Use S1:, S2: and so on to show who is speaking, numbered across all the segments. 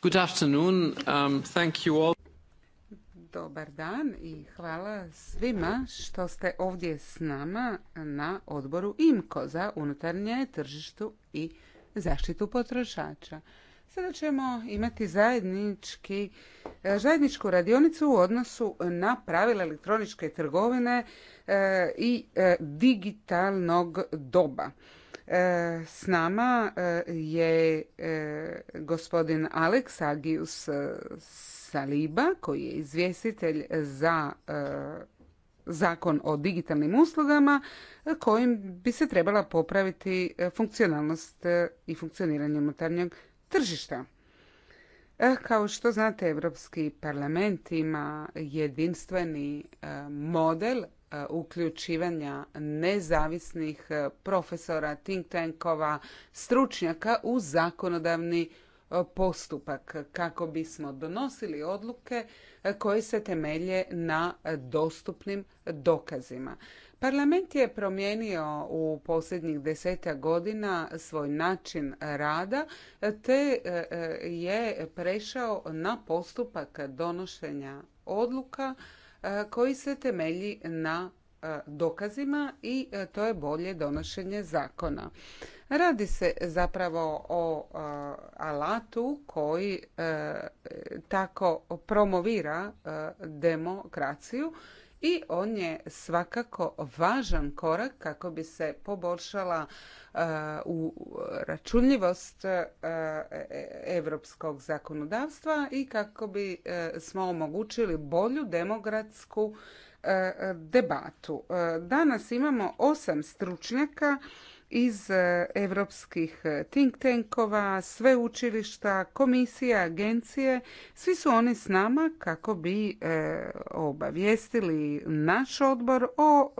S1: Good afternoon. Um,
S2: Dobar dan i hvala svima što ste ovdje s nama na odboru IMKO za unutarnje tržištu i zaštitu potrošača. Sada ćemo imati zajednički, e, zajedničku radionicu u odnosu na pravila elektroničke trgovine e, i e, digitalnog doba. E, s nama e, je e, gospodin Aleks Agius Saliba, koji je izvjestitelj za zakon o digitalnim uslugama, kojim bi se trebala popraviti funkcionalnost i funkcioniranje unutarnjeg tržišta. Kao što znate, Europski parlament ima jedinstveni model uključivanja nezavisnih e, profesora, think tankova, stručnjaka u zakonodavni e, postupak kako bismo donosili odluke e, koje se temelje na dostupnim dokazima. Parlament je promijenio u posljednjih desetak godina svoj način rada te je prešao na postupak donošenja odluka E, koji se temelji na e, dokazima i e, to je bolje donošenje zakona. Radi se zapravo o alatu koji tako promovira demokraciju i on je svakako važan korak kako bi se poboljšala e, u računljivost europskog zakonodavstva i kako bi e, smo omogućili bolju demokratsku e, debatu. Danas imamo osam stručnjaka iz e, evropskih e, think tankova, sveučilišta, komisije, agencije. Svi su oni s nama kako bi e, obavijestili naš odbor o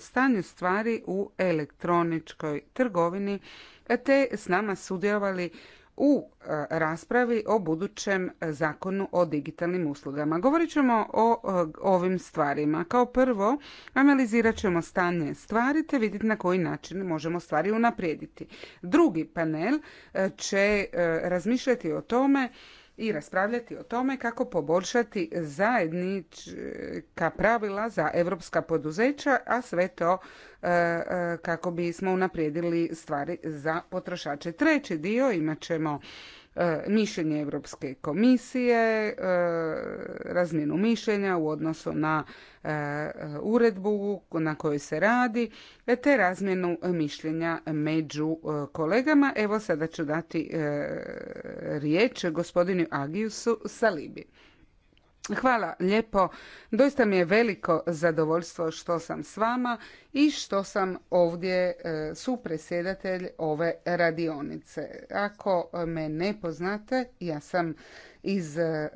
S2: stanju stvari u elektroničkoj trgovini te s nama sudjelovali u e, raspravi o budućem zakonu o digitalnim uslugama. Govorit ćemo o e, ovim stvarima. Kao prvo, analizirat ćemo stanje stvari te vidjeti na koji način možemo stvari unaprijediti. Drugi panel e, će razmišljati o tome i raspravljati o tome kako poboljšati zajednička pravila za europska poduzeća, a sve to e, e, kako bismo unaprijedili stvari za potrošače. Treći dio imat ćemo E, mišljenje Europske komisije, e, razmjenu mišljenja u odnosu na e, uredbu na kojoj se radi, te razmjenu mišljenja među kolegama. Evo sada ću dati riječ gospodinu Agiusu Salibi. Hvala lijepo. Doista mi je veliko zadovoljstvo što sam s vama i što sam ovdje e, supresjedatelj ove radionice. Ako me ne poznate, ja sam iz e,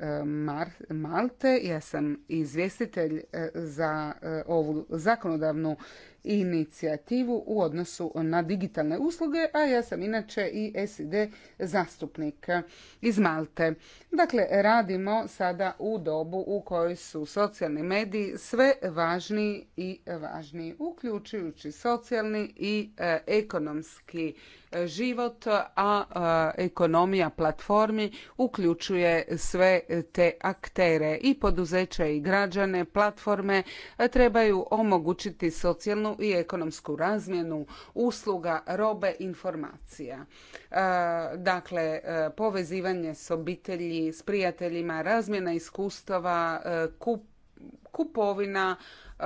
S2: Malte, ja sam izvjestitelj e, za ovu zakonodavnu inicijativu u odnosu na digitalne usluge, a ja sam inače i SID zastupnik iz Malte. Dakle, radimo sada u dobu u kojoj su socijalni mediji sve važniji i važniji, uključujući socijalni i e, ekonomski život, a ekonomija platformi uključuje sve te aktere i poduzeća i građane. Platforme trebaju omogućiti socijalnu i ekonomsku razmjenu usluga, robe, informacija. Dakle, povezivanje s obitelji, s prijateljima, razmjena iskustava, kup kupovina e,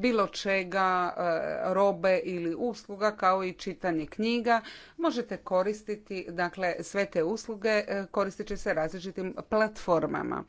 S2: bilo čega, e, robe ili usluga kao i čitanje knjiga. Možete koristiti, dakle sve te usluge e, koristit će se različitim platformama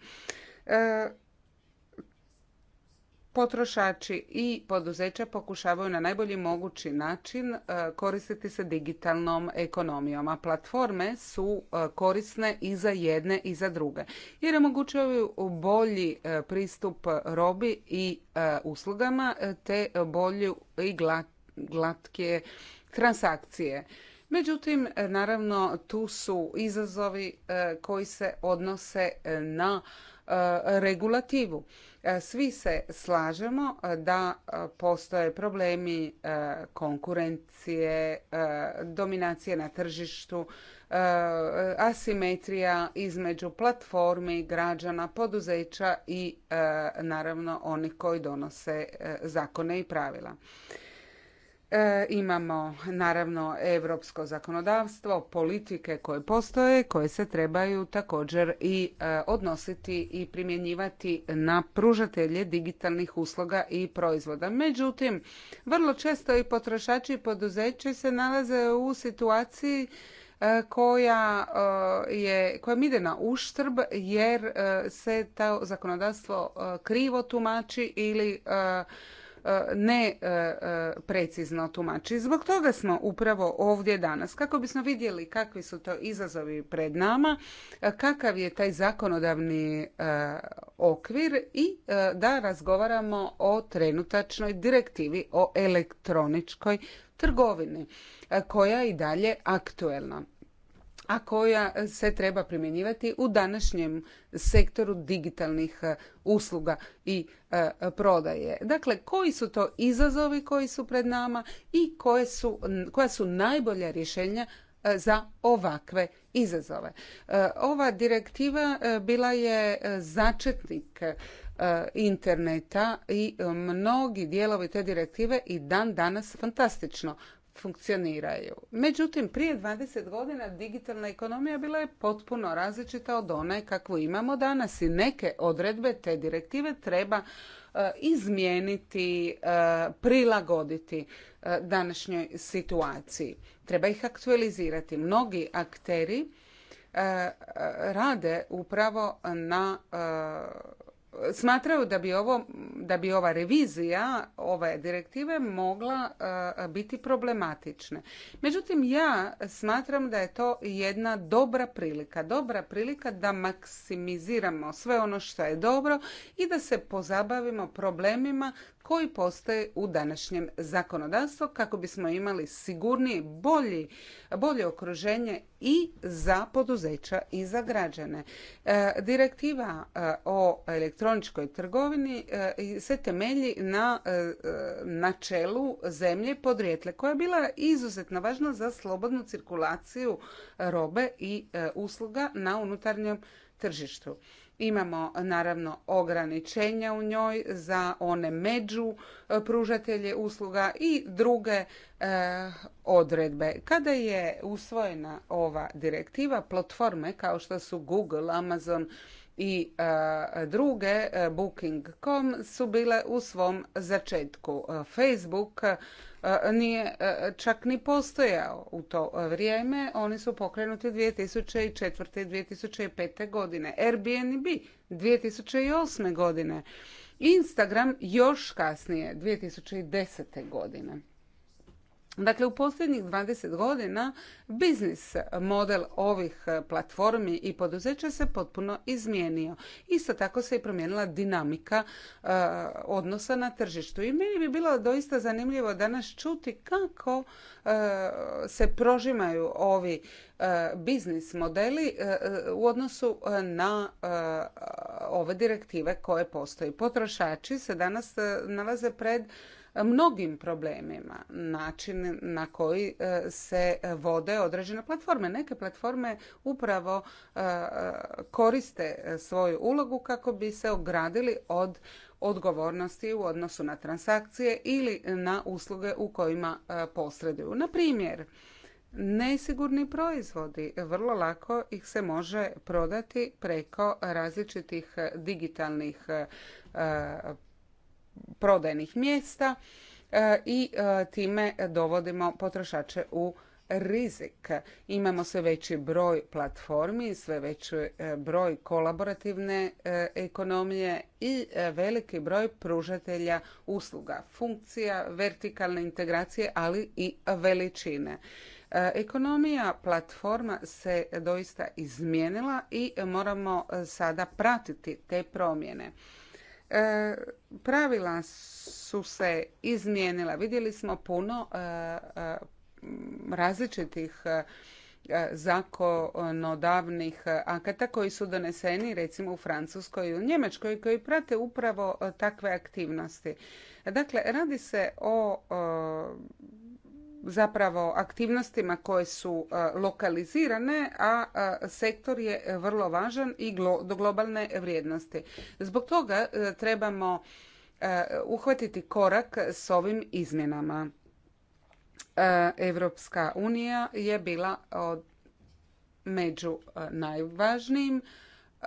S2: potrošači i poduzeća pokušavaju na najbolji mogući način e, koristiti se digitalnom ekonomijom, a platforme su e, korisne i za jedne i za druge jer omogućavaju bolji e, pristup robi i uslugama te bolju i glatke transakcije. Međutim, naravno, tu su izazovi koji se odnose na E, regulativu. E, svi se slažemo e, da postoje problemi konkurencije, dominacije na tržištu, asimetrija između platformi, građana, poduzeća i naravno onih koji donose zakone i pravila. E, imamo naravno europsko zakonodavstvo, politike koje postoje, koje se trebaju također i e, odnositi i primjenjivati na pružatelje digitalnih usluga i proizvoda. Međutim, vrlo često i potrošači i poduzeće se nalaze u situaciji e, koja, je, koja ide na uštrb jer se to zakonodavstvo krivo tumači ili E, ne e, e, precizno tumači. Zbog toga smo upravo ovdje danas kako bismo vidjeli kakvi su to izazovi pred nama, kakav je taj zakonodavni okvir i da razgovaramo o trenutačnoj direktivi o elektroničkoj trgovini koja je i dalje aktuelna a koja se treba primjenjivati u današnjem sektoru digitalnih e, usluga i e, prodaje. Dakle, koji su to izazovi koji su pred nama i koje su, koja su najbolja rješenja e, za ovakve izazove. Ova direktiva bila je začetnik interneta i mnogi dijelovi te direktive i dan danas fantastično funkcioniraju. Međutim, prije 20 godina digitalna ekonomija bila je potpuno različita od one kakvu imamo danas i neke odredbe te direktive treba e, izmijeniti, e, prilagoditi e, današnjoj situaciji. Treba ih aktualizirati. Mnogi akteri rade upravo na smatraju da bi, ovo, da bi ova revizija ove direktive mogla e, biti problematične. Međutim, ja smatram da je to jedna dobra prilika. Dobra prilika da maksimiziramo sve ono što je dobro i da se pozabavimo problemima koji postoje u današnjem zakonodavstvu kako bismo imali sigurnije, bolji, bolje okruženje i za poduzeća i za građane. E, direktiva e, o elektroničkoj trgovini e, se temelji na načelu zemlje podrijetle koja je bila izuzetno važna za slobodnu cirkulaciju robe i usluga na unutarnjem tržištu. Imamo naravno ograničenja u njoj za one među e, pružatelje usluga i druge e, odredbe. Kada je usvojena ova direktiva, platforme kao što su Google, Amazon i e, druge, Booking.com su bile u svom začetku. Facebook E, nije e, čak ni postojao u to vrijeme. Oni su pokrenuti 2004. i 2005. godine. Airbnb 2008. godine. Instagram još kasnije, 2010. godine. Dakle, u posljednjih 20 godina biznis model ovih e, platformi i poduzeća se potpuno izmijenio. Isto tako se i promijenila dinamika e, odnosa na tržištu. I meni bi bilo doista zanimljivo danas čuti kako e, se prožimaju ovi biznis modeli u odnosu na ove direktive koje postoji. Potrošači se danas nalaze pred mnogim problemima. Način na koji e, se e, vode određene platforme. Neke platforme upravo e, koriste svoju ulogu kako bi se ogradili od odgovornosti u odnosu na transakcije ili na usluge u kojima posreduju. Na primjer, nesigurni proizvodi. Vrlo lako ih se može prodati preko različitih digitalnih prodajnih mjesta e, i e, time dovodimo potrošače u rizik. Imamo sve veći broj platformi, sve veći e, broj kolaborativne ekonomije i veliki broj pružatelja usluga, funkcija, vertikalne integracije, ali i veličine. Ekonomija platforma se doista izmijenila i moramo sada pratiti te promjene. E, pravila su se izmijenila. Vidjeli smo puno e, e, različitih zakonodavnih akata koji su doneseni recimo u Francuskoj i u Njemačkoj koji prate upravo takve aktivnosti. Dakle, radi se o zapravo aktivnostima koje su e, lokalizirane, a sektor je vrlo važan i do globalne vrijednosti. Zbog toga e, trebamo e, uhvatiti korak s ovim izmjenama. Evropska unija je bila među najvažnijim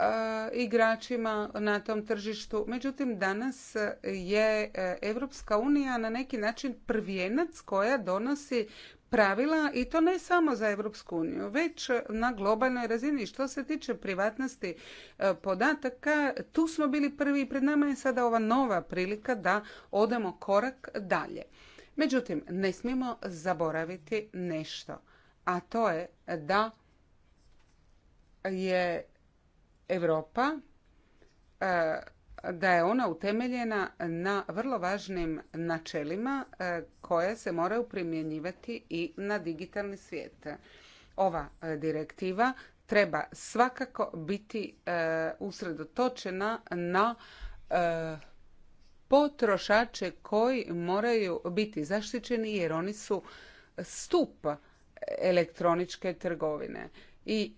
S2: E, igračima na tom tržištu. Međutim, danas je Europska unija na neki način prvijenac koja donosi pravila i to ne samo za Europsku uniju, već na globalnoj razini. Što se tiče privatnosti e, podataka, tu smo bili prvi i pred nama je sada ova nova prilika da odemo korak dalje. Međutim, ne smijemo zaboraviti nešto, a to je da je Europa e, da je ona utemeljena na vrlo važnim načelima e, koje se moraju primjenjivati i na digitalni svijet. Ova e, direktiva treba svakako biti usredotočena na potrošače koji moraju biti zaštićeni jer oni su stup elektroničke trgovine i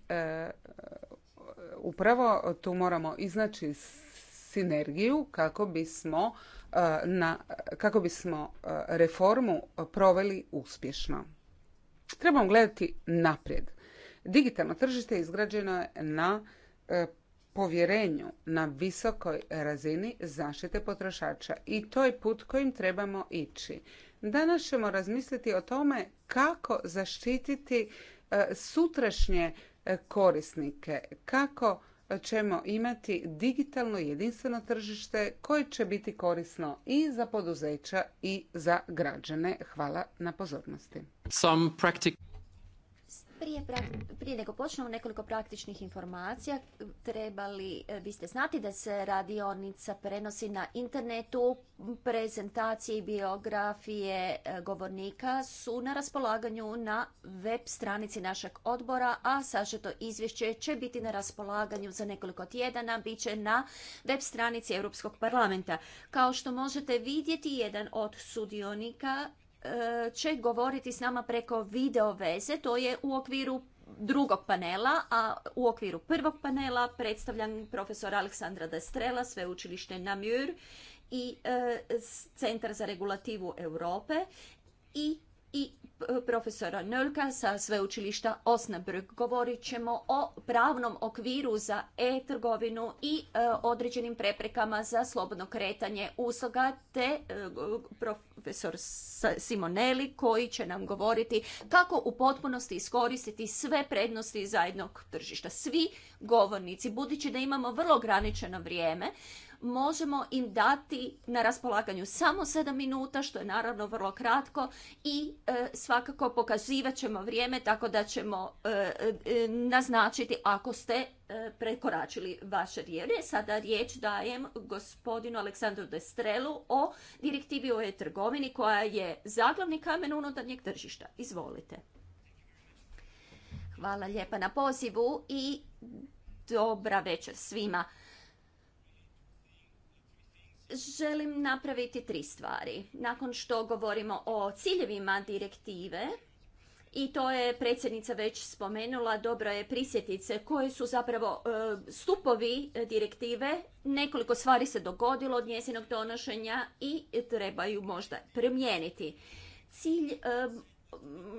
S2: upravo tu moramo iznaći sinergiju kako bismo e, na, kako bismo e, reformu proveli uspješno. Trebamo gledati naprijed. Digitalno tržište izgrađeno je na e, povjerenju na visokoj razini zaštite potrošača i to je put kojim trebamo ići. Danas ćemo razmisliti o tome kako zaštititi sutrašnje E, korisnike. Kako ćemo imati digitalno jedinstveno tržište koje će biti korisno i za poduzeća i za građane. Hvala na pozornosti.
S3: Prije, prije nego počnemo nekoliko praktičnih informacija, trebali e, biste znati da se radionica prenosi na internetu, prezentacije i biografije e, govornika su na raspolaganju na web stranici našeg odbora, a sažeto izvješće će biti na raspolaganju za nekoliko tjedana, bit će na web stranici Europskog parlamenta. Kao što možete vidjeti, jedan od sudionika E, će govoriti s nama preko video veze, to je u okviru drugog panela, a u okviru prvog panela predstavljam profesor Aleksandra Destrela, sveučilište Namur i e, Centar za regulativu Europe i i profesora Nölka sa sveučilišta Osnabrg. Govorit ćemo o pravnom okviru za e-trgovinu i e, određenim preprekama za slobodno kretanje usluga te e, profesor Simoneli koji će nam govoriti kako u potpunosti iskoristiti sve prednosti zajednog tržišta. Svi govornici, budući da imamo vrlo ograničeno vrijeme, možemo im dati na raspolaganju samo 7 minuta, što je naravno vrlo kratko i e, svakako pokazivat ćemo vrijeme tako da ćemo e, e, naznačiti ako ste prekoračili vaše vrijeme. Sada riječ dajem gospodinu Aleksandru Destrelu o direktivi o e-trgovini koja je zaglavni kamen unutarnjeg tržišta. Izvolite. Hvala lijepa na pozivu i dobra večer svima želim napraviti tri stvari. Nakon što govorimo o ciljevima direktive, i to je predsjednica već spomenula, dobro je prisjetice koje su zapravo e, stupovi direktive. Nekoliko stvari se dogodilo od njezinog donošenja i trebaju možda promijeniti. Cilj e,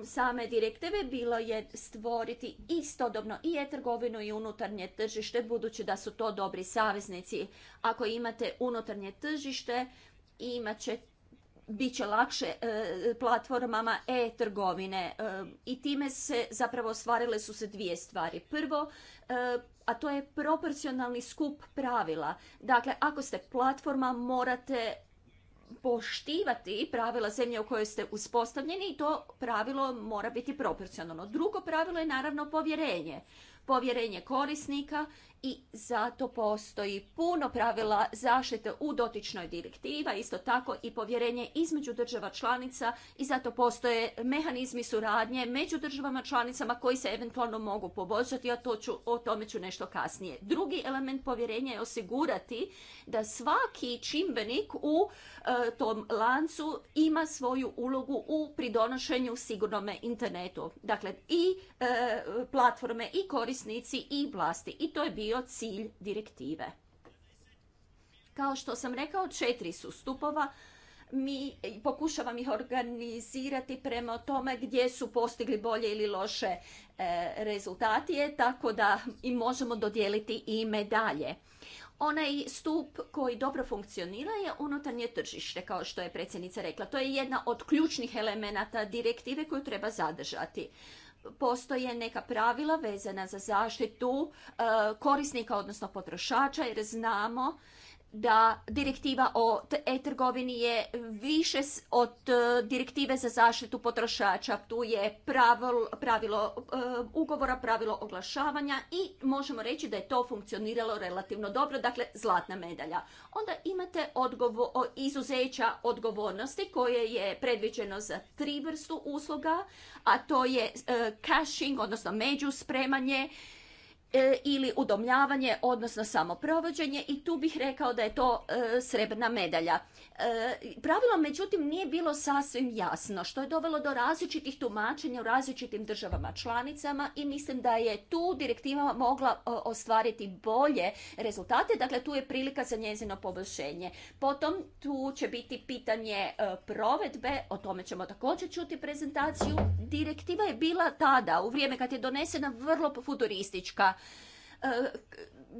S3: same direktive bilo je stvoriti istodobno i e-trgovinu i unutarnje tržište, budući da su to dobri saveznici. Ako imate unutarnje tržište, imat će bit će lakše e, platformama e-trgovine e, i time se zapravo ostvarile su se dvije stvari. Prvo, e, a to je proporcionalni skup pravila. Dakle, ako ste platforma morate poštivati pravila zemlje u kojoj ste uspostavljeni i to pravilo mora biti proporcionalno. Drugo pravilo je naravno povjerenje. Povjerenje korisnika i zato postoji puno pravila zaštite u dotičnoj direktiva, isto tako i povjerenje između država članica i zato postoje mehanizmi suradnje među državama članicama koji se eventualno mogu poboljšati, a to ću, o tome ću nešto kasnije. Drugi element povjerenja je osigurati da svaki čimbenik u e, tom lancu ima svoju ulogu u pridonošenju sigurnome internetu. Dakle, i e, platforme, i korisnici, i vlasti. I to je bio bio cilj direktive. Kao što sam rekao, četiri su stupova. Mi pokušavam ih organizirati prema tome gdje su postigli bolje ili loše e, rezultati, tako da im možemo dodijeliti i medalje. Onaj stup koji dobro funkcionira je unutarnje tržište, kao što je predsjednica rekla. To je jedna od ključnih elemenata direktive koju treba zadržati postoje neka pravila vezana za zaštitu e, korisnika, odnosno potrošača, jer znamo da direktiva o e-trgovini je više od e, direktive za zaštitu potrošača. Tu je pravilo, e, ugovora, pravilo oglašavanja i možemo reći da je to funkcioniralo relativno dobro, dakle zlatna medalja. Onda imate odgovo, izuzeća odgovornosti koje je predviđeno za tri vrstu usluga, a to je e, caching, odnosno međuspremanje, E, ili udomljavanje, odnosno samoprovođenje i tu bih rekao da je to srebna srebrna medalja. E, pravilo, međutim, nije bilo sasvim jasno, što je dovelo do različitih tumačenja u različitim državama članicama i mislim da je tu direktiva mogla ostvariti bolje rezultate, dakle tu je prilika za njezino poboljšenje. Potom tu će biti pitanje e, provedbe, o tome ćemo također čuti prezentaciju. Direktiva je bila tada, u vrijeme kad je donesena, vrlo futuristička E,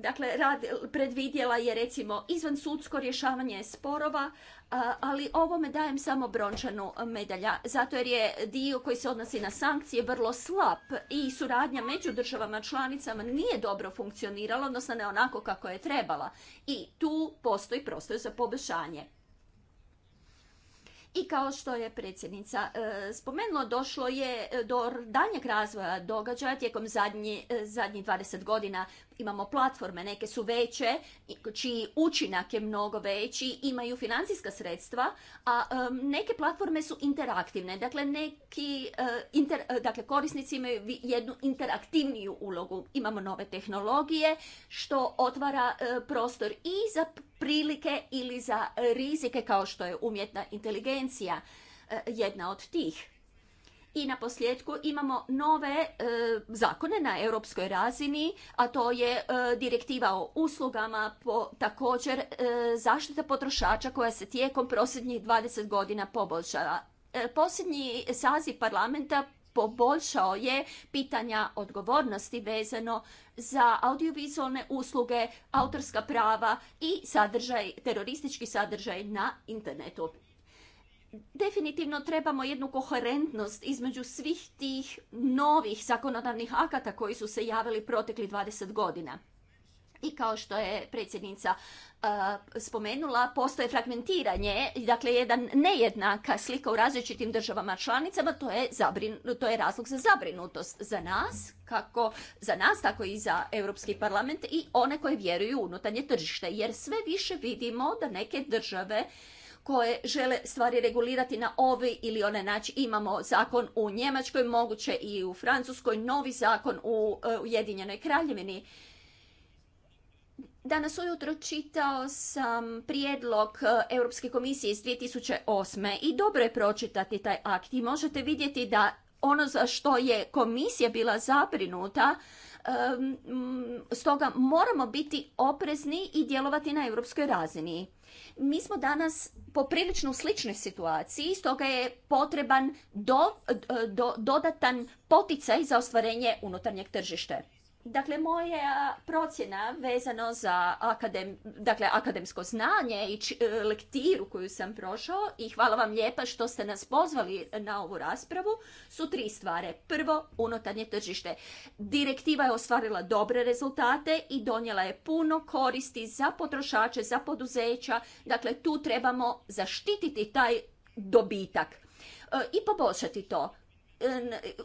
S3: dakle rad, predvidjela je recimo izvan sudsko rješavanje sporova, ali ovome dajem samo brončanu medalja, zato jer je dio koji se odnosi na sankcije vrlo slab i suradnja među državama članicama nije dobro funkcionirala, odnosno ne onako kako je trebala. I tu postoji prostor za poboljšanje. I kao što je predsjednica e, spomenula, došlo je e, do danjeg razvoja događaja tijekom e, zadnjih 20 godina. Imamo platforme, neke su veće, čiji učinak je mnogo veći, imaju financijska sredstva, a neke platforme su interaktivne. Dakle, neki, dakle korisnici imaju jednu interaktivniju ulogu. Imamo nove tehnologije, što otvara prostor i za prilike ili za e, rizike kao što je umjetna inteligencija e, jedna od tih. I na posljedku imamo nove e, zakone na europskoj razini, a to je direktiva o uslugama, po, također zaštita potrošača koja se tijekom posljednjih 20 godina poboljšava. Posljednji saziv parlamenta poboljšao je pitanja odgovornosti vezano za audiovizualne usluge, autorska prava i sadržaj, teroristički sadržaj na internetu. Definitivno trebamo jednu koherentnost između svih tih novih zakonodavnih akata koji su se javili proteklih 20 godina i kao što je predsjednica e, spomenula, postoje fragmentiranje, dakle jedan nejednaka slika u različitim državama članicama, to je, to je razlog za zabrinutost za nas, kako za nas, tako i za Europski parlament i one koje vjeruju u unutarnje tržište, jer sve više vidimo da neke države koje žele stvari regulirati na ovi ili one način. Imamo zakon u Njemačkoj, moguće i u Francuskoj, novi zakon u e, Ujedinjenoj kraljevini Danas ujutro čitao sam prijedlog e, Europske komisije iz 2008. i dobro je pročitati taj akt i možete vidjeti da ono za što je komisija bila zabrinuta, stoga moramo biti oprezni i djelovati na europskoj razini. Mi smo danas poprilično u sličnoj situaciji, stoga je potreban dodatan poticaj za ostvarenje unutarnjeg tržišta. Dakle, moja procjena vezano za akadem, dakle, akademsko znanje i e, lektiru koju sam prošao i hvala vam lijepa što ste nas pozvali na ovu raspravu, su tri stvari. Prvo, unutarnje tržište. Direktiva je ostvarila dobre rezultate i donijela je puno koristi za potrošače, za poduzeća. Dakle, tu trebamo zaštititi taj dobitak e, i poboljšati to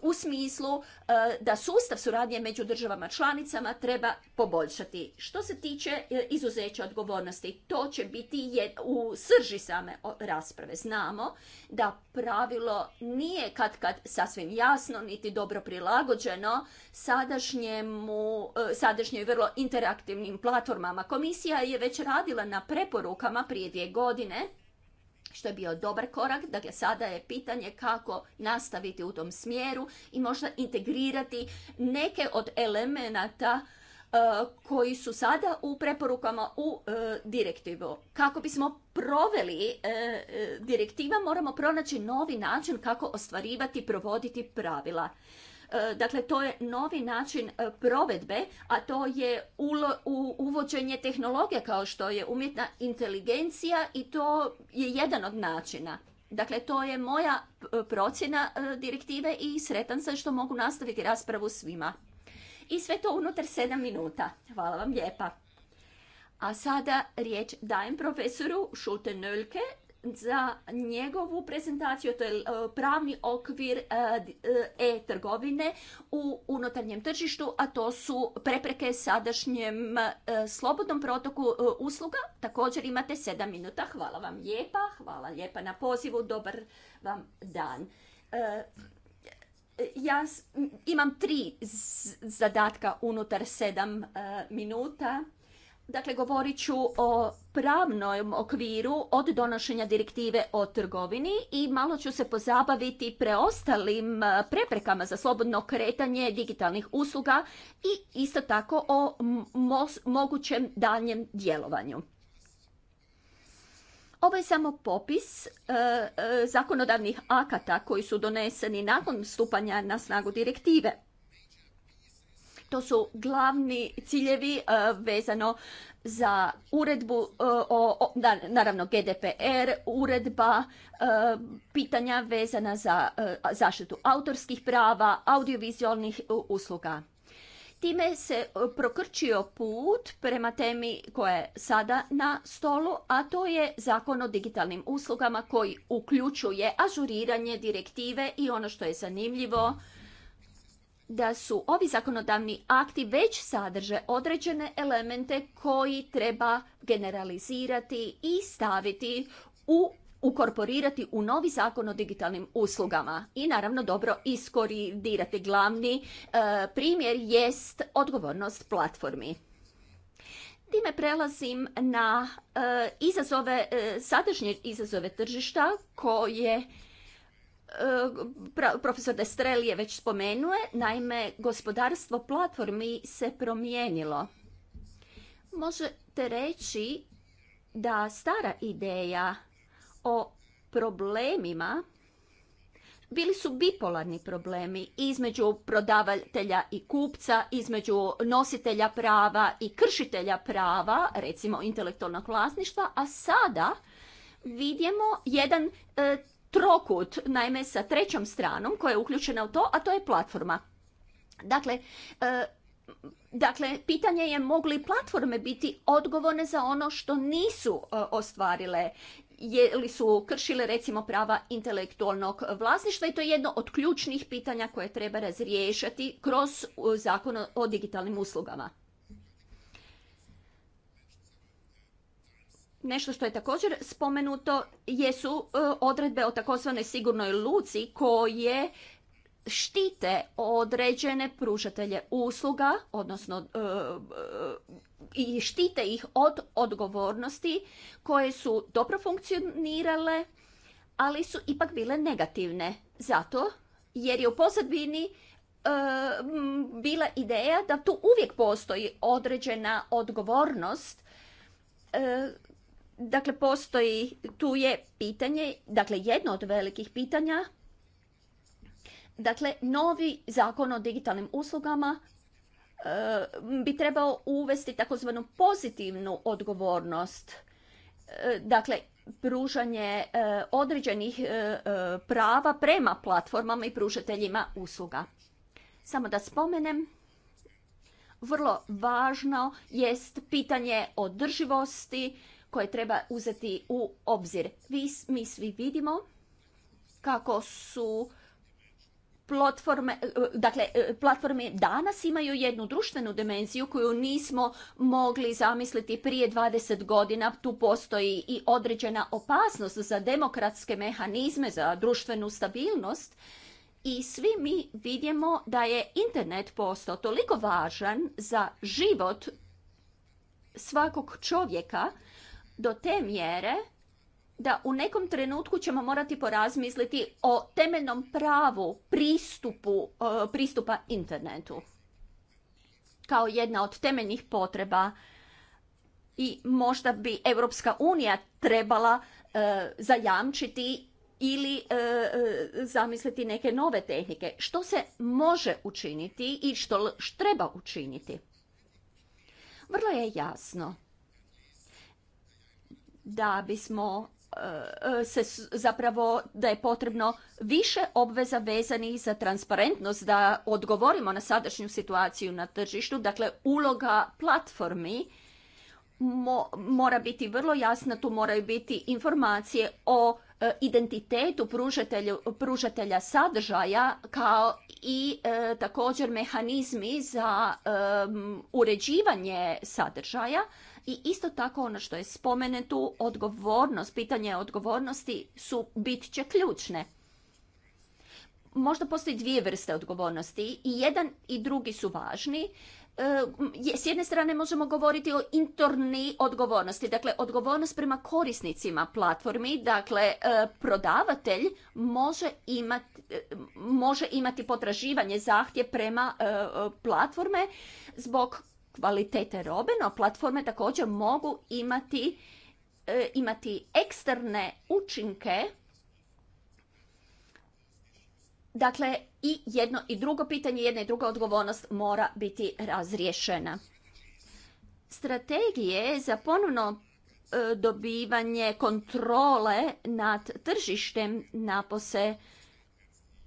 S3: u smislu e, da sustav suradnje među državama članicama treba poboljšati. Što se tiče e, izuzeća odgovornosti, to će biti u srži same rasprave. Znamo da pravilo nije kad kad sasvim jasno niti dobro prilagođeno sadašnjemu, e, sadašnjoj vrlo interaktivnim platformama. Komisija je već radila na preporukama prije dvije godine što je bio dobar korak. Dakle, sada je pitanje kako nastaviti u tom smjeru i možda integrirati neke od elemenata e, koji su sada u preporukama u e, direktivu. Kako bismo proveli e, direktiva, moramo pronaći novi način kako ostvarivati, provoditi pravila. E, dakle, to je novi način e, provedbe, a to je u, uvođenje tehnologije kao što je umjetna inteligencija i to je jedan od načina. Dakle, to je moja e, procjena direktive i sretan sam što mogu nastaviti raspravu svima. I sve to unutar sedam minuta. Hvala vam lijepa. A sada riječ dajem profesoru Šulte Nölke za njegovu prezentaciju, to je e, pravni okvir e, e, e-trgovine u unutarnjem tržištu, a to su prepreke sadašnjem slobodnom protoku usluga. Također imate 7 minuta. Hvala vam lijepa, hvala lijepa na pozivu, dobar vam dan. Ja imam tri zadatka unutar sedam minuta. Dakle, govorit ću o pravnom okviru od donošenja direktive o trgovini i malo ću se pozabaviti preostalim e, preprekama za slobodno kretanje digitalnih usluga i isto tako o mogućem daljem djelovanju. Ovo je samo popis e, e, zakonodavnih akata koji su doneseni nakon stupanja na snagu direktive. To su glavni ciljevi e, vezano za uredbu, e, o, naravno GDPR, uredba, e, pitanja vezana za zaštitu autorskih prava, audiovizualnih usluga. Time se prokrčio put prema temi koja je sada na stolu, a to je zakon o digitalnim uslugama koji uključuje ažuriranje direktive i ono što je zanimljivo, da su ovi zakonodavni akti već sadrže određene elemente koji treba generalizirati i staviti u ukorporirati u novi zakon o digitalnim uslugama i naravno dobro iskoridirati. Glavni e, primjer jest odgovornost platformi. Time prelazim na e, izazove, e, sadašnje izazove tržišta koje profesor Destrel je već spomenuje, naime gospodarstvo platformi se promijenilo. Možete reći da stara ideja o problemima bili su bipolarni problemi između prodavatelja i kupca, između nositelja prava i kršitelja prava, recimo intelektualnog vlasništva, a sada vidimo jedan e, trokut, naime sa trećom stranom koja je uključena u to, a to je platforma. Dakle, e, Dakle, pitanje je mogli li platforme biti odgovorne za ono što nisu e, ostvarile je li su kršile recimo prava intelektualnog vlasništva i to je jedno od ključnih pitanja koje treba razriješiti kroz e, zakon o digitalnim uslugama. Nešto što je također spomenuto jesu e, odredbe o takozvanoj sigurnoj luci koje štite određene pružatelje usluga, odnosno e, e, i štite ih od odgovornosti koje su dobro funkcionirale, ali su ipak bile negativne. Zato jer je u pozadbini bila ideja da tu uvijek postoji određena odgovornost Dakle, postoji, tu je pitanje, dakle jedno od velikih pitanja, dakle novi zakon o digitalnim uslugama eh, bi trebao uvesti takozvanu pozitivnu odgovornost, eh, dakle pružanje eh, određenih prava prema platformama i pružateljima usluga. Samo da spomenem, vrlo važno jest pitanje održivosti, koje treba uzeti u obzir. mi svi vidimo kako su platforme, dakle, platforme danas imaju jednu društvenu dimenziju koju nismo mogli zamisliti prije 20 godina. Tu postoji i određena opasnost za demokratske mehanizme, za društvenu stabilnost. I svi mi vidimo da je internet postao toliko važan za život svakog čovjeka do te mjere da u nekom trenutku ćemo morati porazmisliti o temeljnom pravu pristupu, e, pristupa internetu kao jedna od temeljnih potreba i možda bi Europska unija trebala e, zajamčiti ili e, zamisliti neke nove tehnike. Što se može učiniti i što treba učiniti? Vrlo je jasno da bismo e, e, se zapravo da je potrebno više obveza vezanih za transparentnost da odgovorimo na sadašnju situaciju na tržištu. Dakle, uloga platformi mora biti vrlo jasna, tu moraju biti informacije o e, identitetu pružatelja sadržaja kao i također mehanizmi za uređivanje sadržaja i isto tako ono što je spomenuto, odgovornost, pitanje odgovornosti su bit će ključne. Možda postoji dvije vrste odgovornosti i jedan i drugi su važni. E, s jedne strane možemo govoriti o interni odgovornosti, dakle odgovornost prema korisnicima platformi, dakle e, prodavatelj može imati, e, može imati potraživanje zahtjev prema platforme zbog kvalitete robe, no platforme također mogu imati, e, imati eksterne učinke Dakle, i jedno i drugo pitanje, jedna i druga odgovornost mora biti razriješena. Strategije za ponovno e, dobivanje kontrole nad tržištem napose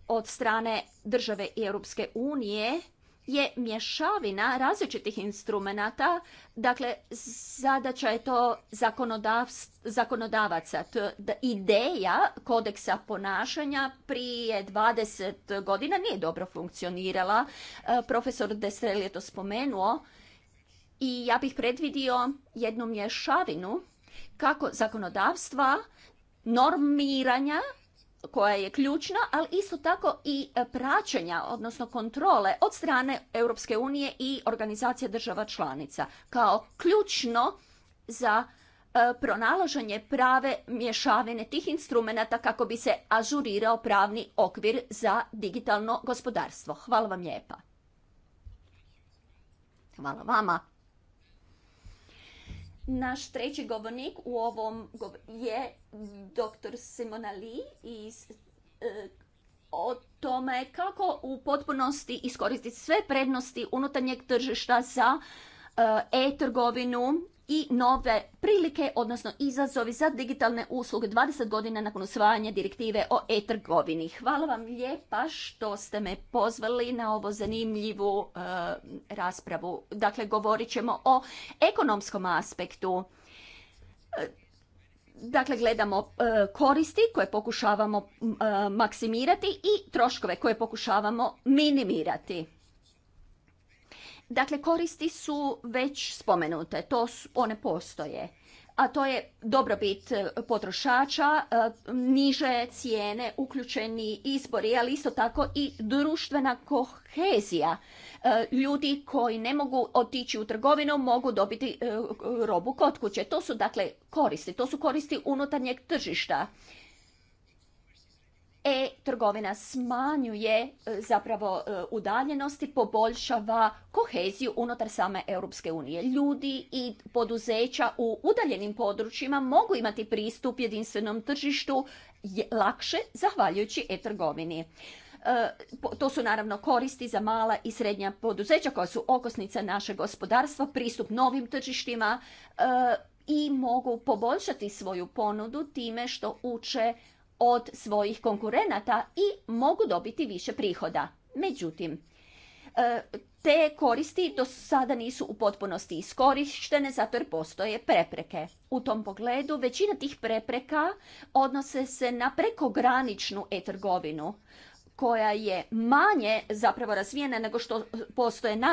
S3: od strane države i Europske unije je mješavina različitih instrumenata, dakle zadaća je to zakonodavaca. Ideja kodeksa ponašanja prije 20 godina nije dobro funkcionirala. E, profesor Destrel je to spomenuo i ja bih predvidio jednu mješavinu kako zakonodavstva, normiranja koja je ključna, ali isto tako i e, praćenja, odnosno kontrole od strane Europske unije i organizacije država članica kao ključno za e, pronalaženje prave mješavine tih instrumenata kako bi se ažurirao pravni okvir za digitalno gospodarstvo. Hvala vam lijepa. Hvala vama. Naš treći govornik u ovom je dr. Simona Lee iz e, o tome kako u potpunosti iskoristiti sve prednosti unutarnjeg tržišta za e, e-trgovinu i nove prilike, odnosno izazovi za digitalne usluge 20 godina nakon usvajanja direktive o e-trgovini. Hvala vam lijepa što ste me pozvali na ovo zanimljivu e, raspravu. Dakle, govorit ćemo o ekonomskom aspektu. E, dakle, gledamo e, koristi koje pokušavamo maksimirati i troškove koje pokušavamo minimirati. Dakle, koristi su već spomenute, to su, one postoje. A to je dobrobit e, potrošača, e, niže cijene, uključeni izbori, ali isto tako i društvena kohezija. E, ljudi koji ne mogu otići u trgovinu mogu dobiti robu kod kuće. To su dakle koristi, to su koristi unutarnjeg tržišta e-trgovina smanjuje e, zapravo e, udaljenosti, poboljšava koheziju unutar same Europske unije. Ljudi i poduzeća u udaljenim područjima mogu imati pristup jedinstvenom tržištu lakše zahvaljujući e-trgovini. E, to su naravno koristi za mala i srednja poduzeća koja su okosnica našeg gospodarstva, pristup novim tržištima i mogu poboljšati svoju ponudu time što uče od svojih konkurenata i mogu dobiti više prihoda. Međutim, e, te koristi do sada nisu u potpunosti iskorištene zato jer postoje prepreke. U tom pogledu većina tih prepreka odnose se na prekograničnu e-trgovinu koja je manje zapravo razvijena nego što postoje na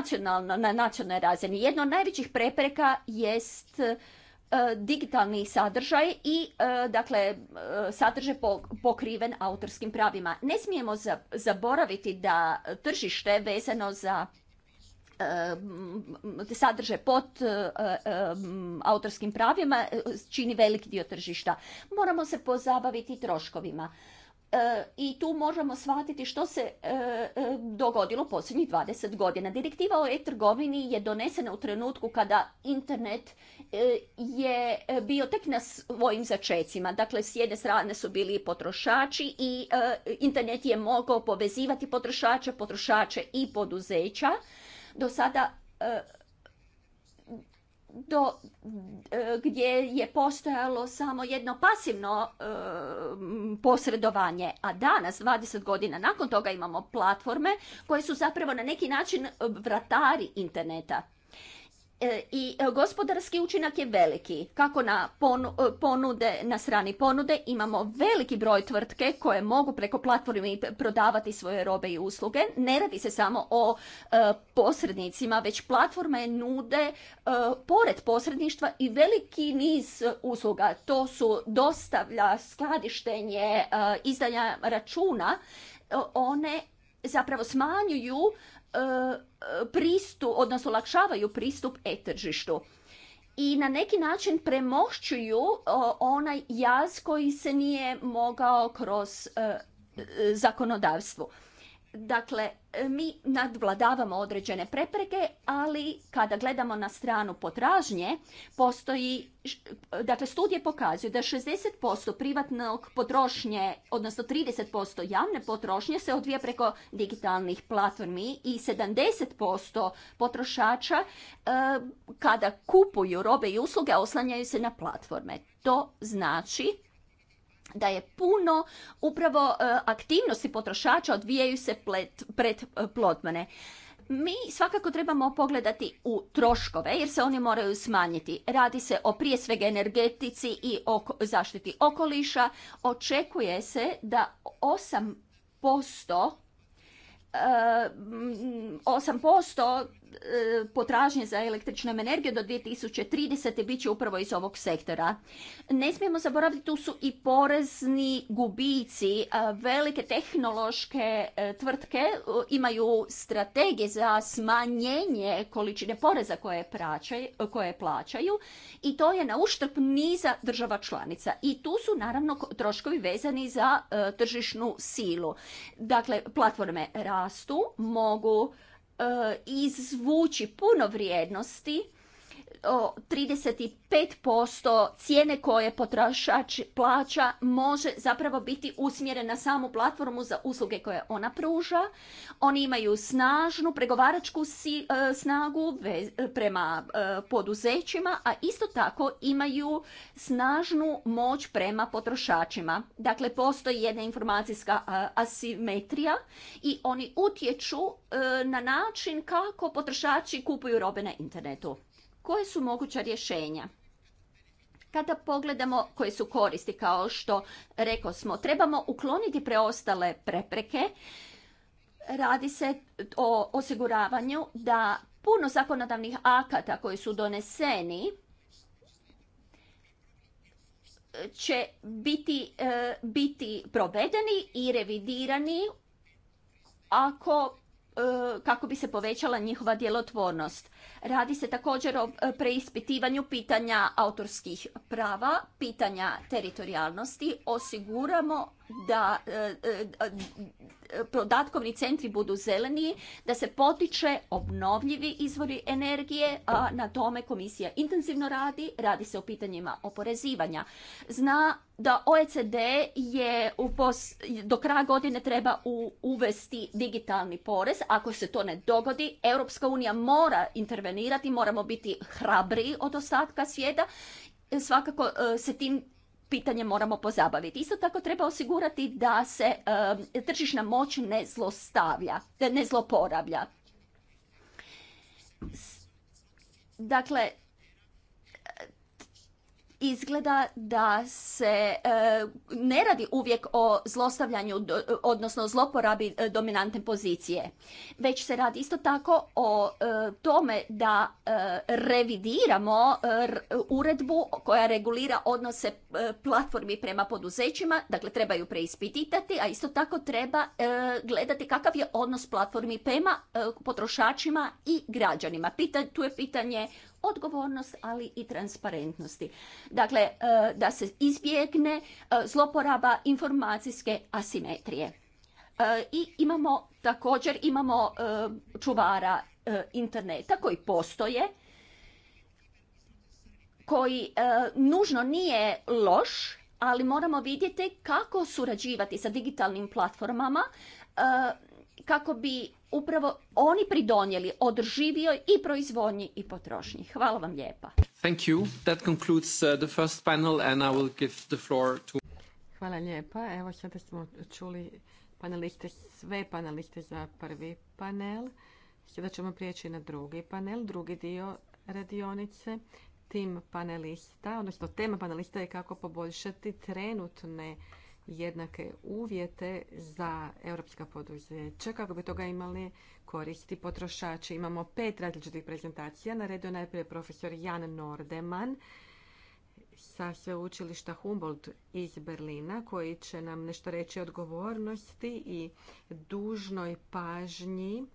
S3: nacionalnoj razini. Jedna od najvećih prepreka jest E, digitalni sadržaj i e, dakle e, sadržaj pokriven autorskim pravima. Ne smijemo zaboraviti da tržište vezano za sadrže pod autorskim pravima čini veliki dio tržišta. Moramo se pozabaviti troškovima. E, i tu možemo shvatiti što se e, e, dogodilo posljednjih 20 godina. Direktiva o e-trgovini je donesena u trenutku kada internet je bio tek na svojim začecima. Dakle, s jedne strane su bili potrošači i internet je mogao povezivati potrošače, potrošače i poduzeća. Do sada do, e, gdje je postojalo samo jedno pasivno e, posredovanje, a danas, 20 godina nakon toga, imamo platforme koje su zapravo na neki način e, vratari interneta. E, i e, gospodarski učinak je veliki. Kako na e, ponude, na strani ponude imamo veliki broj tvrtke koje mogu preko platformi prodavati svoje robe i usluge. Ne radi se samo o posrednicima, već platforme nude pored posredništva i veliki niz usluga. To su dostavlja, skladištenje, izdanja računa. One zapravo smanjuju E, pristup, odnosno olakšavaju pristup e-tržištu i na neki način premošćuju e, onaj jaz koji se nije mogao kroz e, zakonodavstvo. Dakle, mi nadvladavamo određene prepreke, ali kada gledamo na stranu potražnje, postoji, dakle studije pokazuju da 60% privatnog potrošnje, odnosno 30% javne potrošnje se odvija preko digitalnih platformi i 70% potrošača e, kada kupuju robe i usluge oslanjaju se na platforme. To znači da je puno upravo e, aktivnosti potrošača odvijaju se pred e, plotmane mi svakako trebamo pogledati u troškove jer se oni moraju smanjiti. Radi se o prije svega energetici i o zaštiti okoliša. Očekuje se da 8% 8% E, potražnje za električnom energijom do 2030. bit će upravo iz ovog sektora. Ne smijemo zaboraviti, tu su i porezni gubici. E, velike tehnološke e, tvrtke imaju strategije za smanjenje količine poreza koje, koje plaćaju i to je na uštrb niza država članica. I tu su naravno troškovi vezani za tržišnu silu. Dakle, platforme rastu, mogu Eh, izvući puno vrijednosti 35% cijene koje potrošač plaća može zapravo biti usmjeren na samu platformu za usluge koje ona pruža. Oni imaju snažnu pregovaračku e, snagu prema e, poduzećima, a isto tako imaju snažnu moć prema potrošačima. Dakle, postoji jedna informacijska asimetrija i oni utječu e, na način kako potrošači kupuju robe na internetu koje su moguća rješenja? Kada pogledamo koje su koristi, kao što rekao smo, trebamo ukloniti preostale prepreke. Radi se o osiguravanju da puno zakonodavnih akata koji su doneseni će biti, e, biti provedeni i revidirani ako, e, kako bi se povećala njihova djelotvornost. Radi se također o e, preispitivanju pitanja autorskih prava, pitanja teritorijalnosti. Osiguramo da e, e, podatkovni centri budu zeleni, da se potiče obnovljivi izvori energije, a na tome komisija intenzivno radi, radi se o pitanjima oporezivanja. Zna da OECD je pos, do kraja godine treba uvesti digitalni porez. Ako se to ne dogodi, Europska unija mora intervenirati, moramo biti hrabri od ostatka svijeta. Svakako e, se tim pitanje moramo pozabaviti. Isto tako treba osigurati da se e, tržišna moć ne zlostavlja, ne zloporavlja. Dakle, izgleda da se e, ne radi uvijek o zlostavljanju, odnosno zloporabi e, dominantne pozicije, već se radi isto tako o e, tome da revidiramo uredbu koja regulira odnose platformi prema poduzećima, dakle trebaju preispititati, a isto tako treba gledati kakav je odnos platformi prema potrošačima i građanima. Tu je pitanje odgovornost, ali i transparentnosti. Dakle, e, da se izbjegne e, zloporaba informacijske asimetrije. E, I imamo također imamo čuvara interneta koji postoje, koji nužno nije loš, ali moramo vidjeti kako surađivati sa digitalnim platformama kako bi upravo oni pridonijeli održivijoj i proizvodnji i potrošnji.
S4: Hvala vam lijepa.
S1: Thank you. That concludes uh, the first panel and I will give the floor to...
S4: Hvala lijepa. Evo sada smo čuli paneliste, sve paneliste za prvi panel. Sada ćemo prijeći na drugi panel, drugi dio radionice. Tim panelista, odnosno tema panelista je kako poboljšati trenutne jednake uvjete za europska poduzeća kako bi toga imali koristi potrošači. Imamo pet različitih prezentacija. Na redu je najprije profesor Jan Nordeman sa sveučilišta Humboldt iz Berlina koji će nam nešto reći o odgovornosti i dužnoj pažnji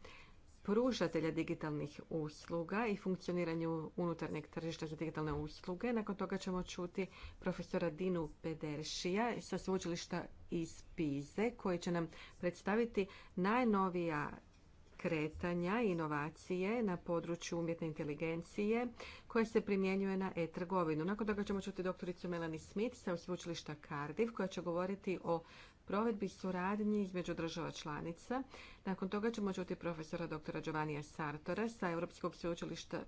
S4: pružatelja digitalnih usluga i funkcioniranju unutarnjeg tržišta za digitalne usluge. Nakon toga ćemo čuti profesora Dinu Pederšija sa sveučilišta iz Pize koji će nam predstaviti najnovija kretanja i inovacije na području umjetne inteligencije koje se primjenjuje na e-trgovinu. Nakon toga ćemo čuti doktoricu Melanie Smith sa sveučilišta Cardiff koja će govoriti o provedbi suradnji između država članica nakon toga ćemo čuti profesora dr. Giovanija Sartora sa Europskog sveučilišta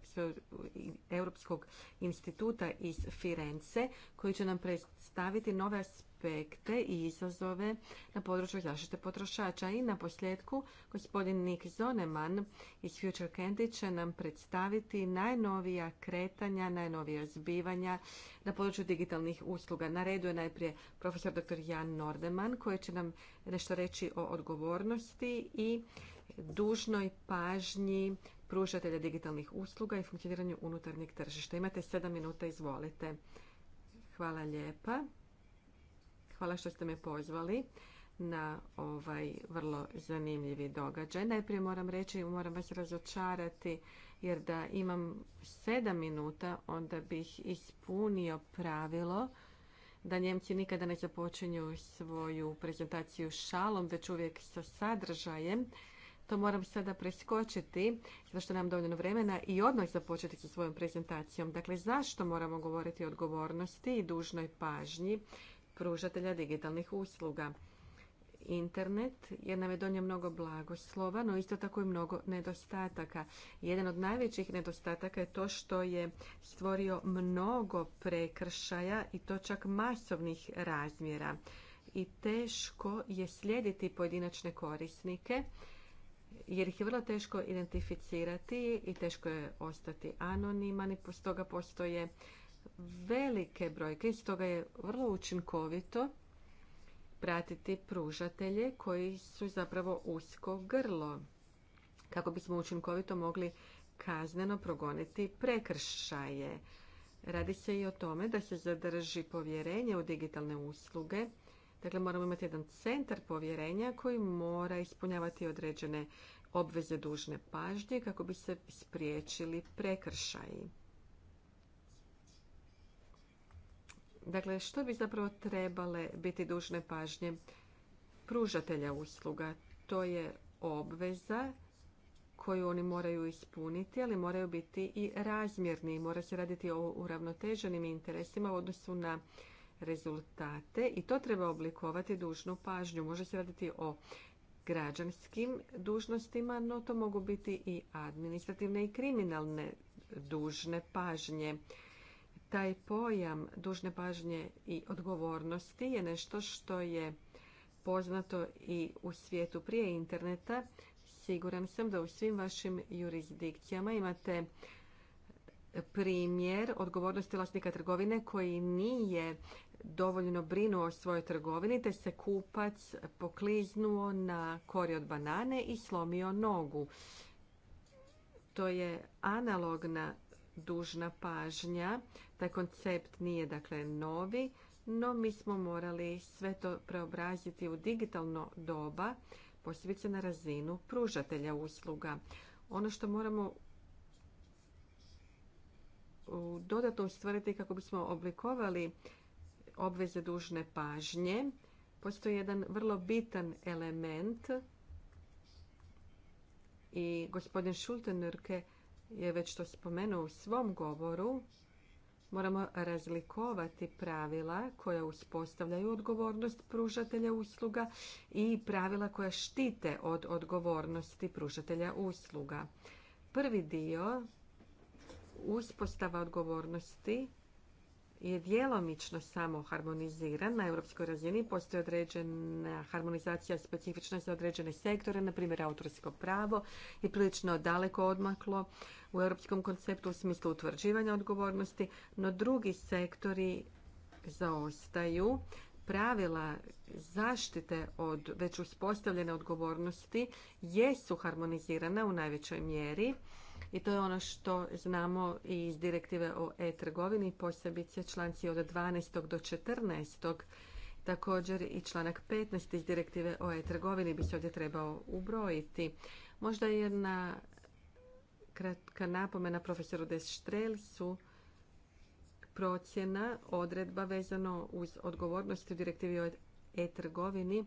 S4: Europskog instituta iz Firence koji će nam predstaviti nove aspekte i izazove na području zaštite potrošača. I na posljedku gospodin Nick Zoneman iz Future Candy će nam predstaviti najnovija kretanja, najnovija zbivanja na području digitalnih usluga. Na redu je najprije profesor dr. Jan Nordeman koji će nam nešto reći o odgovornosti i dužnoj pažnji pružatelja digitalnih usluga i funkcioniranju unutarnjeg tržišta. Imate sedam minuta, izvolite. Hvala lijepa. Hvala što ste me pozvali na ovaj vrlo zanimljivi događaj. Najprije moram reći, moram vas razočarati, jer da imam sedam minuta, onda bih ispunio pravilo da Njemci nikada ne započinju svoju prezentaciju šalom, već uvijek sa sadržajem. To moram sada preskočiti, što nam dovoljno vremena, i odmah započeti sa svojom prezentacijom. Dakle, zašto moramo govoriti o odgovornosti i dužnoj pažnji pružatelja digitalnih usluga? internet jer nam je donio mnogo blagoslova, no isto tako i mnogo nedostataka. Jedan od najvećih nedostataka je to što je stvorio mnogo prekršaja i to čak masovnih razmjera. I teško je slijediti pojedinačne korisnike jer ih je vrlo teško identificirati i teško je ostati anoniman i stoga postoje velike brojke i stoga je vrlo učinkovito pratiti pružatelje koji su zapravo usko grlo kako bismo učinkovito mogli kazneno progoniti prekršaje. Radi se i o tome da se zadrži povjerenje u digitalne usluge. Dakle, moramo imati jedan centar povjerenja koji mora ispunjavati određene obveze dužne pažnje kako bi se spriječili prekršaji. Dakle, što bi zapravo trebale biti dužne pažnje pružatelja usluga? To je obveza koju oni moraju ispuniti, ali moraju biti i razmjerni. Mora se raditi o uravnoteženim interesima u odnosu na rezultate i to treba oblikovati dužnu pažnju. Može se raditi o građanskim dužnostima, no to mogu biti i administrativne i kriminalne dužne pažnje. Taj pojam dužne pažnje i odgovornosti je nešto što je poznato i u svijetu prije interneta. Siguran sam da u svim vašim jurisdikcijama imate primjer odgovornosti vlasnika trgovine koji nije dovoljno brinuo o svojoj trgovini, te se kupac pokliznuo na kori od banane i slomio nogu. To je analogna dužna pažnja. Taj koncept nije dakle novi, no mi smo morali sve to preobraziti u digitalno doba, posebice na razinu pružatelja usluga. Ono što moramo dodatno ustvariti kako bismo oblikovali obveze dužne pažnje, postoji jedan vrlo bitan element i gospodin Šultenrke je već to spomenuo u svom govoru, moramo razlikovati pravila koja uspostavljaju odgovornost pružatelja usluga i pravila koja štite od odgovornosti pružatelja usluga. Prvi dio uspostava odgovornosti je djelomično samo harmoniziran. Na europskoj razini postoji određena harmonizacija specifična za određene sektore, na primjer autorsko pravo je prilično daleko odmaklo u europskom konceptu u smislu utvrđivanja odgovornosti, no drugi sektori zaostaju. Pravila zaštite od već uspostavljene odgovornosti jesu harmonizirana u najvećoj mjeri i to je ono što znamo iz direktive o e-trgovini, posebice članci od 12. do 14. Također i članak 15. iz direktive o e-trgovini bi se ovdje trebao ubrojiti. Možda jedna kratka napomena profesoru su procjena odredba vezano uz odgovornost u direktivi o e-trgovini.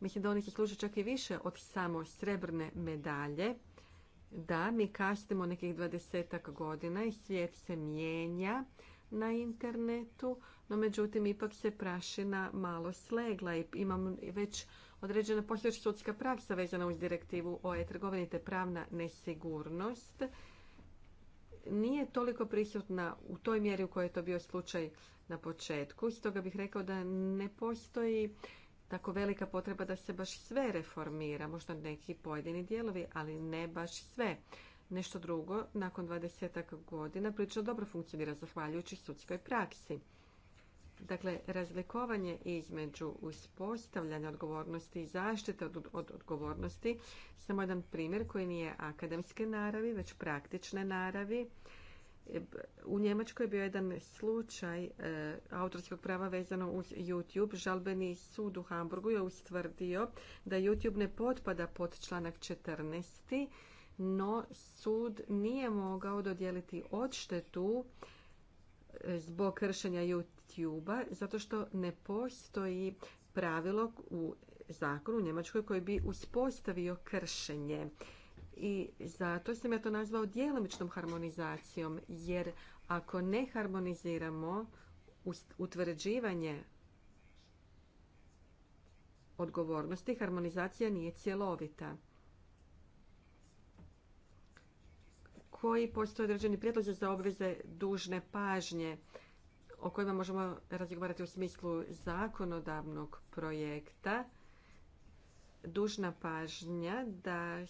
S4: Mislim da oni se služe čak i više od samo srebrne medalje. Da, mi kasnimo nekih dvadesetak godina i svijet se mijenja na internetu, no međutim ipak se prašina malo slegla i imam već određena postojeća sudska praksa vezana uz direktivu o e-trgovini te pravna nesigurnost nije toliko prisutna u toj mjeri u kojoj je to bio slučaj na početku. Stoga bih rekao da ne postoji tako velika potreba da se baš sve reformira, možda neki pojedini dijelovi, ali ne baš sve. Nešto drugo, nakon 20 godina, prilično dobro funkcionira zahvaljujući sudskoj praksi. Dakle, razlikovanje između uspostavljanja odgovornosti i zaštite od, od odgovornosti, samo jedan primjer koji nije akademske naravi, već praktične naravi. E, u Njemačkoj je bio jedan slučaj e, autorskog prava vezano uz YouTube. Žalbeni sud u Hamburgu je ustvrdio da YouTube ne potpada pod članak 14. No, sud nije mogao dodijeliti odštetu e, zbog kršenja YouTube youtube zato što ne postoji pravilo u zakonu u Njemačkoj koji bi uspostavio kršenje. I zato sam ja to nazvao djelomičnom harmonizacijom, jer ako ne harmoniziramo utvrđivanje odgovornosti, harmonizacija nije cjelovita. Koji postoje određeni prijedlozi za obveze dužne pažnje? o kojima možemo razgovarati u smislu zakonodavnog projekta, dužna pažnja da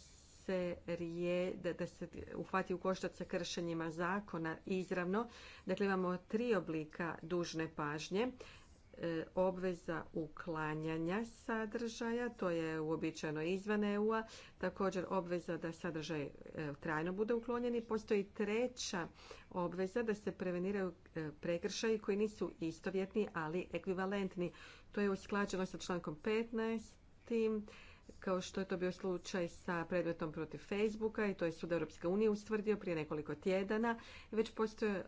S4: se rije, da, da se uhvati u koštac sa kršenjima zakona izravno. Dakle, imamo tri oblika dužne pažnje. E, obveza uklanjanja sadržaja, to je uobičajeno izvan EU-a, također obveza da sadržaj e, trajno bude uklonjen i postoji treća obveza da se preveniraju e, prekršaji koji nisu istovjetni, ali ekvivalentni. To je usklađeno sa člankom 15 kao što je to bio slučaj sa predmetom protiv Facebooka i to je Sud Europske unije ustvrdio prije nekoliko tjedana. Već postoje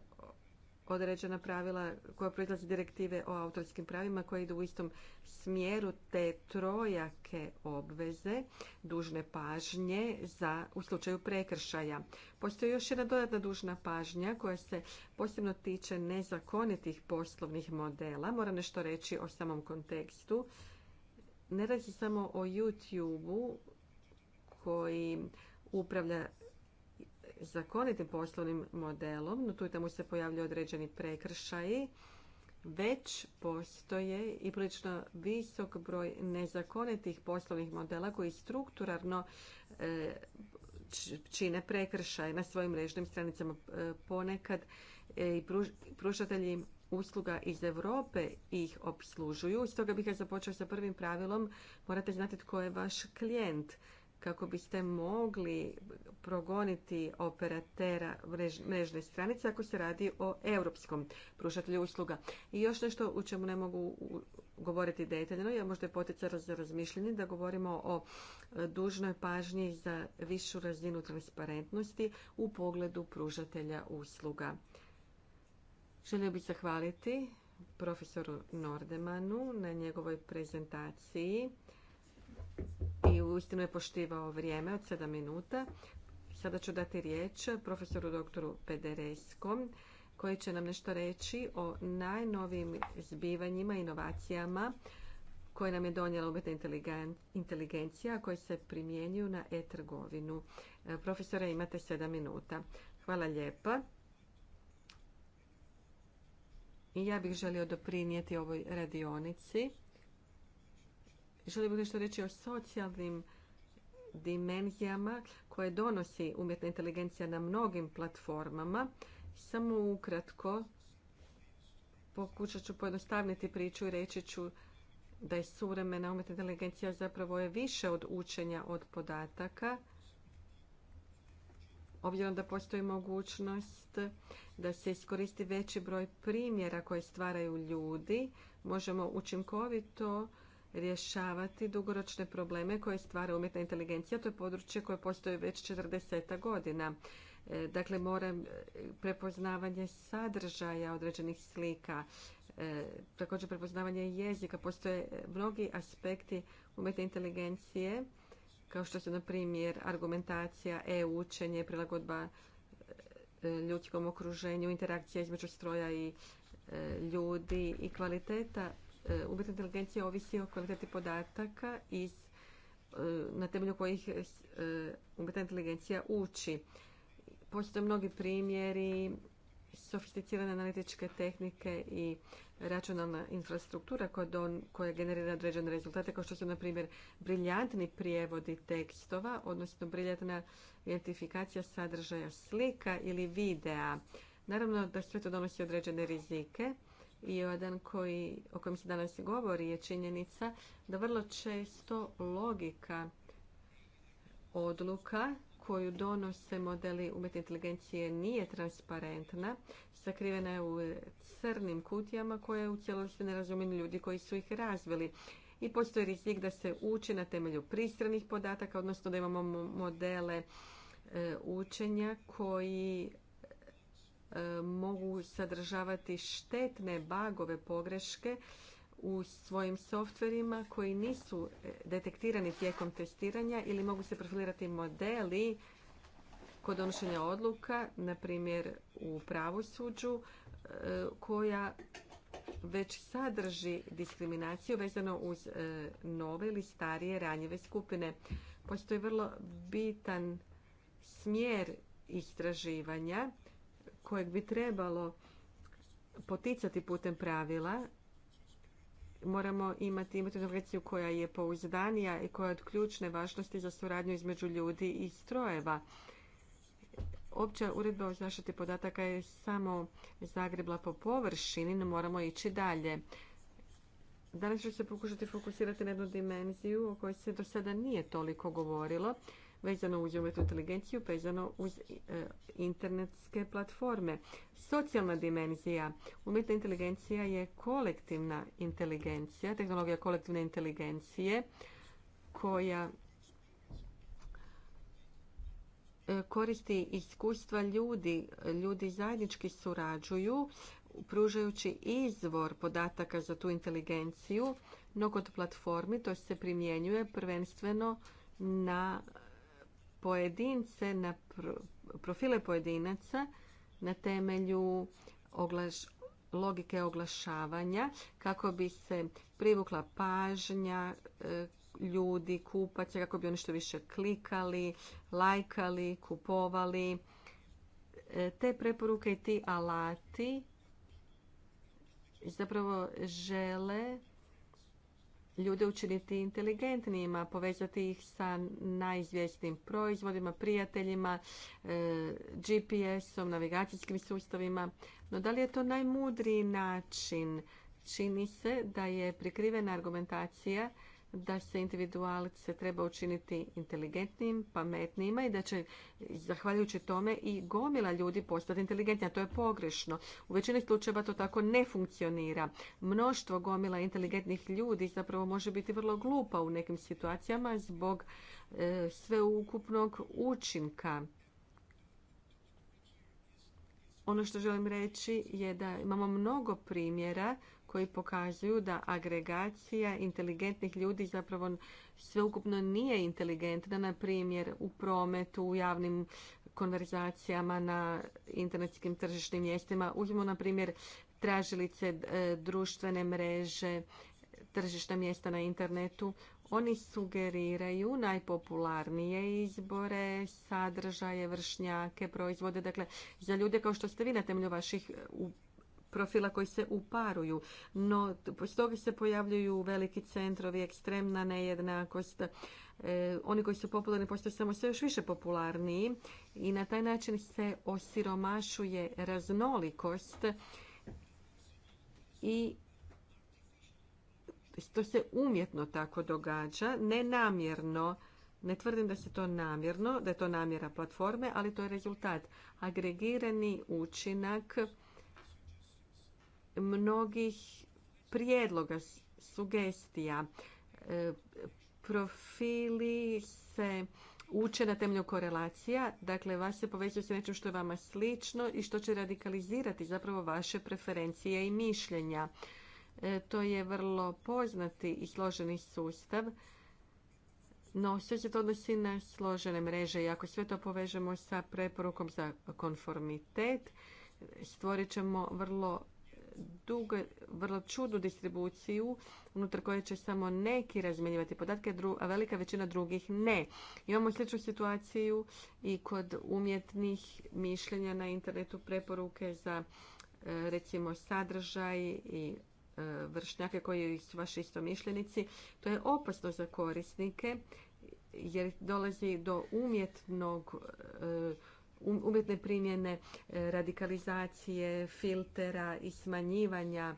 S4: određena pravila koja proizlaze direktive o autorskim pravima koje idu u istom smjeru te trojake obveze dužne pažnje za, u slučaju prekršaja. Postoji još jedna dodatna dužna pažnja koja se posebno tiče nezakonitih poslovnih modela. Moram nešto reći o samom kontekstu. Ne radi se samo o YouTube-u koji upravlja zakonitim poslovnim modelom, no tu i tamo se pojavljuju određeni prekršaji, već postoje i prilično visok broj nezakonitih poslovnih modela koji strukturarno e, čine prekršaj na svojim mrežnim stranicama e, ponekad e, i pružatelji usluga iz Europe ih obslužuju. Stoga bih ja započeo sa prvim pravilom, morate znati tko je vaš klijent kako biste mogli progoniti operatera mrežne stranice ako se radi o europskom pružatelju usluga. I još nešto u čemu ne mogu govoriti detaljno, ja možda je potica za razmišljanje da govorimo o e, dužnoj pažnji za višu razinu transparentnosti u pogledu pružatelja usluga. Želio bih zahvaliti profesoru Nordemanu na njegovoj prezentaciji i uistinu je poštivao vrijeme od 7 minuta. Sada ću dati riječ profesoru doktoru Pedereskom, koji će nam nešto reći o najnovijim zbivanjima, inovacijama koje nam je donijela umjetna inteligencija koje se primjenjuju na e-trgovinu. E, profesore, imate 7 minuta. Hvala lijepa. I ja bih želio doprinijeti ovoj radionici. Želim bih nešto reći o socijalnim dimenzijama koje donosi umjetna inteligencija na mnogim platformama. Samo ukratko pokušat ću pojednostavniti priču i reći ću da je suvremena umjetna inteligencija zapravo je više od učenja od podataka. Obzirom da postoji mogućnost da se iskoristi veći broj primjera koje stvaraju ljudi, možemo učinkovito rješavati dugoročne probleme koje stvara umjetna inteligencija. To je područje koje postoji već 40 godina. E, dakle, moram e, prepoznavanje sadržaja određenih slika, e, također prepoznavanje jezika. Postoje mnogi aspekti umjetne inteligencije, kao što su, na primjer, argumentacija, e-učenje, prilagodba ljudskom okruženju, interakcija između stroja i ljudi i kvaliteta E, umjetna inteligencija ovisi o kvaliteti podataka e, na temelju kojih e, umjetna inteligencija uči. Postoje mnogi primjeri sofisticirane analitičke tehnike i računalna infrastruktura koja, koja generira određene rezultate, kao što su, na primjer, briljantni prijevodi tekstova, odnosno briljantna identifikacija sadržaja slika ili videa. Naravno da sve to donosi određene rizike, i jedan koji, o kojem se danas govori je činjenica da vrlo često logika odluka koju donose modeli umjetne inteligencije nije transparentna, sakrivena je u crnim kutijama koje u cijelosti ne razumiju ljudi koji su ih razvili. I postoji rizik da se uči na temelju pristranih podataka, odnosno da imamo modele e, učenja koji E, mogu sadržavati štetne bagove pogreške u svojim softverima koji nisu e, detektirani tijekom testiranja ili mogu se profilirati modeli kod donošenja odluka, na primjer u pravosuđu, e, koja već sadrži diskriminaciju vezano uz nove ili starije ranjive skupine. Postoji vrlo bitan smjer istraživanja kojeg bi trebalo poticati putem pravila. Moramo imati imati informaciju koja je pouzdanija i koja je od ključne važnosti za suradnju između ljudi i strojeva. Opća uredba o zaštiti podataka je samo zagrebla po površini, no moramo ići dalje. Danas ću se pokušati fokusirati na jednu dimenziju o kojoj se do sada nije toliko govorilo, vezano uz umjetnu inteligenciju, vezano uz e, internetske platforme. Socijalna dimenzija. Umjetna inteligencija je kolektivna inteligencija, tehnologija kolektivne inteligencije koja e, koristi iskustva ljudi. Ljudi zajednički surađuju pružajući izvor podataka za tu inteligenciju, no kod platformi to se primjenjuje prvenstveno na pojedince, na profile pojedinaca na temelju oglaš, logike oglašavanja kako bi se privukla pažnja e, ljudi, kupaca, kako bi oni što više klikali, lajkali, kupovali. E, te preporuke i ti alati zapravo žele ljude učiniti inteligentnijima, povezati ih sa najizvjesnijim proizvodima, prijateljima, e, GPS-om, navigacijskim sustavima. No da li je to najmudriji način? Čini se da je prikrivena argumentacija da se individualce treba učiniti inteligentnim, pametnijima i da će zahvaljujući tome i gomila ljudi postati inteligentnija. To je pogrešno. U većini slučajeva to tako ne funkcionira. Mnoštvo gomila inteligentnih ljudi zapravo može biti vrlo glupa u nekim situacijama zbog e, sveukupnog učinka. Ono što želim reći je da imamo mnogo primjera koji pokazuju da agregacija inteligentnih ljudi zapravo sveukupno nije inteligentna, na primjer u prometu, u javnim konverzacijama na internetskim tržišnim mjestima. Uzmimo na primjer tražilice e, društvene mreže, tržišna mjesta na internetu. Oni sugeriraju najpopularnije izbore, sadržaje, vršnjake, proizvode. Dakle, za ljude kao što ste vi na temelju vaših profila koji se uparuju. No, stoga se pojavljuju veliki centrovi, ekstremna nejednakost. E, oni koji su popularni postaju samo sve još više popularniji i na taj način se osiromašuje raznolikost i to se umjetno tako događa, ne namjerno, Ne tvrdim da se to namjerno, da je to namjera platforme, ali to je rezultat. Agregirani učinak mnogih prijedloga, sugestija. E, profili se uče na temelju korelacija, dakle vas se povezuje s nečim što je vama slično i što će radikalizirati zapravo vaše preferencije i mišljenja. E, to je vrlo poznati i složeni sustav. No, sve se to odnosi na složene mreže i ako sve to povežemo sa preporukom za konformitet, stvorit ćemo vrlo dugo, vrlo čudnu distribuciju unutar koje će samo neki razmjenjivati podatke, a velika većina drugih ne. Imamo sličnu situaciju i kod umjetnih mišljenja na internetu preporuke za e, recimo sadržaj i e, vršnjake koji su vaši istomišljenici. To je opasno za korisnike jer dolazi do umjetnog e, umjetne primjene e, radikalizacije, filtera i smanjivanja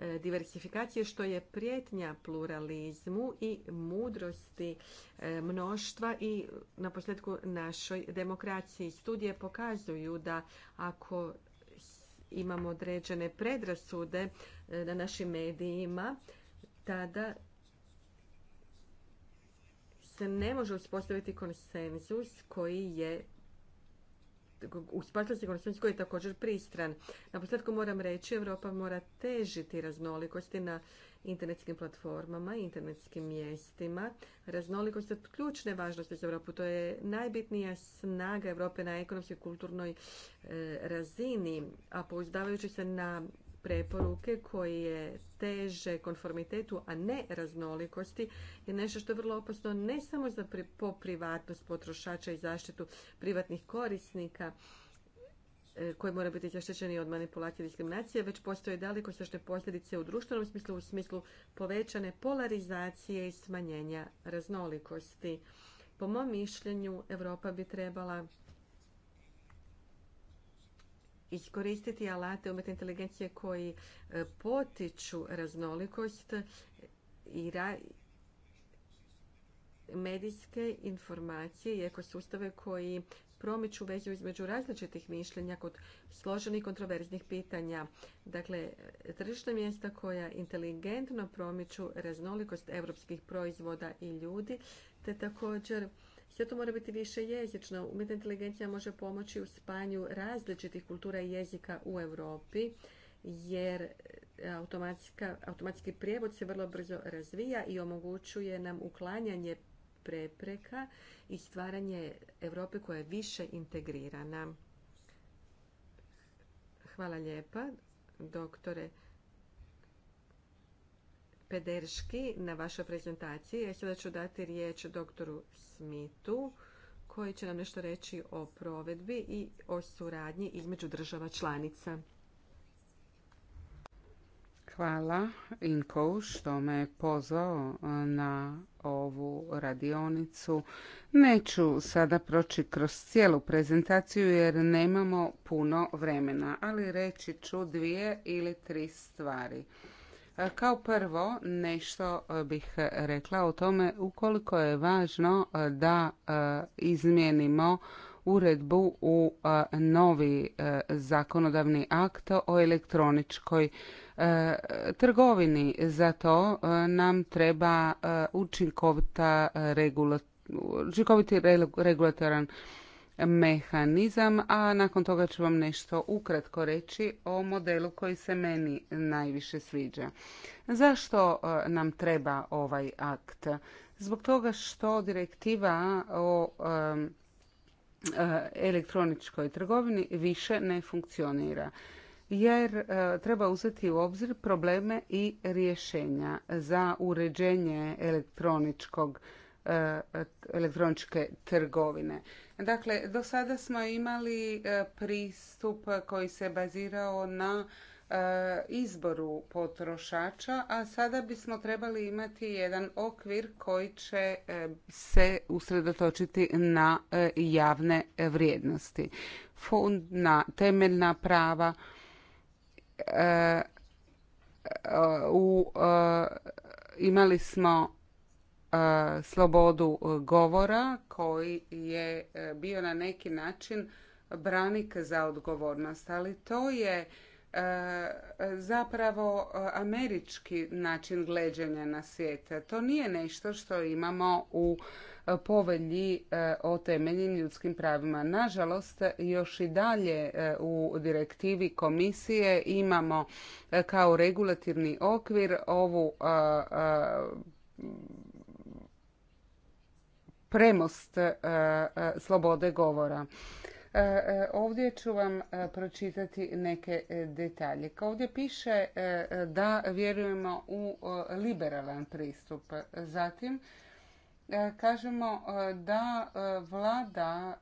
S4: e, diversifikacije što je prijetnja pluralizmu i mudrosti e, mnoštva i na posljedku našoj demokraciji. Studije pokazuju da ako imamo određene predrasude na našim medijima, tada se ne može uspostaviti konsenzus koji je u sigurnosti koji je također pristran. Na posljedku moram reći, Europa mora težiti raznolikosti na internetskim platformama, internetskim mjestima. Raznolikost od ključne važnosti za Europu. To je najbitnija snaga Europe na ekonomskoj i kulturnoj e, razini, a pouzdavajući se na preporuke koje teže konformitetu, a ne raznolikosti, je nešto što je vrlo opasno ne samo za poprivatnost po privatnost potrošača i zaštitu privatnih korisnika, e, koji mora biti zaštićeni od manipulacije i diskriminacije, već postoje daleko sašte posljedice u društvenom smislu, u smislu povećane polarizacije i smanjenja raznolikosti. Po mom mišljenju, Europa bi trebala iskoristiti alate umjetne inteligencije koji e, potiču raznolikost i medijske informacije i ekosustave koji promiču vezu između različitih mišljenja kod složenih kontroverznih pitanja. Dakle, tržišna mjesta koja inteligentno promiču raznolikost europskih proizvoda i ljudi, te također sve to mora biti više jezično. Umjetna inteligencija može pomoći u spanju različitih kultura i jezika u Europi, jer e, automatski prijevod se vrlo brzo razvija i omogućuje nam uklanjanje prepreka i stvaranje Europe koja je više integrirana. Hvala lijepa, doktore pederski na vašoj prezentaciji. Ja sada ću dati riječ doktoru Smithu koji će nam nešto reći o provedbi i o suradnji između država članica.
S2: Hvala Inko što me pozvao na ovu radionicu. Neću sada proći kroz cijelu prezentaciju jer nemamo puno vremena, ali reći ću dvije ili tri stvari. E, kao prvo nešto e, bih rekla o tome ukoliko je važno e, da izmijenimo uredbu u novi zakonodavni akt o elektroničkoj trgovini. Za to nam treba učinkovita učinkoviti regulatoran mehanizam, a nakon toga ću vam nešto ukratko reći o modelu koji se meni najviše sviđa. Zašto e, nam treba ovaj akt? Zbog toga što direktiva o e, elektroničkoj trgovini više ne funkcionira jer e, treba uzeti u obzir probleme i rješenja za uređenje elektroničkog E, elektroničke trgovine. Dakle, do sada smo imali e, pristup koji se bazirao na e, izboru potrošača, a sada bismo trebali imati jedan okvir koji će se usredotočiti na javne vrijednosti. Fond na temeljna prava u imali smo E, slobodu e, govora koji je e, bio na neki način branik za odgovornost, ali to je zapravo američki način gledanja na svijet. To nije nešto što imamo u povelji o temeljnim ljudskim pravima. Nažalost, još i dalje u direktivi komisije imamo kao regulativni okvir ovu premost e, e, slobode govora. E, ovdje ću vam pročitati neke detalje. Ovdje piše da vjerujemo u liberalan pristup. Zatim kažemo da vlada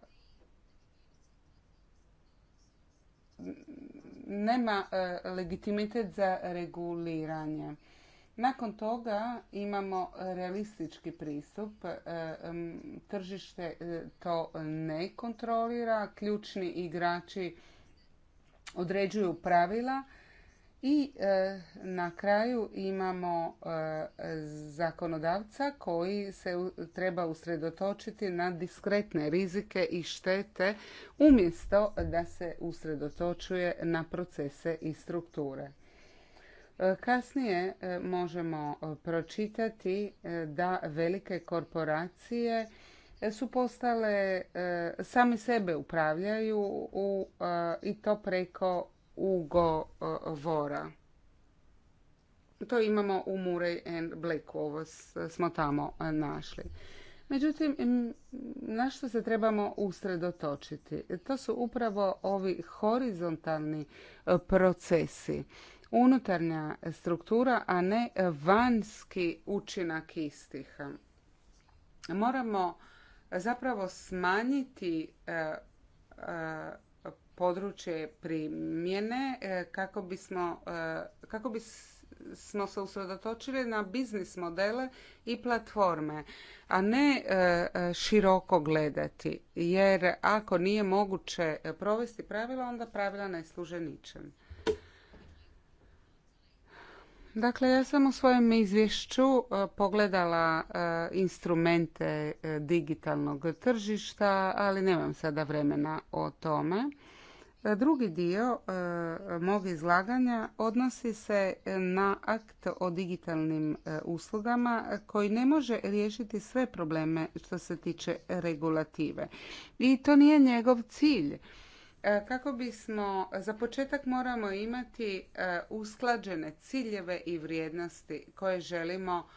S2: nema legitimitet za reguliranje. Nakon toga imamo realistički pristup. E, tržište e, to ne kontrolira, ključni igrači određuju pravila i e, na kraju imamo zakonodavca koji se treba usredotočiti na diskretne rizike i štete umjesto da se usredotočuje na procese i strukture. E, kasnije e, možemo e, pročitati da velike korporacije su postale, sami sebe upravljaju u, i to preko ugovora. To imamo u Murray and Black ovo smo tamo našli. Međutim, na što se trebamo usredotočiti? To su upravo ovi horizontalni procesi unutarnja struktura, a ne vanjski učinak istih. Moramo zapravo smanjiti e, e, područje primjene e, kako bismo, kako bismo se usredotočili na biznis modele i platforme, a ne široko gledati. Jer ako nije moguće provesti pravila, onda pravila ne služe ničem. Dakle, ja sam u svojem izvješću e, pogledala e, instrumente e, digitalnog tržišta, ali nemam sada vremena o tome. Drugi dio mog izlaganja odnosi se na akt o digitalnim uslugama koji ne može riješiti sve probleme što se tiče regulative. I to nije njegov cilj E, kako bismo za početak moramo imati e, usklađene ciljeve i vrijednosti koje želimo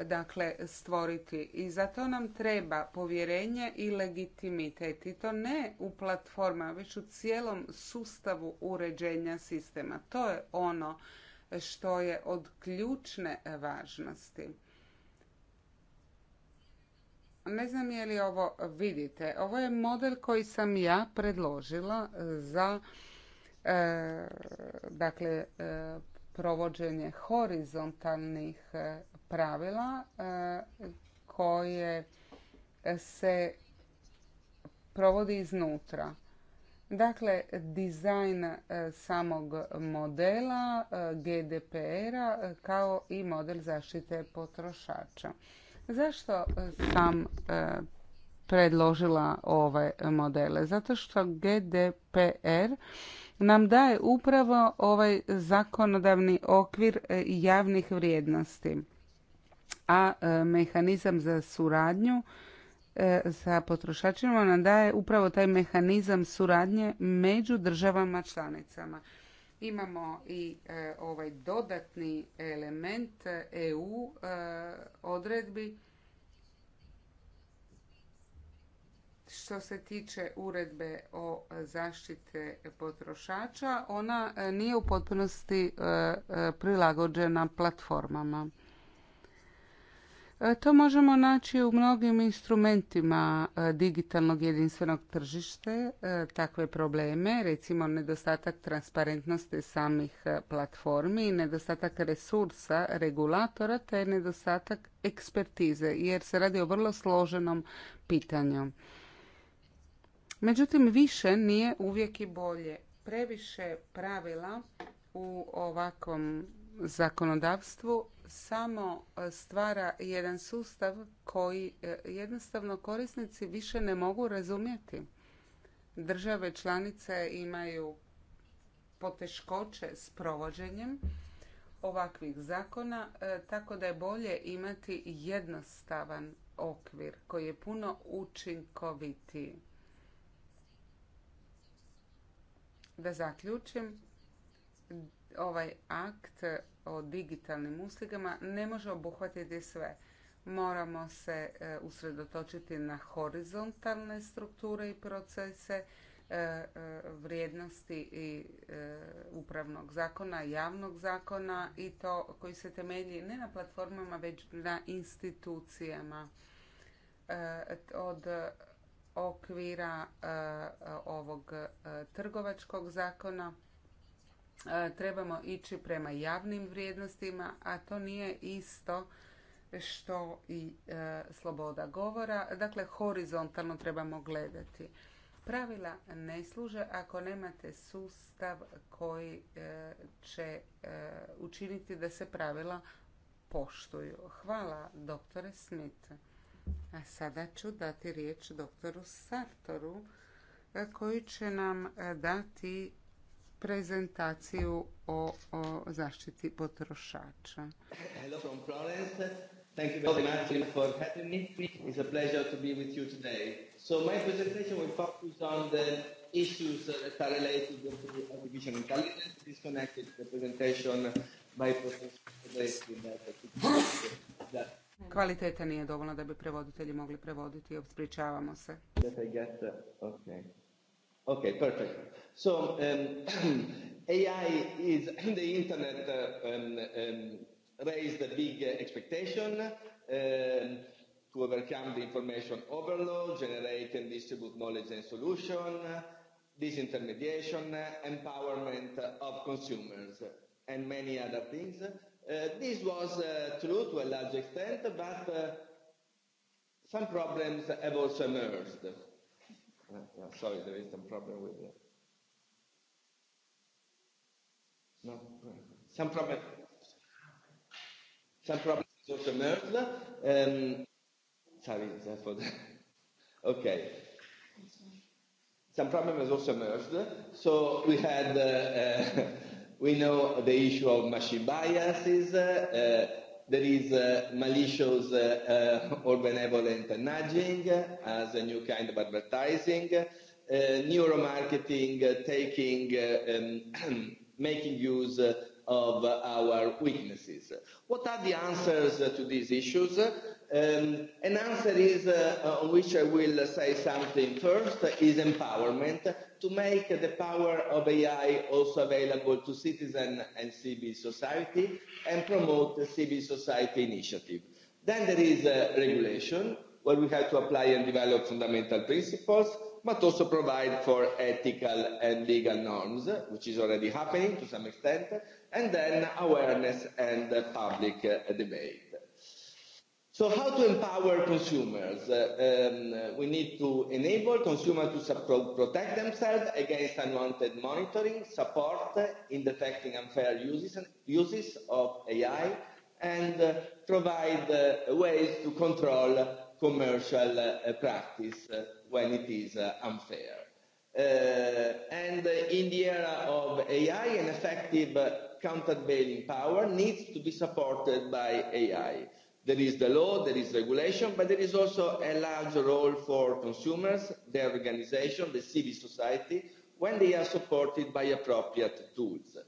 S2: e, dakle stvoriti i zato nam treba povjerenje i legitimitet i to ne u platforma već u cijelom sustavu uređenja sistema to je ono što je od ključne važnosti ne znam je li ovo vidite. Ovo je model koji sam ja predložila za e, dakle e, provođenje horizontalnih e, pravila koje se provodi iznutra. Dakle, dizajn samog modela GDPR-a kao i model zaštite potrošača. Zašto e, sam e, predložila ove modele? Zato što GDPR nam daje upravo ovaj zakonodavni okvir e, javnih vrijednosti. A mehanizam za suradnju sa potrošačima nam daje upravo taj mehanizam suradnje među državama članicama. Imamo i e, ovaj dodatni element EU e, odredbi što se tiče uredbe o zaštite potrošača, ona e, nije u potpunosti prilagođena platformama. E, to možemo naći u mnogim instrumentima e, digitalnog jedinstvenog tržišta. E, takve probleme, recimo nedostatak transparentnosti samih platformi, nedostatak resursa regulatora te nedostatak ekspertize jer se radi o vrlo složenom pitanju. Međutim, više nije uvijek i bolje. Previše pravila u ovakvom zakonodavstvu samo e, stvara jedan sustav koji e, jednostavno korisnici više ne mogu razumjeti. Države članice imaju poteškoće s provođenjem ovakvih zakona, e, tako da je bolje imati jednostavan okvir koji je puno učinkovitiji. Da zaključim, ovaj akt o digitalnim uslugama ne može obuhvatiti sve. Moramo se e, usredotočiti na horizontalne strukture i procese, e, e, vrijednosti i upravnog zakona, javnog zakona i to koji se temelji ne na platformama već na institucijama. Od okvira ovog trgovačkog zakona E, trebamo ići prema javnim vrijednostima, a to nije isto što i e, sloboda govora. Dakle, horizontalno trebamo gledati. Pravila ne služe ako nemate sustav koji e, će učiniti da se pravila poštuju. Hvala, doktore Smith. A sada ću dati riječ doktoru Sartoru koji će nam dati prezentaciju o, o zaštiti potrošača.
S5: Hello from Florence. Thank you very much for having me. It's a pleasure to be with you today. So my presentation will focus on the issues that are related to artificial intelligence, disconnected to the presentation by Professor
S2: Kvaliteta nije dovoljna da bi prevoditelji mogli prevoditi, obspričavamo se. That I get, uh,
S5: okay. Okay, perfect.
S2: So um,
S5: AI is in the internet uh, um, um, raised a big uh, expectation um, to overcome the information overload, generate and distribute knowledge and solution, disintermediation, empowerment of consumers, and many other things. Uh, this was uh, true to a large extent, but uh, some problems have also emerged Yeah, yeah. Sorry, there is some problem with it. No, some problem. Some problem with the nerves. Um, sorry, that okay. Some problem has also emerged. So we had, uh, uh, we know the issue of machine biases. Uh, uh There is uh, malicious uh, uh, or benevolent nudging as a new kind of advertising. Uh, neuromarketing uh, taking, uh, um, making use uh, of our weaknesses. What are the answers to these issues? Um, an answer is, uh, on which I will say something first, is empowerment to make the power of AI also available to citizens and civil society and promote the civil society initiative. Then there is uh, regulation, where we have to apply and develop fundamental principles, but also provide for ethical and legal norms, which is already happening to some extent, and then awareness and public uh, debate. So how to empower consumers? Uh, um, uh, we need to enable consumers to protect themselves against unwanted monitoring, support uh, in detecting unfair uses, and uses of AI, and uh, provide uh, ways to control commercial uh, practice uh, when it is uh, unfair. Uh, and uh, in the era of AI, an effective uh, countervailing power needs to be supported by AI There is the law, there is regulation, but there is also a large role for consumers, their organization, the civil society, when they are supported by appropriate tools.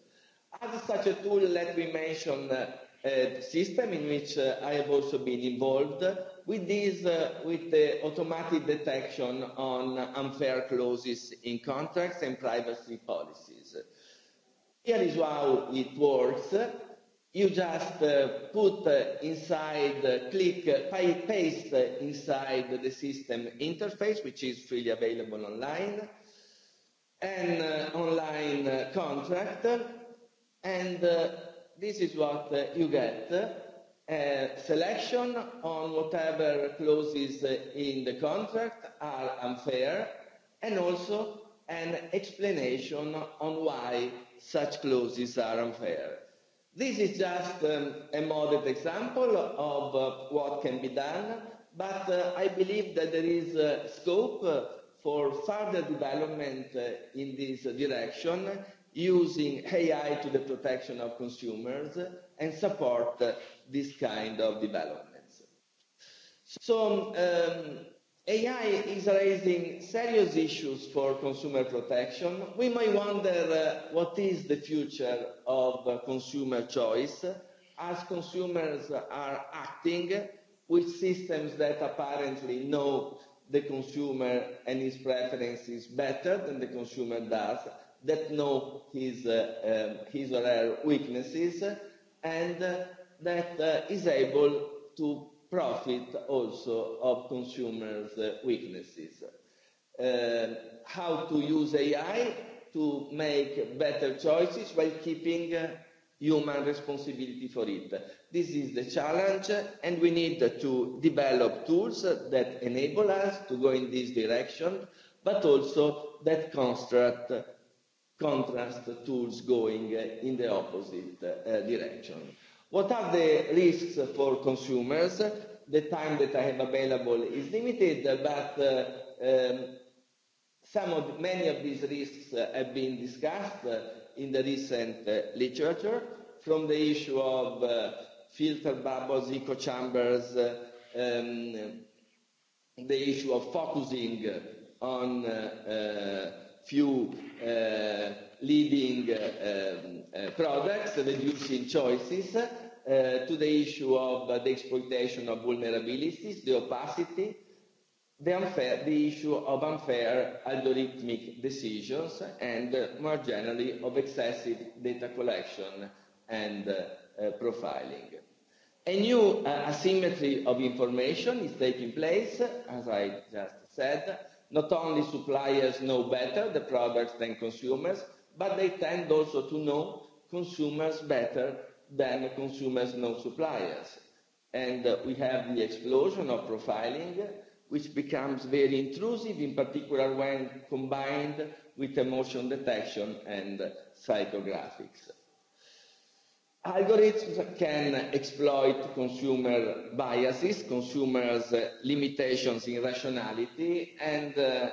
S5: As such a tool, let me mention uh, a system in which uh, I have also been involved with this, uh, with the automatic detection on unfair clauses in contracts and privacy policies. Here is how it works you just uh, put uh, inside, uh, click, uh, pa-, paste inside the system interface, which is freely available online, an uh, online uh, contract, and uh, this is what uh, you get. a uh, selection on whatever clauses uh, in the contract are unfair, and also an explanation on why such clauses are unfair This is just um, a modest example of uh, what can be done, but uh, I believe that there is uh, scope uh, for further development uh, in this direction using AI to the protection of consumers uh, and support uh, this kind of developments. So um, AI is raising serious issues for consumer protection. We may wonder uh, what is the future of uh, consumer choice as consumers are acting with systems that apparently know the consumer and his preferences better than the consumer does, that know his, uh, um, his or her weaknesses, and uh, that uh, is able to profit also of consumers' weaknesses. Uh, how to use AI to make better choices while keeping uh, human responsibility for it. This is the challenge and we need to develop tools that enable us to go in this direction, but also that construct contrast tools going in the opposite uh, direction. What are the risks for consumers? The time that I have available is limited, but uh, um, some of, many of these risks have been discussed in the recent uh, literature, from the issue of uh, filter bubbles, echo chambers, uh, um, the issue of focusing on uh, uh few uh, leading uh, uh, products, reducing choices, uh, to the issue of uh, the exploitation of vulnerabilities, the opacity, the, unfair, the issue of unfair algorithmic decisions, and uh, more generally of excessive data collection and uh, uh, profiling. A new uh, asymmetry of information is taking place, as I just said. Not only suppliers know better the products than consumers, but they tend also to know consumers better than consumers no suppliers. And uh, we have the explosion of profiling, which becomes very intrusive, in particular when combined with emotion detection and psychographics. Algorithms can exploit consumer biases, consumers' uh, limitations in rationality, and uh, uh,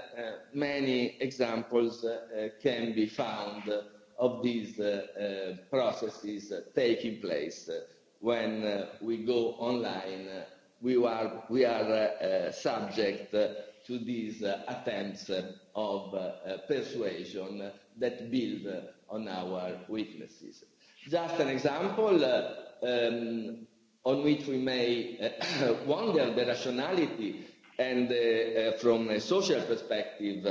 S5: many examples uh, uh can be found of these uh, uh, processes uh, taking place uh, when uh, we go online uh, we are we are uh, uh subject uh, to these attempts of persuasion that build on our weaknesses just an example um, on which we may wonder the rationality and from a social perspective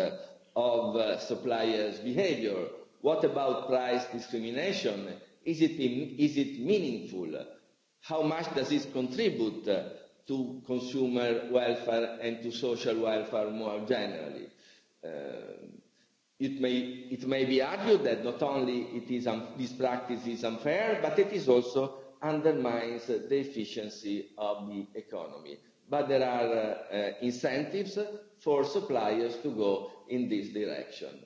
S5: of suppliers behavior What about price discrimination? Is it, is it meaningful? How much does it contribute to consumer welfare and to social welfare more generally? Uh, it, may, it may be argued that not only it is un, this practice is unfair, but it is also undermines the efficiency of the economy. But there are uh, incentives for suppliers to go in this direction.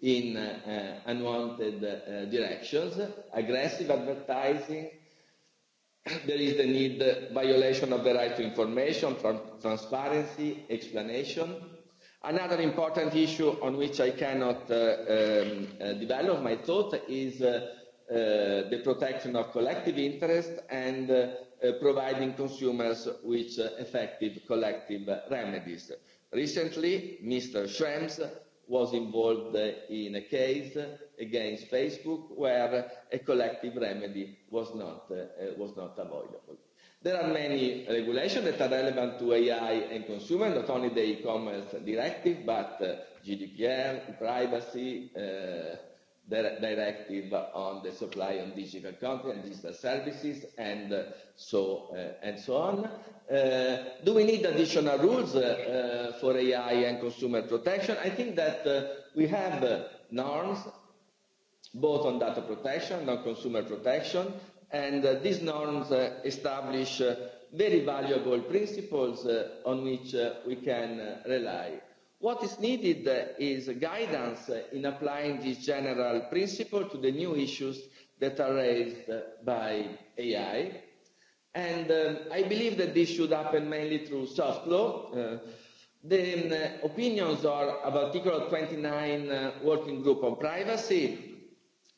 S5: in uh, eh, unwanted uh, eh, directions, aggressive advertising. there is the need, uh, violation of the right to information, transparency, explanation. Another important issue on which I cannot uh, um, uh, develop my thought is uh, uh, the protection of collective interest and uh, uh, providing consumers with uh, effective collective remedies. Recently, Mr. Schrems was involved in a case against Facebook where a collective remedy was not, uh, was not avoidable. There are many regulations that are relevant to AI and consumer, not only the e-commerce directive, but uh, GDPR, privacy, uh, directive on the supply on digital content and digital services and uh, so uh, and so on. Uh, do we need additional rules uh, for AI and consumer protection? I think that uh, we have uh, norms both on data protection and on consumer protection, and uh, these norms uh, establish uh, very valuable principles uh, on which uh, we can uh, rely What is needed uh, is guidance uh, in applying this general principle to the new issues that are raised uh, by AI. And um, I believe that this should happen mainly through soft law. Uh, the um, opinions are of Article 29 uh, Working Group on Privacy.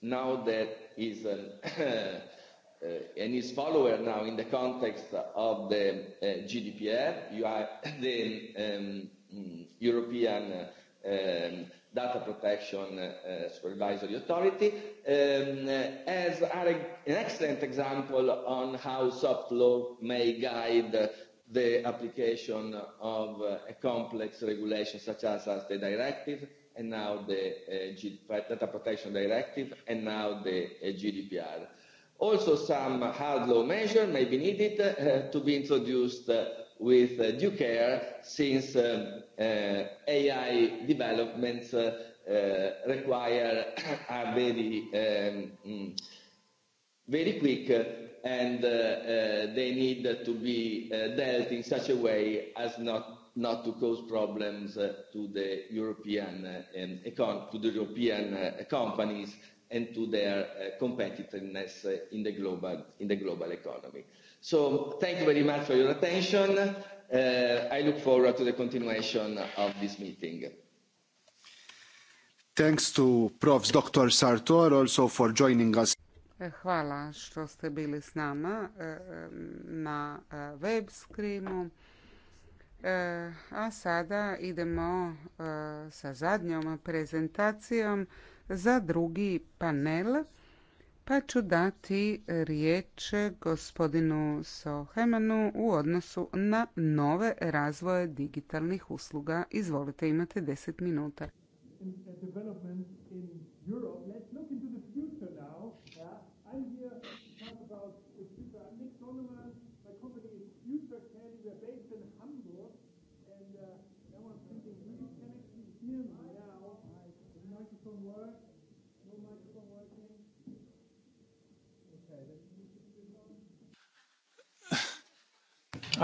S5: Now that is an, um, uh, and his follower now in the context of the uh, GDPR, you are the um, Mm, European ehm, Data Protection eh, Supervisory Authority um, as are an excellent example on how soft law may guide the application of a eh, complex regulation such as, as the directive and now the eh, Data Protection Directive and now the GDPR. Also some hard law measure may be needed to be introduced with uh, due care since um, uh, AI developments uh, uh, require are very um, mm, very quick uh, and uh, uh, they need to be uh, dealt in such a way as not not to cause problems uh, to the European uh, and econ to the European uh, companies and to their uh, competitiveness in the global in the global economy. So thank you very much for your attention. Uh, I look forward to the continuation of this meeting.
S6: Thanks to Prof. Dr. Sartor also for joining us.
S2: E, hvala što ste bili s nama e, e, na web screenu. A sada idemo sa zadnjom prezentacijom za drugi panel pa ću dati riječ gospodinu Sohemanu u odnosu na nove razvoje digitalnih usluga. Izvolite, imate 10 minuta.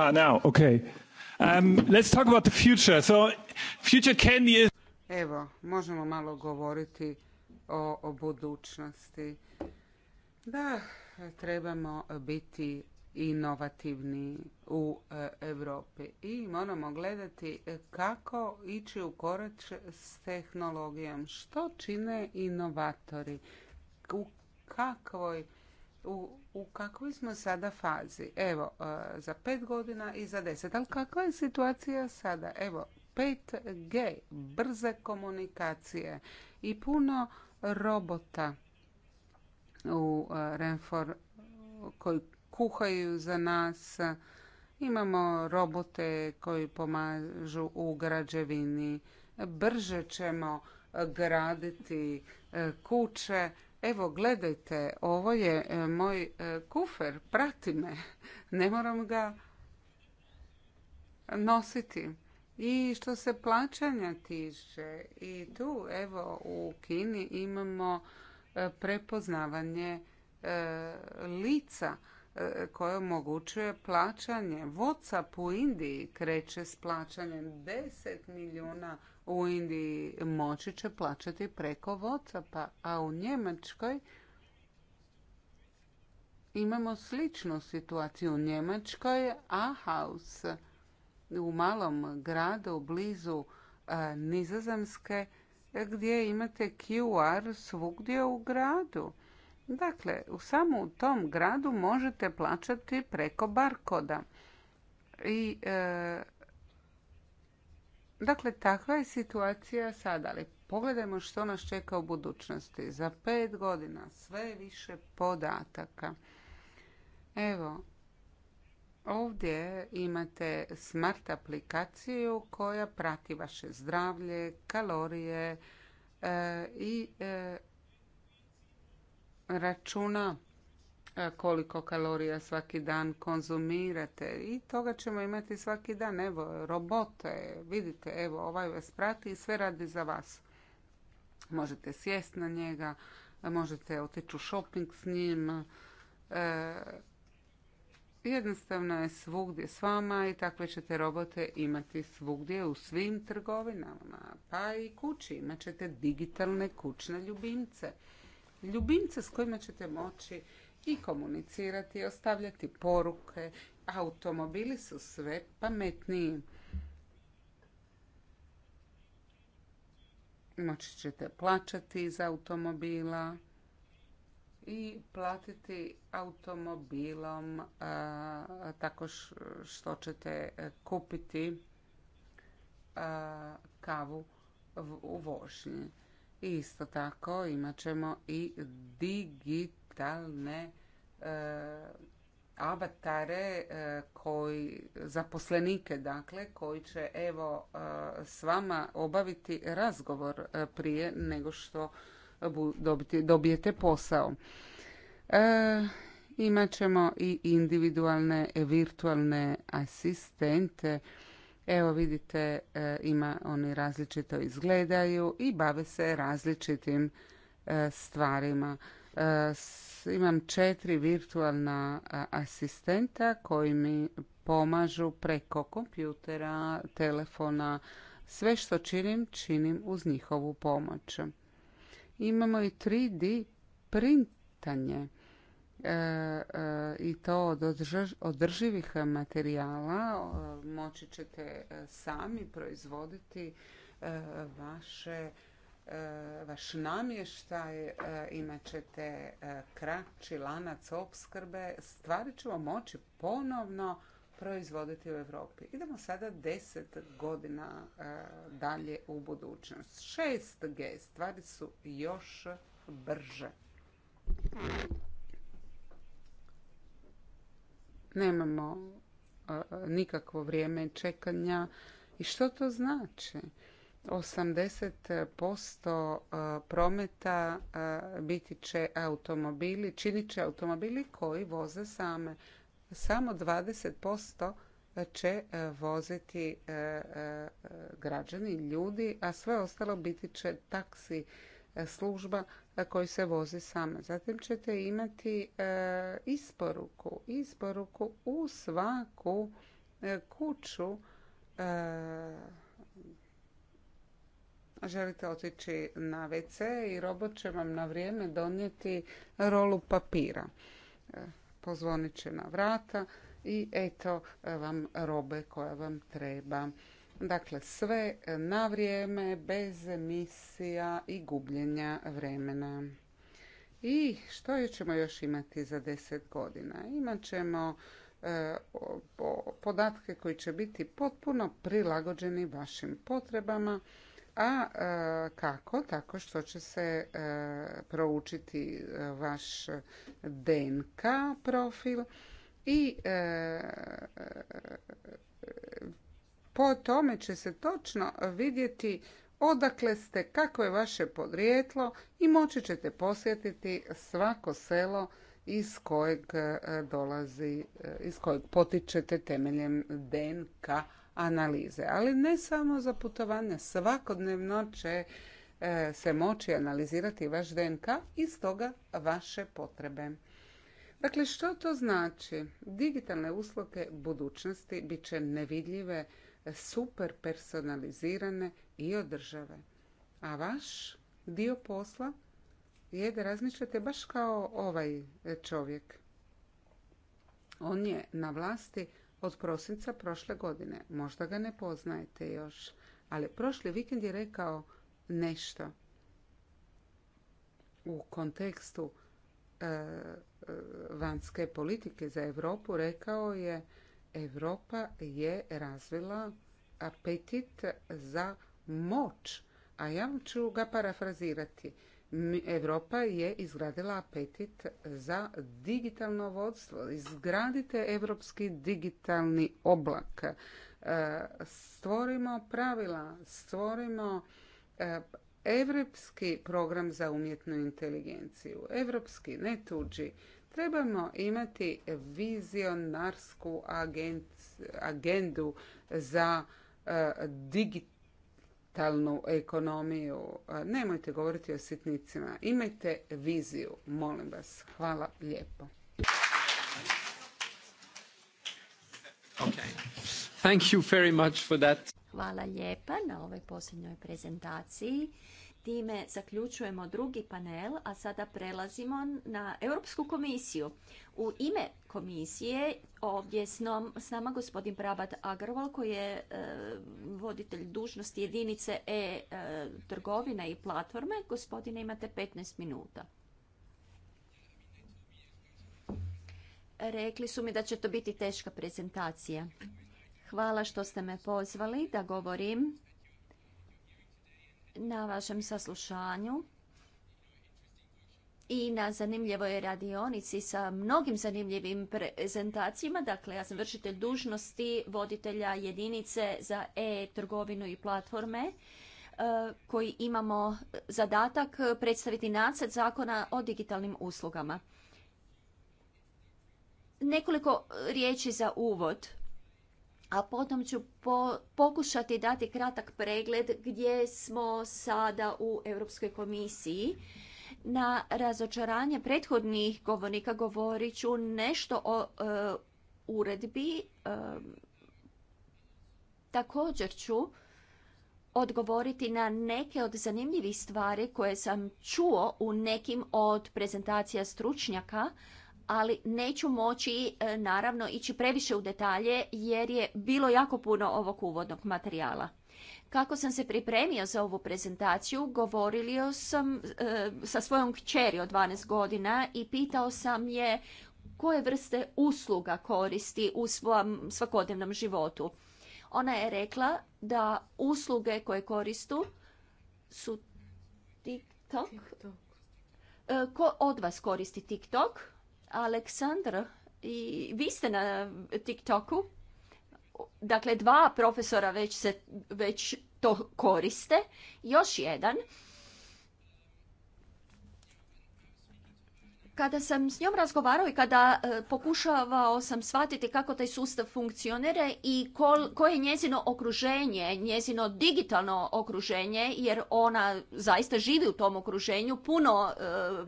S4: Ah, now, okay.
S1: Um, let's talk about the future. So, future candy is...
S2: Evo, možemo malo govoriti o, budućnosti. Da, trebamo biti inovativni u e, Europi i moramo gledati kako ići u korač s tehnologijom. Što čine inovatori? U kakvoj u u kakvoj smo sada fazi? Evo, e, za pet godina i za deset. Ali kakva je situacija sada? Evo, 5G, brze komunikacije i puno robota u e, Renfor koji kuhaju za nas. Imamo robote koji pomažu u građevini. Brže ćemo graditi e, kuće evo gledajte, ovo je e, moj e, kufer, prati me, ne moram ga nositi. I što se plaćanja tiče, i tu evo u Kini imamo e, prepoznavanje lica koje omogućuje plaćanje. WhatsApp u Indiji kreće s plaćanjem 10 milijuna u Indiji moći će plaćati preko Whatsappa, a u Njemačkoj imamo sličnu situaciju u Njemačkoj. Ahaus u malom gradu blizu e, Nizozemske gdje imate QR svugdje u gradu. Dakle, u samo u tom gradu možete plaćati preko barkoda. I e, Dakle, takva je situacija sada, ali pogledajmo što nas čeka u budućnosti. Za pet godina sve više podataka. Evo, ovdje imate smart aplikaciju koja prati vaše zdravlje, kalorije e, i e, računa E, koliko kalorija svaki dan konzumirate i toga ćemo imati svaki dan. Evo, robote, vidite, evo, ovaj vas prati i sve radi za vas. Možete sjest na njega, možete otići u shopping s njim. E, jednostavno je svugdje s vama i takve ćete robote imati svugdje u svim trgovinama. Pa i kući imat ćete digitalne kućne ljubimce. Ljubimce s kojima ćete moći i komunicirati, ostavljati poruke. Automobili su sve pametniji. Moći ćete plaćati iz automobila i platiti automobilom tako što ćete kupiti kavu u vožnji. I isto tako imat ćemo i digitalne E, avatare e, koji zaposlenike dakle koji će evo e, s vama obaviti razgovor prije nego što dobijete posao. E, imat ćemo i individualne virtualne asistente. Evo vidite, ima oni različito izgledaju i bave se različitim stvarima imam četiri virtualna asistenta koji mi pomažu preko kompjutera, telefona. Sve što činim, činim uz njihovu pomoć. Imamo i 3D printanje e, e, i to od održivih materijala. Moći ćete e, sami proizvoditi vaše vaš namještaj, e, imat ćete e, kraći lanac opskrbe, stvari ćemo moći ponovno proizvoditi u Europi. Idemo sada deset godina e, dalje u budućnost. 6G stvari su još brže. Nemamo nikakvo vrijeme čekanja. I što to znači? 80% e, prometa e, biti će automobili, činit će automobili koji voze same. Samo 20% će e, voziti građani, ljudi, a sve ostalo biti će taksi služba koji se vozi same. Zatim ćete imati isporuku, isporuku u svaku kuću želite otići na WC i robot će vam na vrijeme donijeti rolu papira. E, pozvonit će na vrata i eto e, vam robe koja vam treba. Dakle, sve na vrijeme, bez emisija i gubljenja vremena. I što ćemo još imati za 10 godina? Imat ćemo e, podatke koji će biti potpuno prilagođeni vašim potrebama a e, kako? Tako što će se e, proučiti e, vaš DNK profil i po tome će se točno vidjeti odakle ste, kako je vaše podrijetlo i moći ćete posjetiti svako selo iz kojeg dolazi, iz kojeg potičete temeljem DNK analize. Ali ne samo za putovanja. Svakodnevno će e, se moći analizirati vaš DNK i stoga vaše potrebe. Dakle, što to znači? Digitalne usluge budućnosti bit će nevidljive, super personalizirane i održave. A vaš dio posla je da razmišljate baš kao ovaj čovjek. On je na vlasti od prosinca prošle godine. Možda ga ne poznajete još, ali prošli vikend je rekao nešto u kontekstu e, e, vanjske politike za Europu rekao je Europa je razvila apetit za moć, a ja ću ga parafrazirati. Europa je izgradila apetit za digitalno vodstvo. Izgradite europski digitalni oblak. E, stvorimo pravila, stvorimo europski program za umjetnu inteligenciju. Europski, ne tuđi. Trebamo imati vizionarsku agendu za e, digitalno digitalnu ekonomiju. Nemojte govoriti o sitnicima. Imajte viziju, molim vas. Hvala lijepo.
S1: Okay. Thank
S3: Hvala lijepa na ovoj posljednjoj prezentaciji. Time zaključujemo drugi panel, a sada prelazimo na Europsku komisiju. U ime komisije ovdje s, nama gospodin Prabat Agarwal, koji je e, voditelj dužnosti jedinice e-trgovina e, i platforme. Gospodine imate 15 minuta. Rekli su mi da će to biti teška prezentacija. Hvala što ste me pozvali da govorim na vašem saslušanju i na zanimljivoj radionici sa mnogim zanimljivim prezentacijama. Dakle, ja sam vršitelj dužnosti voditelja jedinice za e-trgovinu i platforme e, koji imamo zadatak predstaviti nacrt zakona o digitalnim uslugama. Nekoliko riječi za uvod a potom ću pokušati dati kratak pregled gdje smo sada u Europskoj komisiji. Na razočaranje prethodnih govornika govorit ću nešto o e, uredbi. E, također ću odgovoriti na neke od zanimljivih stvari koje sam čuo u nekim od prezentacija stručnjaka, ali neću moći e, naravno ići previše u detalje jer je bilo jako puno ovog uvodnog materijala. Kako sam se pripremio za ovu prezentaciju, govorio sam e, sa svojom kćeri od 12 godina i pitao sam je koje vrste usluga koristi u svom svakodnevnom životu. Ona je rekla da usluge koje koristu su TikTok. E, ko od vas koristi TikTok? Aleksandra, i vi ste na TikToku. Dakle, dva profesora već, se, već to koriste. Još jedan Kada sam s njom razgovarao i kada e, pokušavao sam shvatiti kako taj sustav funkcionira i koje je njezino okruženje, njezino digitalno okruženje, jer ona zaista živi u tom okruženju, puno e,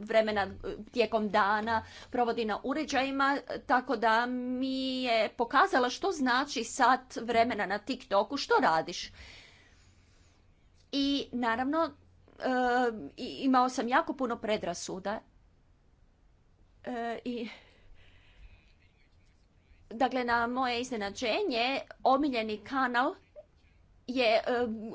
S3: vremena e, tijekom dana provodi na uređajima, tako da mi je pokazala što znači sat vremena na TikToku, što radiš. I naravno, imao sam jako puno predrasuda E, i Dakle, na moje iznenađenje, omiljeni kanal je e,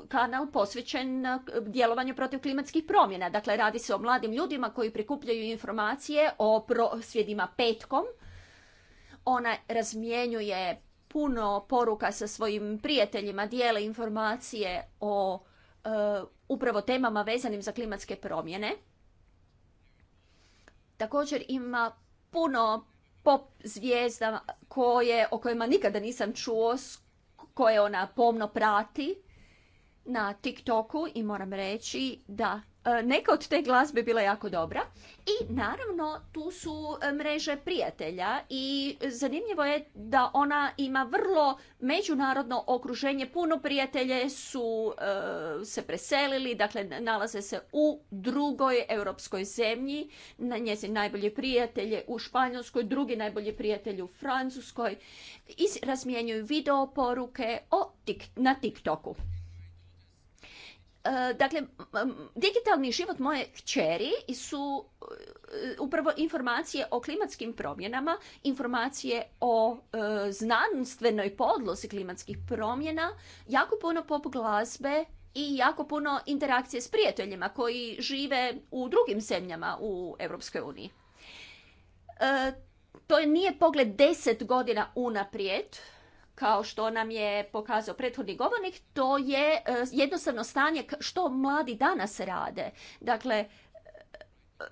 S3: kanal posvećen djelovanju protiv klimatskih promjena. Dakle, radi se o mladim ljudima koji prikupljaju informacije o prosvjedima petkom. Ona razmijenjuje puno poruka sa svojim prijateljima, dijele informacije o e, upravo temama vezanim za klimatske promjene također ima puno pop zvijezda koje, o kojima nikada nisam čuo, koje ona pomno prati na TikToku i moram reći da E, neka od te glazbe bila jako dobra i naravno tu su e, mreže prijatelja i zanimljivo je da ona ima vrlo međunarodno okruženje, puno prijatelje su e, se preselili, dakle nalaze se u drugoj europskoj zemlji, njezin najbolji prijatelj je u Španjolskoj, drugi najbolji prijatelj u Francuskoj i razmjenjuju video poruke o, na TikToku. E, dakle, digitalni život moje kćeri su e, upravo informacije o klimatskim promjenama, informacije o e, znanstvenoj podlozi klimatskih promjena, jako puno pop glazbe i jako puno interakcije s prijateljima koji žive u drugim zemljama u Europskoj uniji. To nije pogled deset godina unaprijed, kao što nam je pokazao prethodni govornik, to je e, jednostavno stanje što mladi danas rade. Dakle, e, e,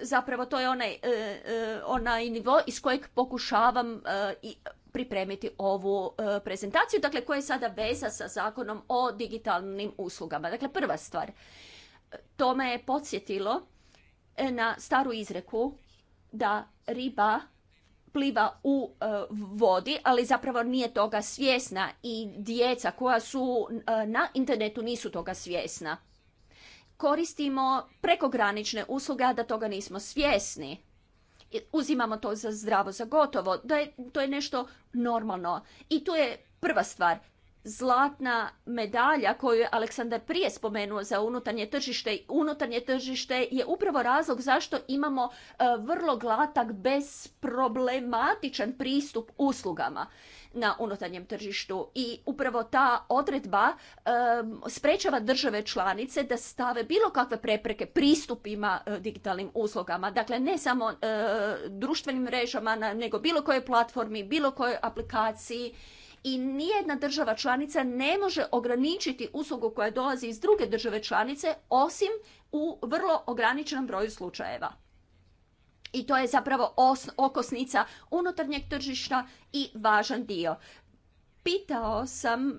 S3: zapravo to je onaj, onaj nivo iz kojeg pokušavam pripremiti ovu prezentaciju, dakle koja je sada veza sa zakonom o digitalnim uslugama. Dakle, prva stvar, to me je podsjetilo na staru izreku da riba pliva u e, vodi, ali zapravo nije toga svjesna i djeca koja su e, na internetu nisu toga svjesna. Koristimo prekogranične usluge, a da toga nismo svjesni. Uzimamo to za zdravo, za gotovo. Da to je nešto normalno. I tu je prva stvar zlatna medalja koju je Aleksandar prije spomenuo za unutarnje tržište. Unutarnje tržište je upravo razlog zašto imamo e, vrlo glatak, bezproblematičan pristup uslugama na unutarnjem tržištu i upravo ta odredba e, sprečava države članice da stave bilo kakve prepreke pristupima e, digitalnim uslugama. Dakle, ne samo društvenim mrežama, nego bilo kojoj platformi, bilo kojoj aplikaciji i nijedna država članica ne može ograničiti uslugu koja dolazi iz druge države članice osim u vrlo ograničenom broju slučajeva. I to je zapravo okosnica unutarnjeg tržišta i važan dio. Pitao sam e,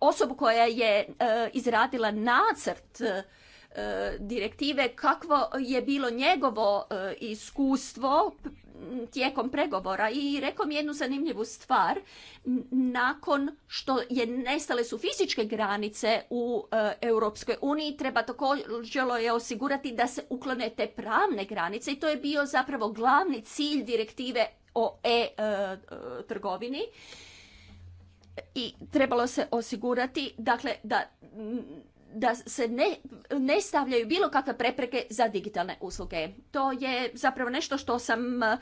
S3: osobu koja je e, izradila nacrt direktive kakvo je bilo njegovo e, iskustvo tijekom pregovora i rekao mi jednu zanimljivu stvar. Nakon što je nestale su fizičke granice u e, Europskoj uniji, treba također je osigurati da se uklone te pravne granice i to je bio zapravo glavni cilj direktive o e-trgovini. E, I trebalo se osigurati dakle, da da se ne, ne stavljaju bilo kakve prepreke za digitalne usluge. To je zapravo nešto što sam e,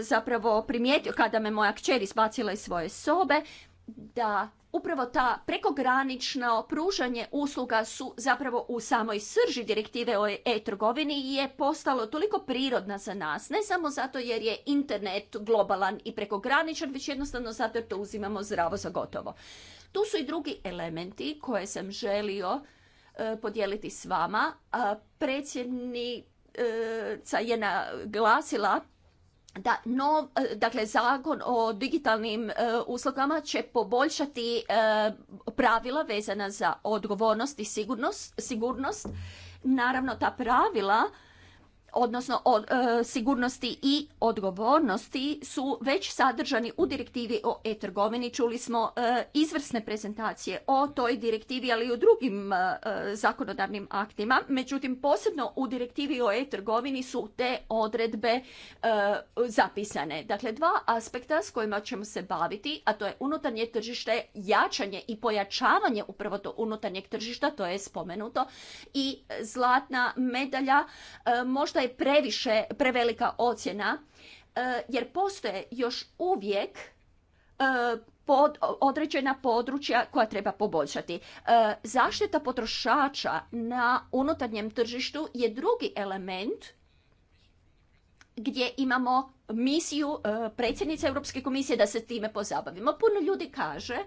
S3: zapravo primijetio kada me moja kćer izbacila iz svoje sobe, da upravo ta prekogranično pružanje usluga su zapravo u samoj srži direktive o e-trgovini je postalo toliko prirodna za nas, ne samo zato jer je internet globalan i prekograničan, već jednostavno zato jer to uzimamo zdravo za gotovo. Tu su i drugi elementi koje sam želio e, podijeliti s vama. Predsjednica je naglasila da nov, e, dakle zakon o digitalnim uslogama e, uslugama će poboljšati pravila vezana za odgovornost i sigurnost, sigurnost. Naravno ta pravila odnosno od, e, sigurnosti i odgovornosti su već sadržani u direktivi o e-trgovini. Čuli smo e, izvrsne prezentacije o toj direktivi, ali i u drugim e, zakonodavnim aktima. Međutim, posebno u direktivi o e-trgovini su te odredbe zapisane. Dakle, dva aspekta s kojima ćemo se baviti, a to je unutarnje tržište, jačanje i pojačavanje upravo to unutarnjeg tržišta, to je spomenuto, i zlatna medalja možda je previše, prevelika ocjena, e, jer postoje još uvijek e, pod određena područja koja treba poboljšati. E, zaštita potrošača na unutarnjem tržištu je drugi element gdje imamo misiju predsjednice Europske komisije da se time pozabavimo. Puno ljudi kaže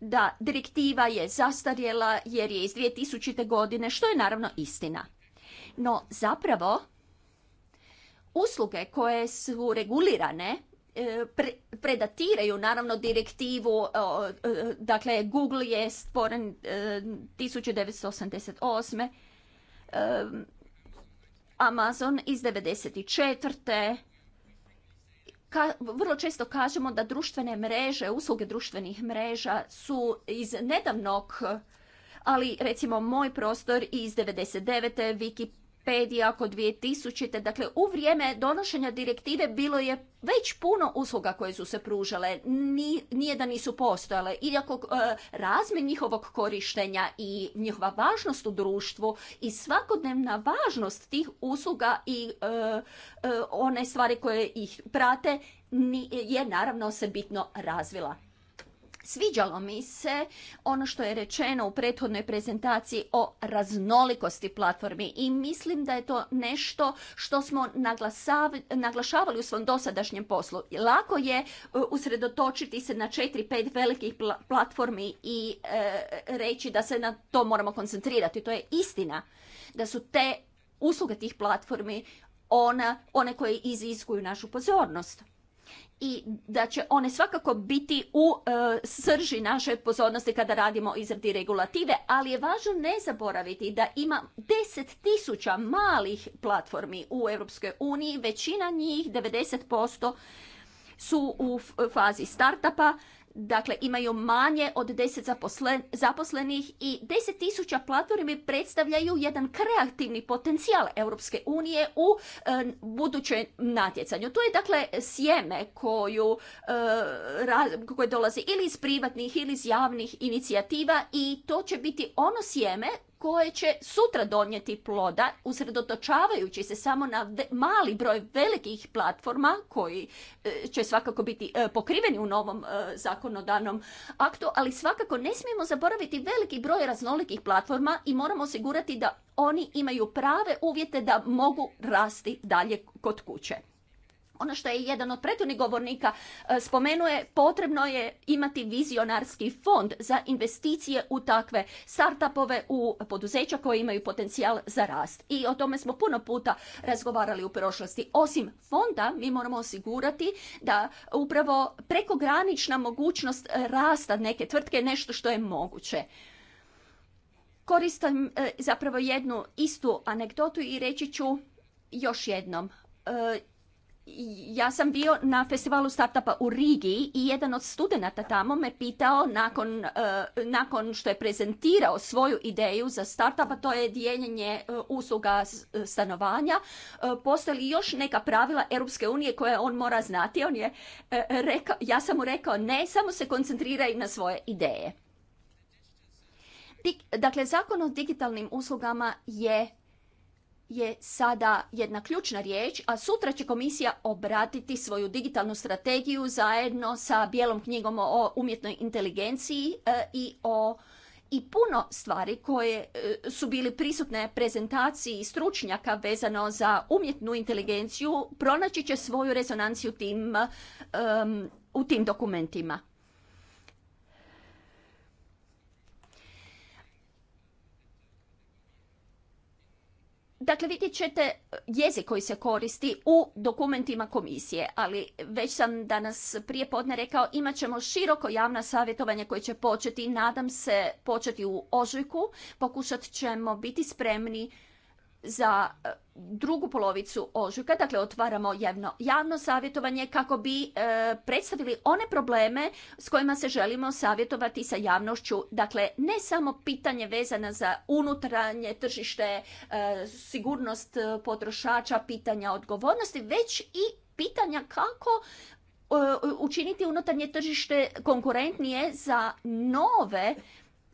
S3: da direktiva je zastarjela jer je iz 2000. godine, što je naravno istina. No zapravo usluge koje su regulirane e, predatiraju naravno direktivu, dakle Google je stvoren 1988. E, e, Amazon iz 94. Ka, vrlo često kažemo da društvene mreže, usluge društvenih mreža su iz nedavnog, ali recimo moj prostor iz 99. Wikipedia Wikipedia oko 2000. Dakle, u vrijeme donošenja direktive bilo je već puno usluga koje su se pružale, nije da nisu postojale. Iako e, razmin njihovog korištenja i njihova važnost u društvu i svakodnevna važnost tih usluga i e, e, one stvari koje ih prate je naravno se bitno razvila. Sviđalo mi se ono što je rečeno u prethodnoj prezentaciji o raznolikosti platformi i mislim da je to nešto što smo naglašavali u svom dosadašnjem poslu. Lako je e, usredotočiti se na četiri, pet velikih platformi i e, reći da se na to moramo koncentrirati. To je istina da su te usluge tih platformi one koje iziskuju našu pozornost i da će one svakako biti u e, srži naše pozornosti kada radimo o izradi regulative, ali je važno ne zaboraviti da ima 10.000 malih platformi u Europskoj uniji, većina njih 90% su u fazi startupa, dakle imaju manje od 10 zaposlenih i 10 tisuća platformi predstavljaju jedan kreativni potencijal Europske unije u e, budućem natjecanju. To je dakle sjeme koju, e, koje dolazi ili iz privatnih ili iz javnih inicijativa i to će biti ono sjeme koje će sutra donijeti ploda, usredotočavajući se samo na mali broj velikih platforma koji e, će svakako biti e, pokriveni u novom e, zakonodavnom aktu, ali svakako ne smijemo zaboraviti veliki broj raznolikih platforma i moramo osigurati da oni imaju prave uvjete da mogu rasti dalje kod kuće ono što je jedan od prethodnih govornika e, spomenuje, potrebno je imati vizionarski fond za investicije u takve startupove, u poduzeća koje imaju potencijal za rast. I o tome smo puno puta razgovarali u prošlosti. Osim fonda, mi moramo osigurati da upravo prekogranična mogućnost rasta neke tvrtke je nešto što je moguće. Koristim e, zapravo jednu istu anegdotu i reći ću još jednom e, ja sam bio na festivalu startupa u Rigi i jedan od studenata tamo me pitao nakon, eh, nakon što je prezentirao svoju ideju za start-up-a, to je dijeljenje eh, usluga eh, stanovanja, postoje li još neka pravila Europske unije koje on mora znati? On je rekao, ja sam mu rekao ne, samo se koncentriraj na svoje ideje. Dakle, zakon o digitalnim uslugama je je sada jedna ključna riječ, a sutra će komisija obratiti svoju digitalnu strategiju zajedno sa bijelom knjigom o umjetnoj inteligenciji e, i o i puno stvari koje e, su bili prisutne prezentaciji stručnjaka vezano za umjetnu inteligenciju pronaći će svoju rezonanciju tim, e, u tim dokumentima. Dakle, vidjet ćete e, jezik koji se koristi u dokumentima komisije, ali već sam danas prije podne rekao imat ćemo široko javna savjetovanje koje će početi, nadam se početi u ožujku, pokušat ćemo biti spremni za e, drugu polovicu ožujka, dakle otvaramo javno, javno savjetovanje kako bi e, predstavili one probleme s kojima se želimo savjetovati sa javnošću. Dakle, ne samo pitanje vezana za unutarnje tržište, e, sigurnost potrošača, pitanja odgovornosti, već i pitanja kako učiniti unutarnje tržište konkurentnije za nove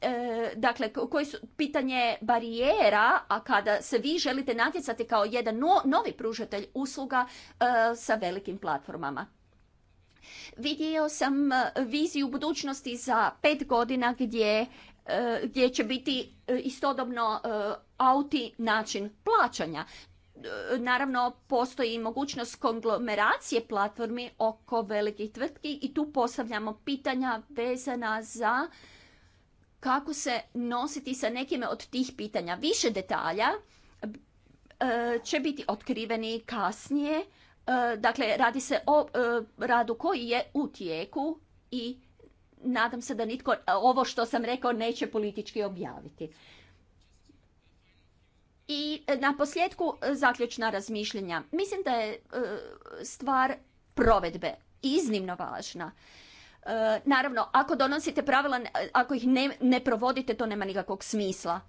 S3: E, dakle, koji su pitanje barijera, a kada se vi želite natjecati kao jedan novi pružatelj usluga e, sa velikim platformama. Vidio sam e, viziju budućnosti za pet godina gdje, gdje će biti istodobno auti način plaćanja naravno postoji mogućnost konglomeracije platformi oko velikih tvrtki i tu postavljamo pitanja vezana za kako se nositi sa nekim od tih pitanja. Više detalja e, će biti otkriveni kasnije. E, dakle, radi se o e, radu koji je u tijeku i nadam se da nitko ovo što sam rekao neće politički objaviti. I na posljedku zaključna razmišljenja. Mislim da je stvar provedbe iznimno važna. E, naravno, ako donosite pravila, e, ako ih ne, ne provodite, to nema nikakvog smisla.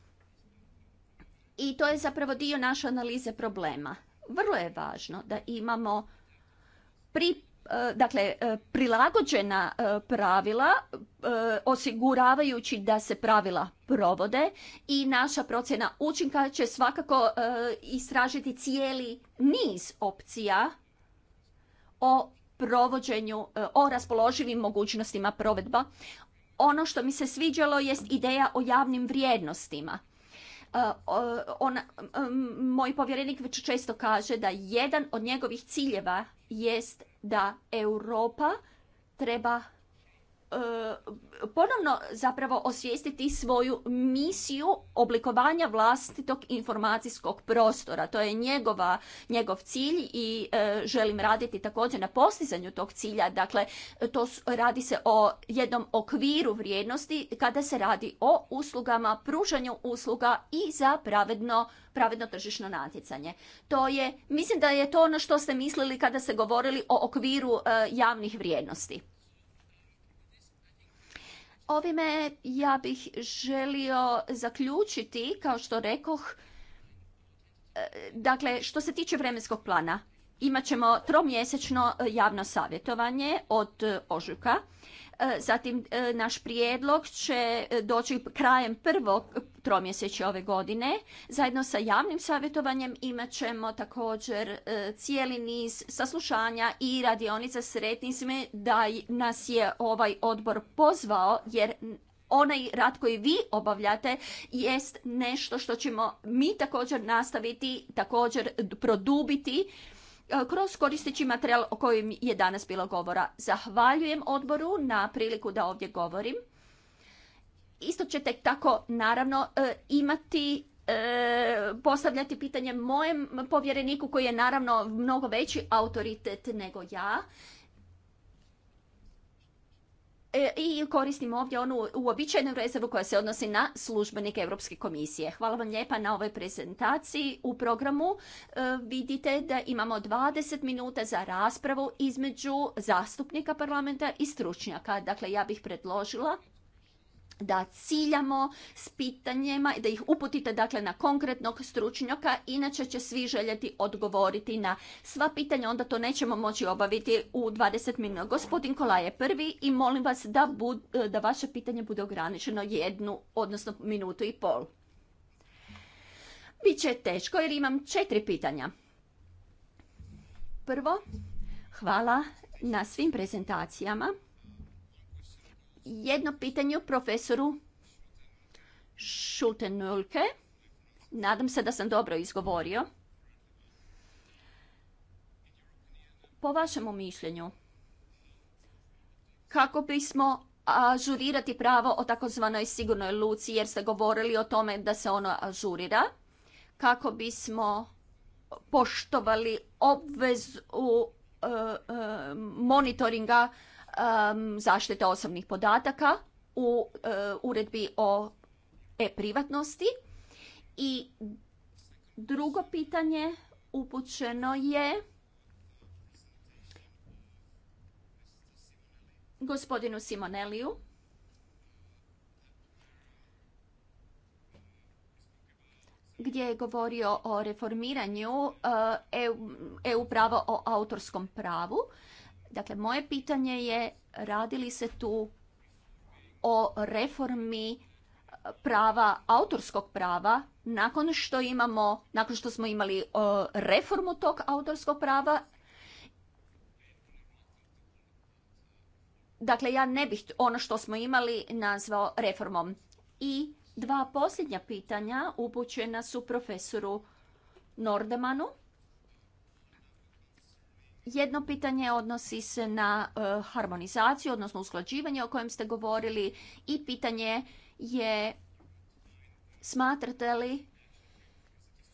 S3: I to je zapravo dio naše analize problema. Vrlo je važno da imamo pri e, dakle prilagođena pravila osiguravajući da se pravila provode i naša procjena učinka će svakako istražiti cijeli niz opcija o provođenju, e, o raspoloživim mogućnostima provedba. Ono što mi se sviđalo jest ideja o javnim vrijednostima. E, moj povjerenik već često kaže da jedan od njegovih ciljeva jest da Europa treba E, ponovno zapravo osvijestiti svoju misiju oblikovanja vlastitog informacijskog prostora. To je njegova, njegov cilj i e, želim raditi također na postizanju tog cilja. Dakle, to radi se o jednom okviru vrijednosti kada se radi o uslugama, pružanju usluga i za pravedno tržišno natjecanje. To je, mislim da je to ono što ste mislili kada ste govorili o okviru e, javnih vrijednosti. Ovime ja bih želio zaključiti, kao što rekoh, e, dakle, što se tiče vremenskog plana, imat ćemo tromjesečno e, javno savjetovanje od e, ožujka. Zatim naš prijedlog će doći krajem prvog, tromjeseće ove godine. Zajedno sa javnim savjetovanjem imat ćemo također e, cijeli niz saslušanja i radionica sretni smo da nas je ovaj odbor pozvao jer onaj rad koji vi obavljate jest nešto što ćemo mi također nastaviti, također produbiti e, kroz koristeći materijal o kojem je danas bilo govora. Zahvaljujem odboru na priliku da ovdje govorim isto ćete tako naravno e, imati e, postavljati pitanje mojem povjereniku koji je naravno mnogo veći autoritet nego ja. E, I koristim ovdje onu uobičajenu rezervu koja se odnosi na službenike Europske komisije. Hvala vam lijepa na ovoj prezentaciji. U programu vidite da imamo 20 minuta za raspravu između zastupnika parlamenta i stručnjaka. Dakle, ja bih predložila da ciljamo s pitanjima i da ih uputite dakle na konkretnog stručnjaka, inače će svi željeti odgovoriti na sva pitanja, onda to nećemo moći obaviti u 20 minuta. Gospodin Kola je prvi i molim vas da, da vaše pitanje bude ograničeno jednu, odnosno minutu i pol. Biće teško jer imam četiri pitanja. Prvo, hvala na svim prezentacijama jedno pitanje profesoru Šultenulke. Nadam se da sam dobro izgovorio. Po vašemu mišljenju, kako bismo ažurirati pravo o takozvanoj sigurnoj luci, jer ste govorili o tome da se ono ažurira, kako bismo poštovali obvezu e, e, monitoringa zaštite osobnih podataka u e, uredbi o e-privatnosti. I drugo pitanje upućeno je gospodinu Simoneliju. gdje je govorio o reformiranju e, EU prava o autorskom pravu. Dakle, moje pitanje je radi li se tu o reformi e, prava, autorskog prava, nakon što imamo, nakon što smo imali e, reformu tog autorskog prava, dakle ja ne bih ono što smo imali nazvao reformom. I dva posljednja pitanja upućena su profesoru Nordemanu. Jedno pitanje odnosi se na e, harmonizaciju, odnosno usklađivanje o kojem ste govorili i pitanje je smatrate li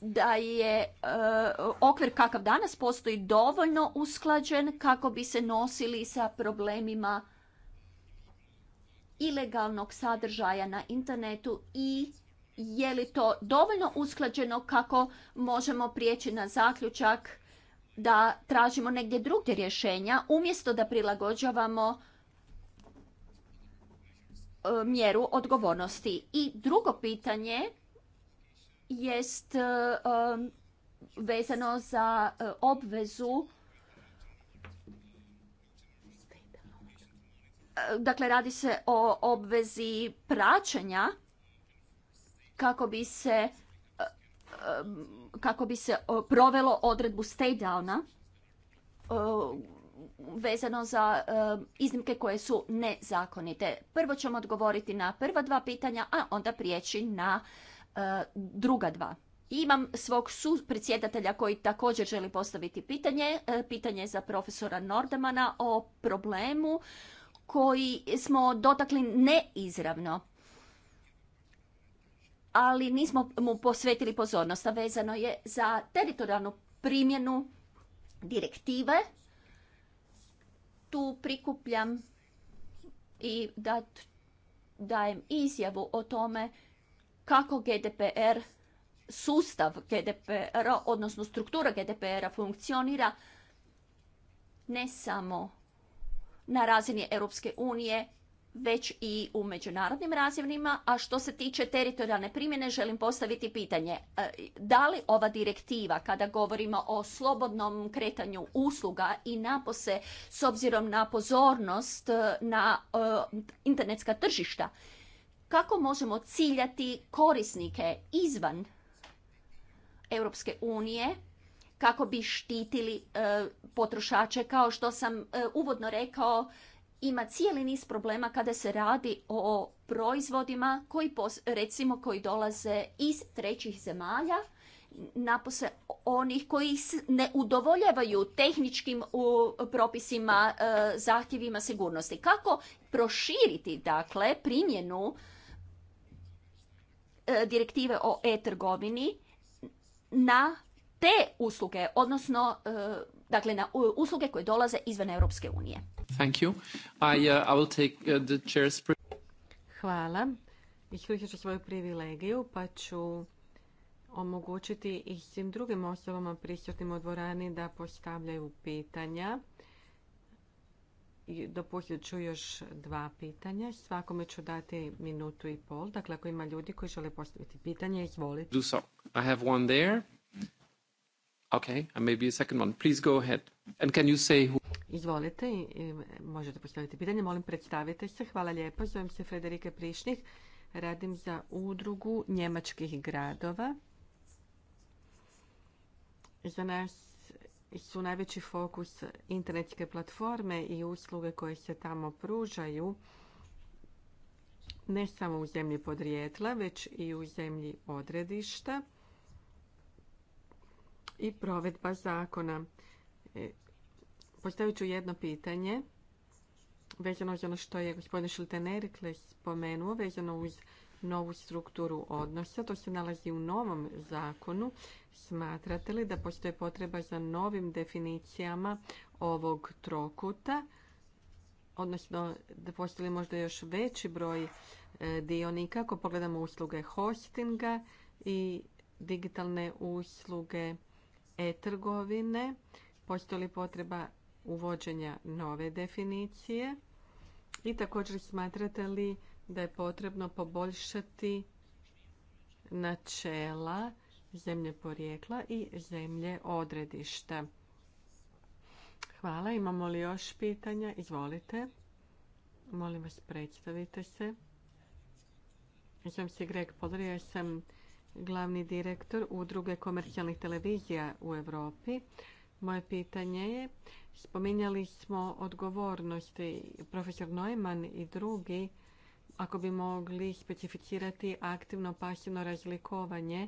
S3: da je e, okvir kakav danas postoji dovoljno usklađen kako bi se nosili sa problemima ilegalnog sadržaja na internetu i je li to dovoljno usklađeno kako možemo prijeći na zaključak da tražimo negdje drugdje rješenja umjesto da prilagođavamo e, mjeru odgovornosti. I drugo pitanje jest e, vezano za e, obvezu Dakle, radi se o obvezi praćenja kako bi se Um, kako bi se provelo odredbu stay downa vezano za um, iznimke koje su nezakonite. Prvo ćemo odgovoriti na prva dva pitanja, a onda prijeći na uh, druga dva. Imam svog predsjedatelja koji također želi postaviti pitanje. Uh, pitanje za profesora Nordemana o problemu koji smo dotakli neizravno ali nismo mu posvetili pozornost, a vezano je za teritorijalnu primjenu direktive. Tu prikupljam i da dajem izjavu o tome kako GDPR, sustav GDPR, odnosno struktura GDPR-a funkcionira ne samo na razini Europske unije, već i u međunarodnim razjevnima, a što se tiče teritorijalne primjene želim postaviti pitanje. E, da li ova direktiva kada govorimo o slobodnom kretanju usluga i napose s obzirom na pozornost e, na e, internetska tržišta, kako možemo ciljati korisnike izvan Europske unije kako bi štitili potrošače kao što sam uvodno rekao ima cijeli niz problema kada se radi o proizvodima koji recimo koji dolaze iz trećih zemalja napose onih koji ne udovoljavaju tehničkim propisima e, zahtjevima sigurnosti kako proširiti dakle primjenu e, direktive o e-trgovini na te usluge odnosno e, dakle na usluge koje dolaze izvan Europske unije
S1: Thank uh, uh,
S4: Hvala. Iskoristit ću svoju privilegiju pa ću omogućiti i svim drugim osobama prisutnim u dvorani da postavljaju pitanja. Dopustit ću još dva pitanja. Svakome ću dati minutu i pol. Dakle, ako ima ljudi koji žele postaviti pitanje, izvolite.
S1: Do one Okay, and a second one.
S4: Izvolite, možete postaviti pitanje. Molim, predstavite se. Hvala lijepo. Zovem se Frederike Prišnih. Radim za udrugu njemačkih gradova. Za nas su najveći fokus internetske platforme i usluge koje se tamo pružaju ne samo u zemlji podrijetla, već i u zemlji odredišta i provedba zakona. E, postavit ću jedno pitanje vezano za ono što je gospodin Šiltenerikle spomenuo, vezano uz novu strukturu odnosa. To se nalazi u novom zakonu. Smatrate li da postoje potreba za novim definicijama ovog trokuta? Odnosno, da postoji možda još veći broj e, dionika ako pogledamo usluge hostinga i digitalne usluge e-trgovine, postoji li potreba uvođenja nove definicije i također smatrate li da je potrebno poboljšati načela zemlje porijekla i zemlje odredišta. Hvala. Imamo li još pitanja? Izvolite. Molim vas, predstavite se. Zovem se Greg Podrija, sam glavni direktor udruge komercijalnih televizija u Europi. Moje pitanje je, spominjali smo odgovornosti profesor Neumann i drugi, ako bi mogli specificirati aktivno pasivno razlikovanje,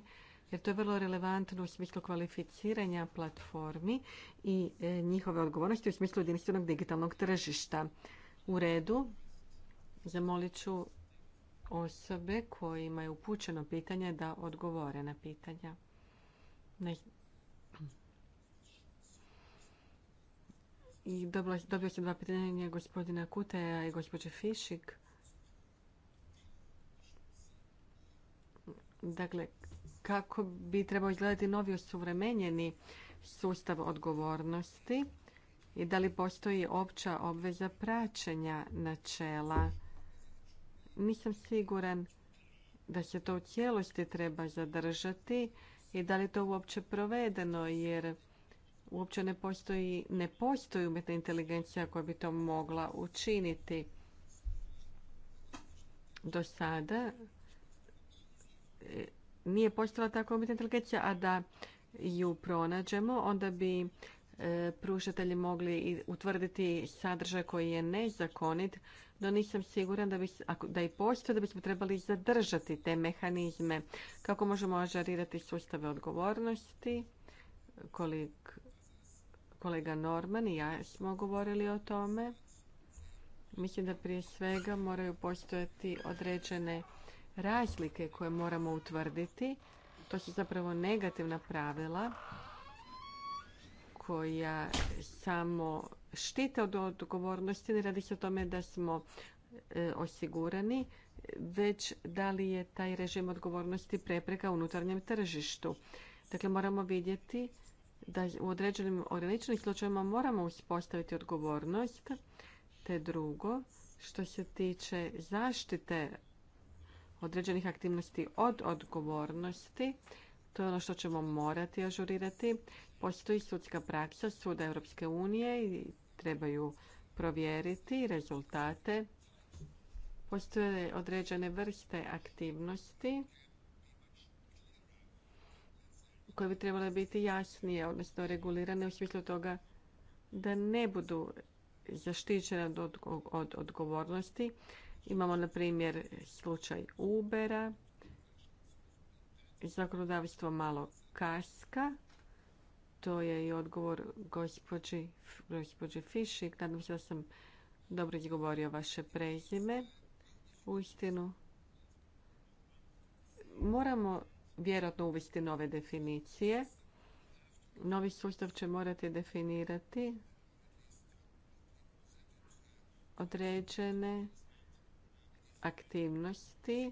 S4: jer to je vrlo relevantno u smislu kvalificiranja platformi i e, njihove odgovornosti u smislu jedinstvenog digitalnog tržišta. U redu, zamolit ću osobe kojima je upućeno pitanje da odgovore na pitanja. I dobio sam dva pitanja gospodina Kuteja i gospođe Fišik. Dakle, kako bi trebao izgledati novi osuvremenjeni sustav odgovornosti i da li postoji opća obveza praćenja načela nisam siguran da se to u cijelosti treba zadržati i da li je to uopće provedeno jer uopće ne postoji, ne postoji umjetna inteligencija koja bi to mogla učiniti. Do sada e, nije postala takva umjetna inteligencija, a da ju pronađemo, onda bi E, pružatelji mogli utvrditi sadržaj koji je nezakonit, no nisam siguran da, bi, da i postoje da bismo trebali zadržati te mehanizme. Kako možemo ažarirati sustave odgovornosti? Kolik, kolega Norman i ja smo govorili o tome. Mislim da prije svega moraju postojati određene razlike koje moramo utvrditi. To su zapravo negativna pravila koja samo štite od odgovornosti, ne radi se o tome da smo e, osigurani, već da li je taj režim odgovornosti prepreka unutarnjem tržištu. Dakle, moramo vidjeti da u određenim ograničenim slučajevima moramo uspostaviti odgovornost, te drugo, što se tiče zaštite određenih aktivnosti od odgovornosti, to je ono što ćemo morati ažurirati. Postoji sudska praksa Suda Europske unije i trebaju provjeriti rezultate. Postoje određene vrste aktivnosti koje bi trebale biti jasnije, odnosno regulirane u smislu toga da ne budu zaštićene od, od odgovornosti. Imamo, na primjer, slučaj Ubera, zakonodavstvo malo kaska to je i odgovor gospođi, gospođi Fišik. Nadam se da sam dobro izgovorio vaše prezime. Uistinu. Moramo vjerojatno uvesti nove definicije. Novi sustav će morati definirati određene aktivnosti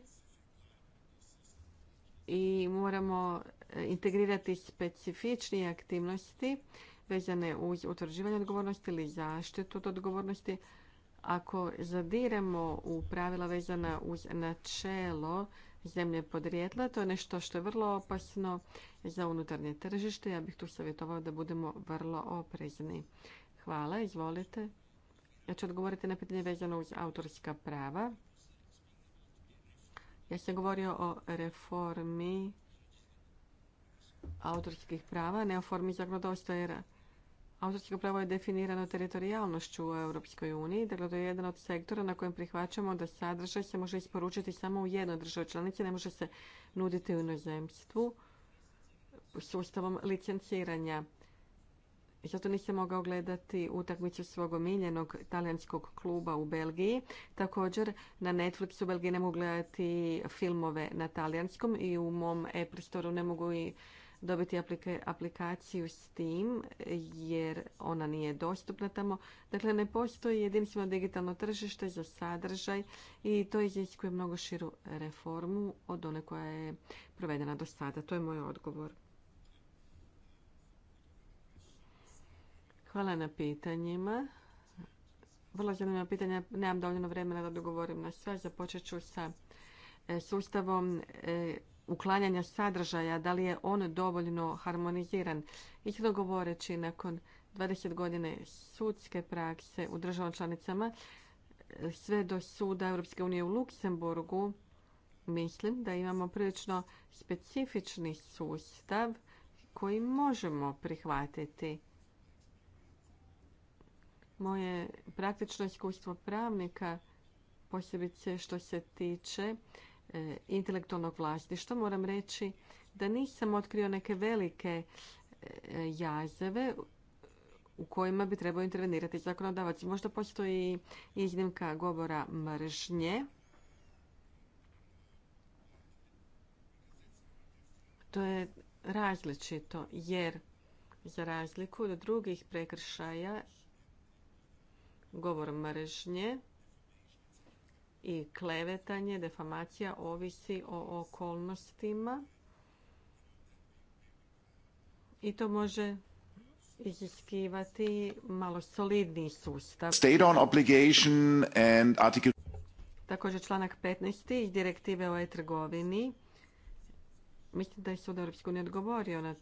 S4: i moramo e, integrirati specifičnije aktivnosti vezane uz utvrđivanje odgovornosti ili zaštitu od odgovornosti. Ako zadiremo u pravila vezana uz načelo zemlje podrijetla, to je nešto što je vrlo opasno za unutarnje tržište. Ja bih tu savjetovao da budemo vrlo oprezni. Hvala, izvolite. Ja ću odgovoriti na pitanje vezano uz autorska prava. Ja sam govorio o reformi autorskih prava, ne o formi zakonodavstva autorsko pravo je definirano teritorijalnošću u Europskoj uniji. Dakle, to je jedan od sektora na kojem prihvaćamo da sadržaj se može isporučiti samo u jednoj državi članici, ne može se nuditi u inozemstvu sustavom licenciranja. Zato nisam mogao gledati utakmicu svog omiljenog talijanskog kluba u Belgiji. Također na Netflixu u Belgiji ne mogu gledati filmove na talijanskom i u mom e-prostoru ne mogu i dobiti aplikaciju Steam jer ona nije dostupna tamo. Dakle, ne postoji jedinstveno digitalno tržište za sadržaj i to iziskuje mnogo širu reformu od one koja je provedena do sada. To je moj odgovor. Hvala na pitanjima. Vrlo zanimljiva pitanja. Nemam dovoljno vremena da dogovorim na sve. Započet ću sa e, sustavom e, uklanjanja sadržaja. Da li je on dovoljno harmoniziran? Isto govoreći, nakon 20 godine sudske prakse u državama članicama, e, sve do suda Europske unije u Luksemburgu, mislim da imamo prilično specifični sustav koji možemo prihvatiti moje praktično iskustvo pravnika, posebice što se tiče e, intelektualnog vlasništva, moram reći da nisam otkrio neke velike e, jazeve u kojima bi trebao intervenirati zakonodavac. Možda postoji iznimka govora mržnje. To je različito jer za razliku od drugih prekršaja govor mržnje i klevetanje, defamacija ovisi o okolnostima i to može iziskivati malo solidni sustav. Također članak 15. iz direktive o e-trgovini. Mislim da je Sud Europske unije odgovorio na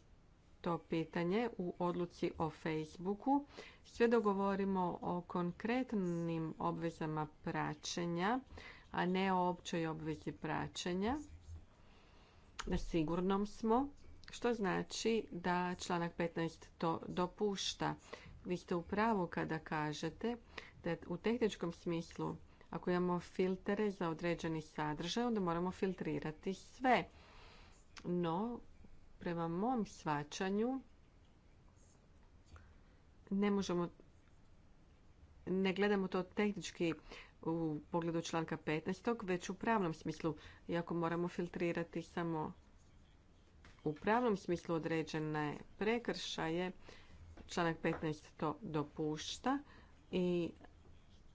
S4: to pitanje u odluci o Facebooku. Sve dogovorimo o konkretnim obvezama praćenja, a ne o općoj obvezi praćenja. Na sigurnom smo, što znači da članak 15 to dopušta. Vi ste u pravu kada kažete da u tehničkom smislu ako imamo filtere za određeni sadržaj, onda moramo filtrirati sve. No, prema mom svačanju ne možemo ne gledamo to tehnički u pogledu članka 15. već u pravnom smislu, iako moramo filtrirati samo u pravnom smislu određene prekršaje, članak 15 to dopušta i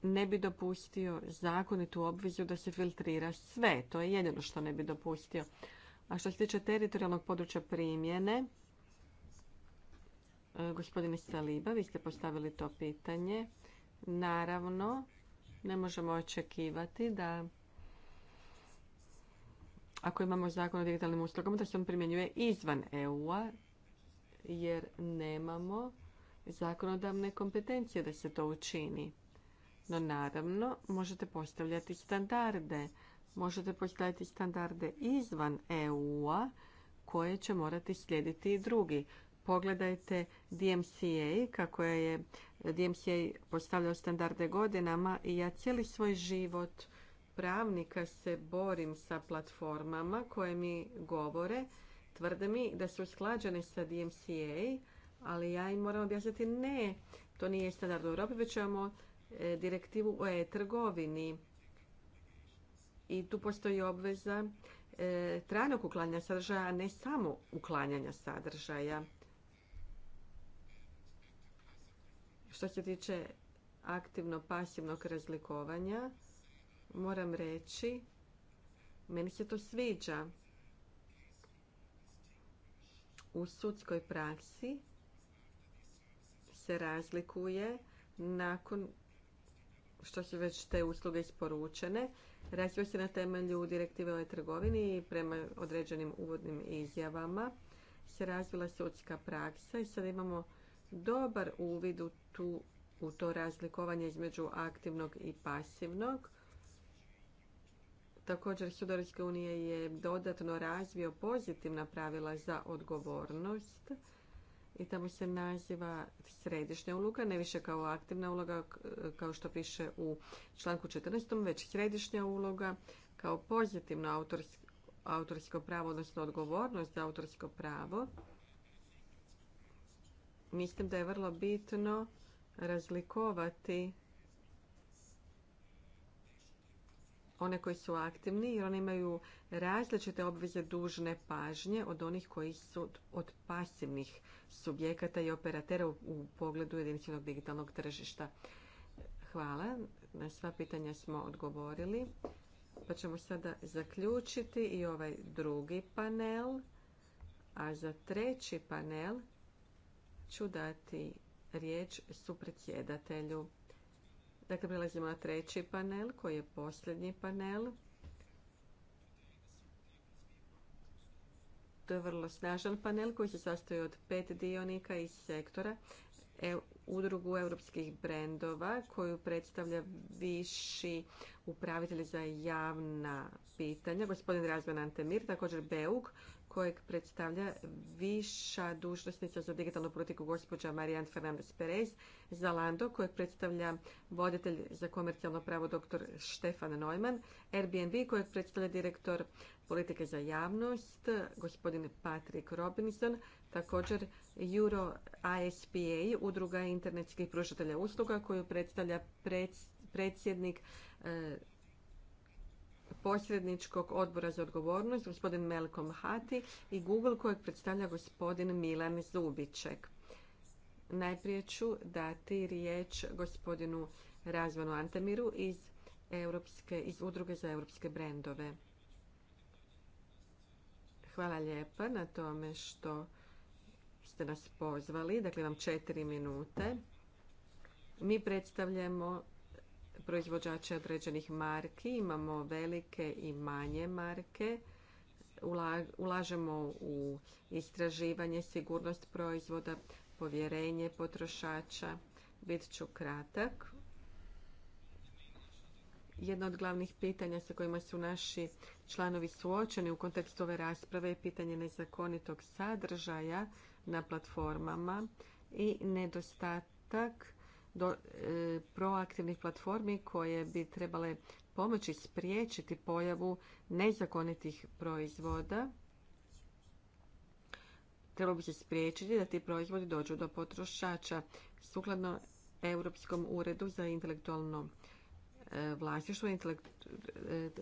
S4: ne bi dopustio zakonitu obvezu da se filtrira sve. To je jedino što ne bi dopustio. A što se tiče teritorijalnog područja primjene, e, gospodine Saliba, vi ste postavili to pitanje. Naravno, ne možemo očekivati da ako imamo zakon o digitalnim uslugama, da se on primjenjuje izvan EU-a, jer nemamo zakonodavne kompetencije da se to učini. No naravno, možete postavljati standarde možete postaviti standarde izvan EU-a koje će morati slijediti i drugi. Pogledajte DMCA, kako je DMCA postavljao standarde godinama i ja cijeli svoj život pravnika se borim sa platformama koje mi govore, tvrde mi da su usklađene sa DMCA, ali ja im moram objasniti ne, to nije standard u Europi, već imamo e, direktivu o e-trgovini i tu postoji obveza e, trajnog uklanjanja sadržaja, a ne samo uklanjanja sadržaja. Što se tiče aktivno-pasivnog razlikovanja, moram reći, meni se to sviđa. U sudskoj praksi se razlikuje nakon što su već te usluge isporučene Razvio se na temelju direktive o trgovini i prema određenim uvodnim izjavama se razvila sudska praksa i sada imamo dobar uvid u, u to razlikovanje između aktivnog i pasivnog. Također, Sud Europske unije je dodatno razvio pozitivna pravila za odgovornost i tamo se naziva središnja uloga, ne više kao aktivna uloga kao što piše u članku 14. već središnja uloga kao pozitivno autorsko, autorsko pravo, odnosno odgovornost za autorsko pravo. Mislim da je vrlo bitno razlikovati one koji su aktivni jer oni imaju različite obveze dužne pažnje od onih koji su od pasivnih subjekata i operatera u pogledu jedinstvenog digitalnog tržišta. Hvala. Na sva pitanja smo odgovorili. Pa ćemo sada zaključiti i ovaj drugi panel. A za treći panel ću dati riječ supredsjedatelju. Dakle, prelazimo na treći panel koji je posljednji panel. To je vrlo snažan panel koji se sastoji od pet dionika iz sektora e, udrugu europskih brendova koju predstavlja viši upravitelj za javna pitanja, gospodin Razvan Antemir, također Beug kojeg predstavlja viša dužnostnica za digitalnu politiku gospođa Marijan Fernandez Perez, Zalando, kojeg predstavlja voditelj za komercijalno pravo dr. Štefan Neumann, Airbnb kojeg predstavlja direktor politike za javnost gospodin Patrick Robinson, također Euro ISPA, udruga internetskih pružatelja usluga koju predstavlja predsjednik e, posredničkog odbora za odgovornost, gospodin Melkom Hati i Google kojeg predstavlja gospodin Milan Zubiček. Najprije ću dati riječ gospodinu Razvanu Antemiru iz, Europske, iz Udruge za europske brendove. Hvala lijepa na tome što ste nas pozvali. Dakle, imam četiri minute. Mi predstavljamo proizvođače određenih marki, imamo velike i manje marke. Ulažemo u istraživanje, sigurnost proizvoda, povjerenje potrošača. Bit ću kratak. Jedno od glavnih pitanja sa kojima su naši članovi suočeni u kontekstu ove rasprave je pitanje nezakonitog sadržaja na platformama i nedostatak do, e, proaktivnih platformi koje bi trebale pomoći spriječiti pojavu nezakonitih proizvoda. Trebalo bi se spriječiti da ti proizvodi dođu do potrošača. Sukladno Europskom uredu za intelektualno e, vlasništvo, e,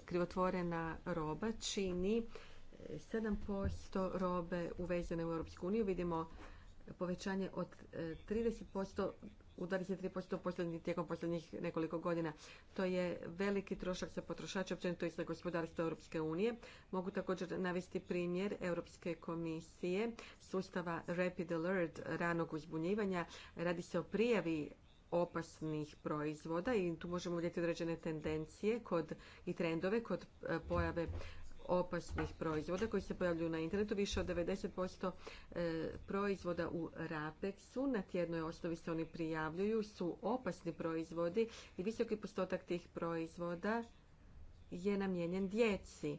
S4: krivotvorena roba čini 7% robe uvezene u Europsku uniju. Vidimo povećanje od 30% tri posto 3% tijekom posljednjih nekoliko godina. To je veliki trošak za potrošače, općenito i za gospodarstvo Europske unije. Mogu također navesti primjer Europske komisije sustava Rapid Alert ranog uzbunjivanja. Radi se o prijavi opasnih proizvoda i tu možemo vidjeti određene tendencije kod, i trendove kod e, pojave opasnih proizvoda koji se pojavljuju na internetu. Više od 90% e, proizvoda u Rapexu na tjednoj osnovi se oni prijavljuju su opasni proizvodi i visoki postotak tih proizvoda je namijenjen djeci.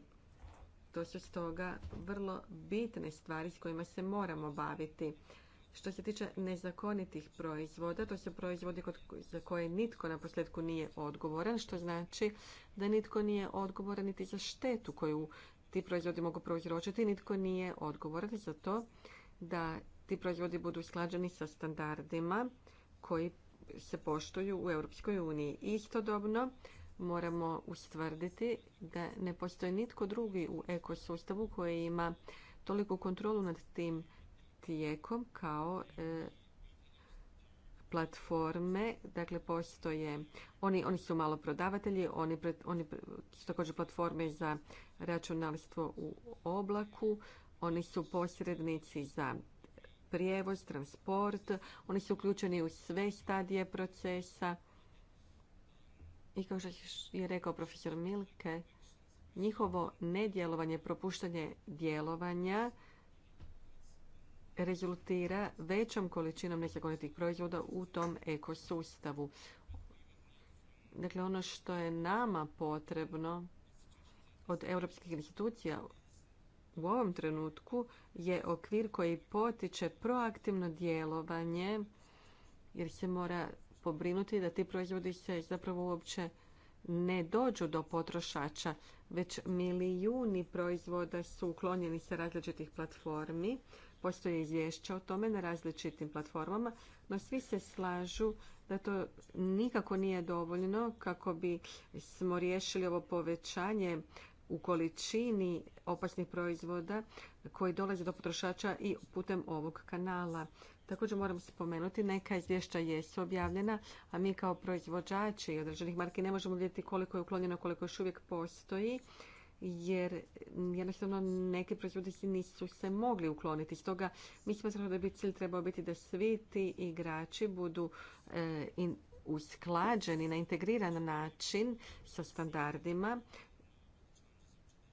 S4: To su stoga vrlo bitne stvari s kojima se moramo baviti. Što se tiče nezakonitih proizvoda, to su proizvodi za koje nitko na posljedku nije odgovoran, što znači da nitko nije odgovoran niti za štetu koju ti proizvodi mogu prouzročiti, nitko nije odgovoran za to da ti proizvodi budu usklađeni sa standardima koji se poštuju u Europskoj uniji. Istodobno moramo ustvrditi da ne postoji nitko drugi u ekosustavu koji ima toliku kontrolu nad tim tijekom kao e, platforme, dakle postoje, oni, oni su malo prodavatelji, oni, oni su također platforme za računalstvo u oblaku, oni su posrednici za prijevoz, transport, oni su uključeni u sve stadije procesa. I kao što je rekao profesor Milke, njihovo nedjelovanje, propuštanje djelovanja rezultira većom količinom nezakonitih proizvoda u tom ekosustavu. Dakle, ono što je nama potrebno od europskih institucija u ovom trenutku je okvir koji potiče proaktivno djelovanje jer se mora pobrinuti da ti proizvodi se zapravo uopće ne dođu do potrošača, već milijuni proizvoda su uklonjeni sa različitih platformi Postoje izvješća o tome na različitim platformama, no svi se slažu da to nikako nije dovoljno kako bi smo riješili ovo povećanje u količini opasnih proizvoda koji dolaze do potrošača i putem ovog kanala. Također moram spomenuti, neka izvješća jesu objavljena, a mi kao proizvođači određenih marki ne možemo vidjeti koliko je uklonjeno, koliko još uvijek postoji jer jednostavno neki proizvodnici nisu se mogli ukloniti. Stoga mi smatramo da bi cilj trebao biti da svi ti igrači budu e, usklađeni na integriran način sa standardima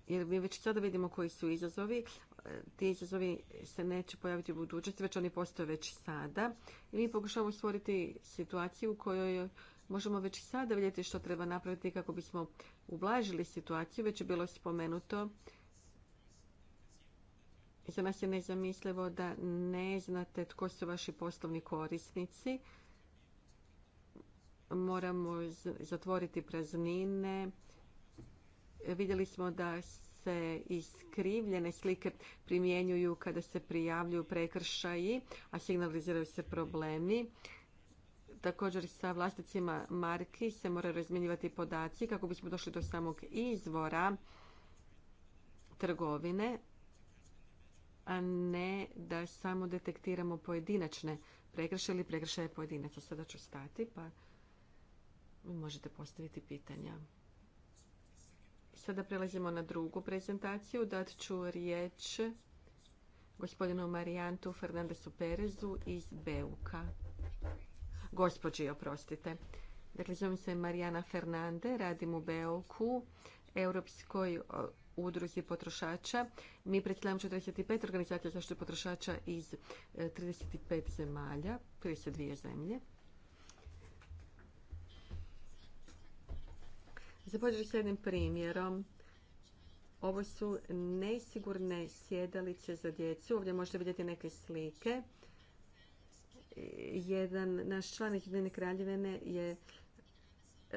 S4: jer mi već sada vidimo koji su izazovi. E, ti izazovi se neće pojaviti u budućnosti, već oni postoje već sada. I mi pokušavamo stvoriti situaciju u kojoj možemo već sada vidjeti što treba napraviti kako bismo ublažili situaciju, već je bilo spomenuto. Za nas je nezamislivo da ne znate tko su vaši poslovni korisnici. Moramo zatvoriti praznine. Vidjeli smo da se iskrivljene slike primjenjuju kada se prijavljuju prekršaji, a signaliziraju se problemi također sa vlasnicima marki se moraju razmjenjivati podaci kako bismo došli do samog izvora trgovine, a ne da samo detektiramo pojedinačne prekršaje ili prekršaje pojedinaca. Sada ću stati pa vi možete postaviti pitanja. Sada prelazimo na drugu prezentaciju. Dat ću riječ gospodinu Marijantu Fernandesu Perezu iz Beuka gospođi, oprostite. Dakle, zovem se Marijana Fernande, radim u Beoku, Europskoj udruzi potrošača. Mi predstavljamo 45 organizacija zaštite potrošača iz 35 e, zemalja, dvije zemlje. Zapođu s jednim primjerom. Ovo su nesigurne sjedalice za djecu. Ovdje možete vidjeti neke slike jedan naš član Ujedinjene kraljevine je e,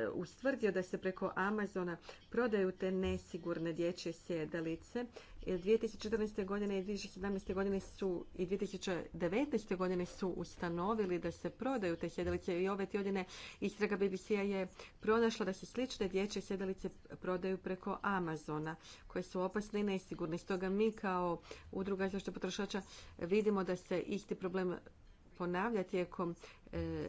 S4: ustvrdio da se preko Amazona prodaju te nesigurne dječje sjedalice. 2014. godine i 2017. godine su i 2019. godine su ustanovili da se prodaju te sjedalice i ove tjedine istraga BBC-a je pronašla da se slične dječje sjedalice prodaju preko Amazona koje su opasne i nesigurne. Stoga mi kao udruga zašto potrošača vidimo da se isti problem ponavlja tijekom e,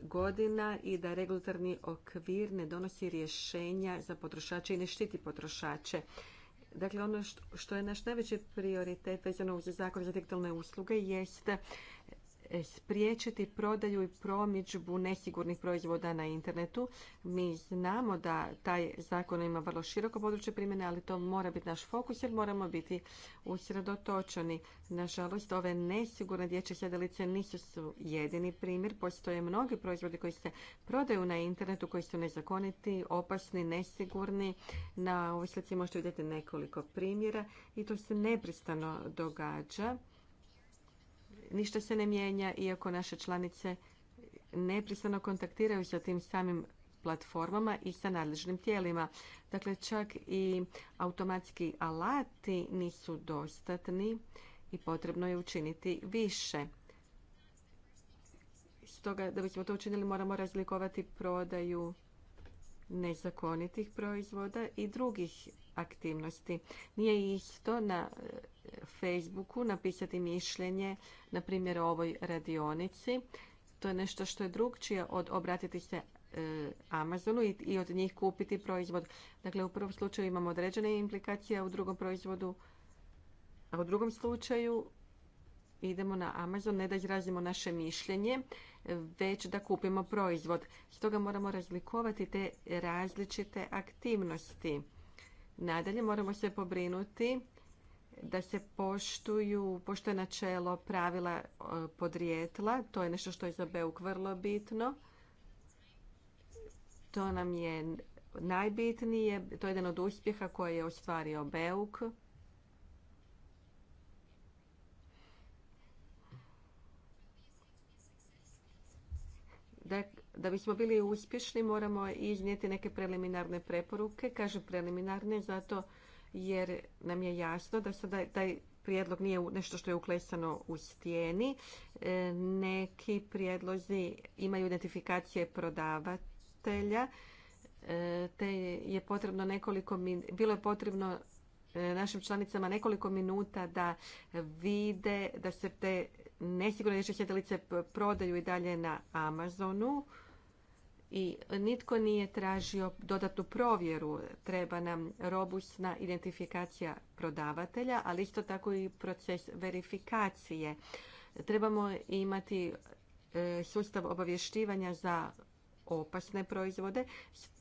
S4: godina i da regulatorni okvir ne donosi rješenja za potrošače i ne štiti potrošače. Dakle, ono što je naš najveći prioritet vezano uz zakon za digitalne usluge jeste spriječiti prodaju i promičbu nesigurnih proizvoda na internetu. Mi znamo da taj zakon ima vrlo široko područje primjene, ali to mora biti naš fokus jer moramo biti usredotočeni. Nažalost, ove nesigurne dječje sjedalice nisu jedini primjer. Postoje mnogi proizvodi koji se prodaju na internetu, koji su nezakoniti, opasni, nesigurni. Na ovoj slici možete vidjeti nekoliko primjera i to se nepristano događa ništa se ne mijenja iako naše članice neprestano kontaktiraju sa tim samim platformama i sa nadležnim tijelima. Dakle, čak i automatski alati nisu dostatni i potrebno je učiniti više. Stoga, da bismo to učinili, moramo razlikovati prodaju nezakonitih proizvoda i drugih aktivnosti. Nije isto na e, Facebooku napisati mišljenje, na primjer o ovoj radionici. To je nešto što je drugčije od obratiti se e, Amazonu i od njih kupiti proizvod. Dakle, u prvom slučaju imamo određene implikacije, a u drugom proizvodu, a u drugom slučaju idemo na Amazon, ne da izrazimo naše mišljenje, već da kupimo proizvod. Stoga moramo razlikovati te različite aktivnosti. Nadalje, moramo se pobrinuti da se poštuju, je načelo pravila e, podrijetla. To je nešto što je za Beuk vrlo bitno. To nam je najbitnije. To je jedan od uspjeha koje je ostvario Beuk. Da bismo bili uspješni moramo iznijeti neke preliminarne preporuke. Kažem preliminarne zato jer nam je jasno da sada taj prijedlog nije nešto što je uklesano u stijeni. E, neki prijedlozi imaju identifikacije prodavatelja e, te je potrebno nekoliko, bilo je potrebno e, našim članicama nekoliko minuta da vide da se te nesigurne dječje sjedalice prodaju i dalje na Amazonu i nitko nije tražio dodatnu provjeru. Treba nam robustna identifikacija prodavatelja, ali isto tako i proces verifikacije. Trebamo imati e, sustav obavještivanja za opasne proizvode.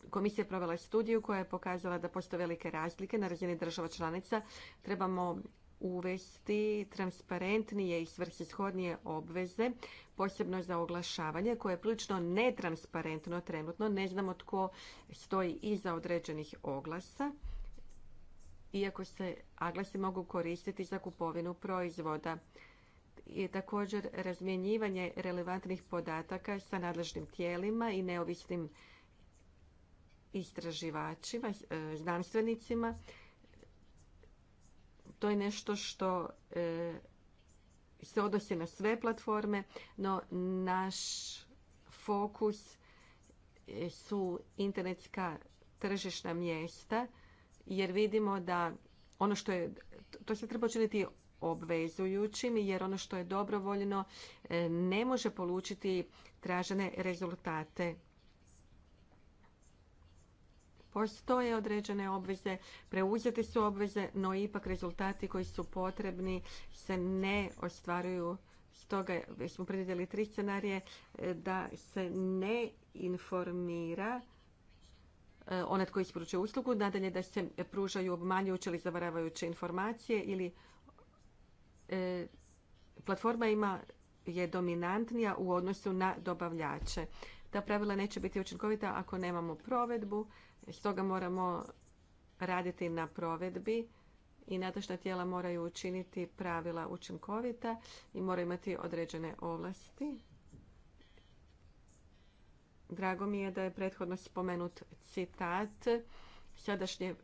S4: Komisija je provela studiju koja je pokazala da postoje velike razlike na razini država članica. Trebamo uvesti transparentnije i svrsishodnije obveze, posebno za oglašavanje koje je prilično netransparentno trenutno. Ne znamo tko stoji iza određenih oglasa, iako se aglasi mogu koristiti za kupovinu proizvoda i također razmjenjivanje relevantnih podataka sa nadležnim tijelima i neovisnim istraživačima, e, znanstvenicima to je nešto što e, se odnosi na sve platforme, no naš fokus su internetska tržišna mjesta, jer vidimo da ono što je, to se treba učiniti obvezujućim, jer ono što je dobrovoljno e, ne može polučiti tražene rezultate. Postoje određene obveze, preuzete su obveze, no ipak rezultati koji su potrebni se ne ostvaruju. Stoga smo predvidjeli tri scenarije e, da se ne informira e, onaj koji isporučuje uslugu, nadalje da se pružaju obmanjujuće ili zavaravajuće informacije ili e, platforma ima je dominantnija u odnosu na dobavljače. Ta pravila neće biti učinkovita ako nemamo provedbu, Stoga moramo raditi na provedbi i natošna tijela moraju učiniti pravila učinkovita i moraju imati određene ovlasti. Drago mi je da je prethodno spomenut citat sadašnje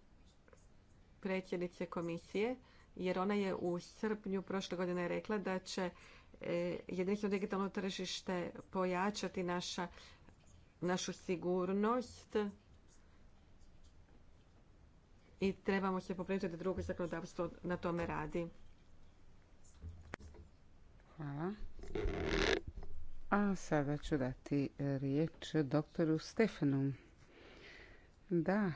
S4: predsjednice komisije, jer ona je u srpnju prošle godine rekla da će e, jedinstveno digitalno tržište pojačati našu sigurnost i trebamo se poprinuti da drugo zakonodavstvo na tome radi.
S2: Hvala. A sada ću dati e, riječ doktoru Stefanu. Da.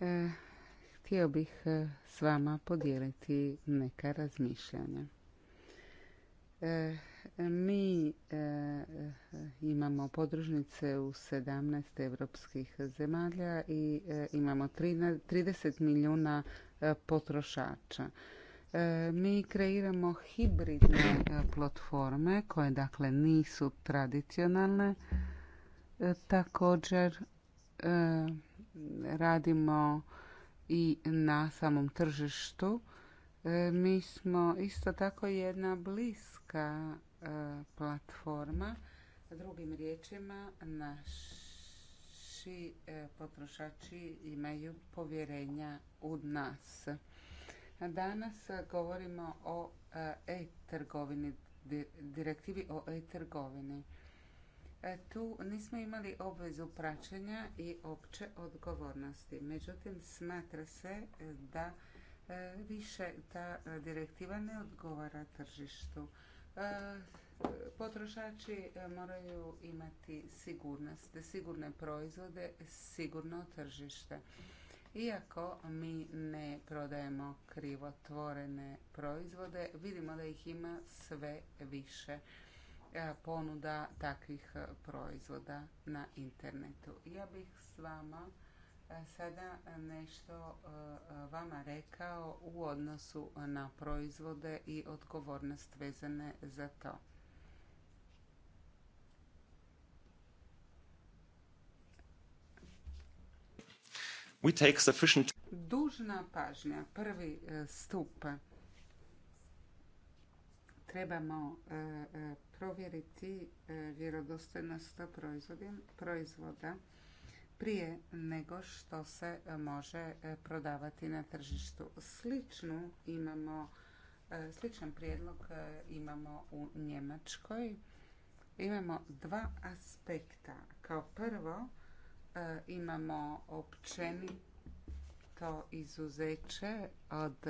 S2: E, htio bih e, s vama podijeliti neka razmišljanja. Mi e, e, imamo podružnice u 17 europskih zemalja i e, imamo 30 milijuna potrošača. Mi kreiramo hibridne platforme koje dakle nisu tradicionalne. Također radimo i na samom tržištu. Mi smo isto tako jedna bliska E, platforma. Drugim riječima, naši e, potrošači imaju povjerenja u nas. Danas govorimo o e, e-trgovini, direktivi o e-trgovini. Tu nismo imali obvezu praćenja i opće odgovornosti. Međutim, smatra se da više ta direktiva ne odgovara tržištu. E, potrošači e, moraju imati sigurnost, sigurne proizvode, sigurno tržište. Iako mi ne prodajemo krivotvorene proizvode, vidimo da ih ima sve više e, ponuda takvih proizvoda na internetu. Ja bih s vama E, sada e, nešto e, vama rekao u odnosu na proizvode i odgovornost vezane za to.
S7: We take sufficient...
S2: Dužna pažnja, prvi stup. Trebamo provjeriti vjerodostojnost proizvoda prije nego što se e, može e, prodavati na tržištu. Sličnu imamo, e, sličan prijedlog imamo u Njemačkoj. Imamo dva aspekta. Kao prvo imamo općenito izuzeće od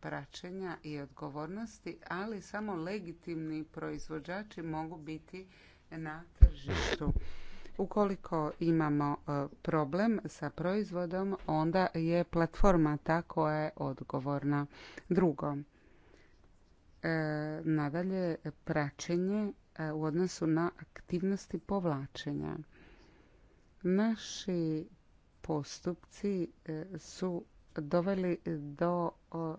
S2: praćenja i odgovornosti, ali samo legitimni proizvođači mogu biti na tržištu. Ukoliko imamo e, problem sa proizvodom, onda je platforma ta koja je odgovorna. Drugo, e, nadalje praćenje e, u odnosu na aktivnosti povlačenja. Naši postupci su doveli do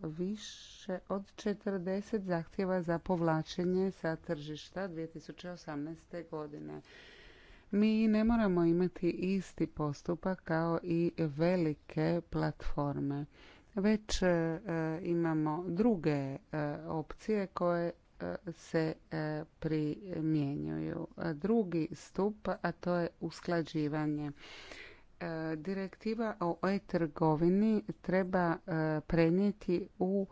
S2: više od 40 zahtjeva za povlačenje sa tržišta 2018. godine mi ne moramo imati isti postupak kao i velike platforme već e, imamo druge e, opcije koje e, se primjenjuju. Drugi stup, a to je usklađivanje. Direktiva o e-trgovini treba prenijeti u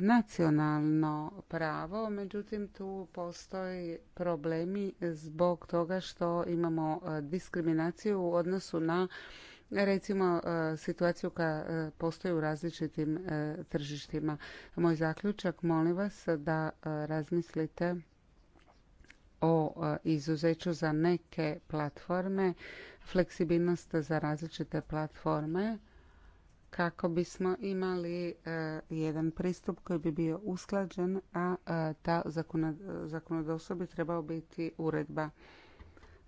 S2: nacionalno pravo, međutim tu postoji problemi zbog toga što imamo e, diskriminaciju u odnosu na recimo e, situaciju koja e, postoji u različitim tržištima. Moj zaključak, molim vas da razmislite o izuzeću za neke platforme, fleksibilnost za različite platforme kako bismo imali e, jedan pristup koji bi bio usklađen, a e, ta zakonodavstvo bi trebao biti uredba.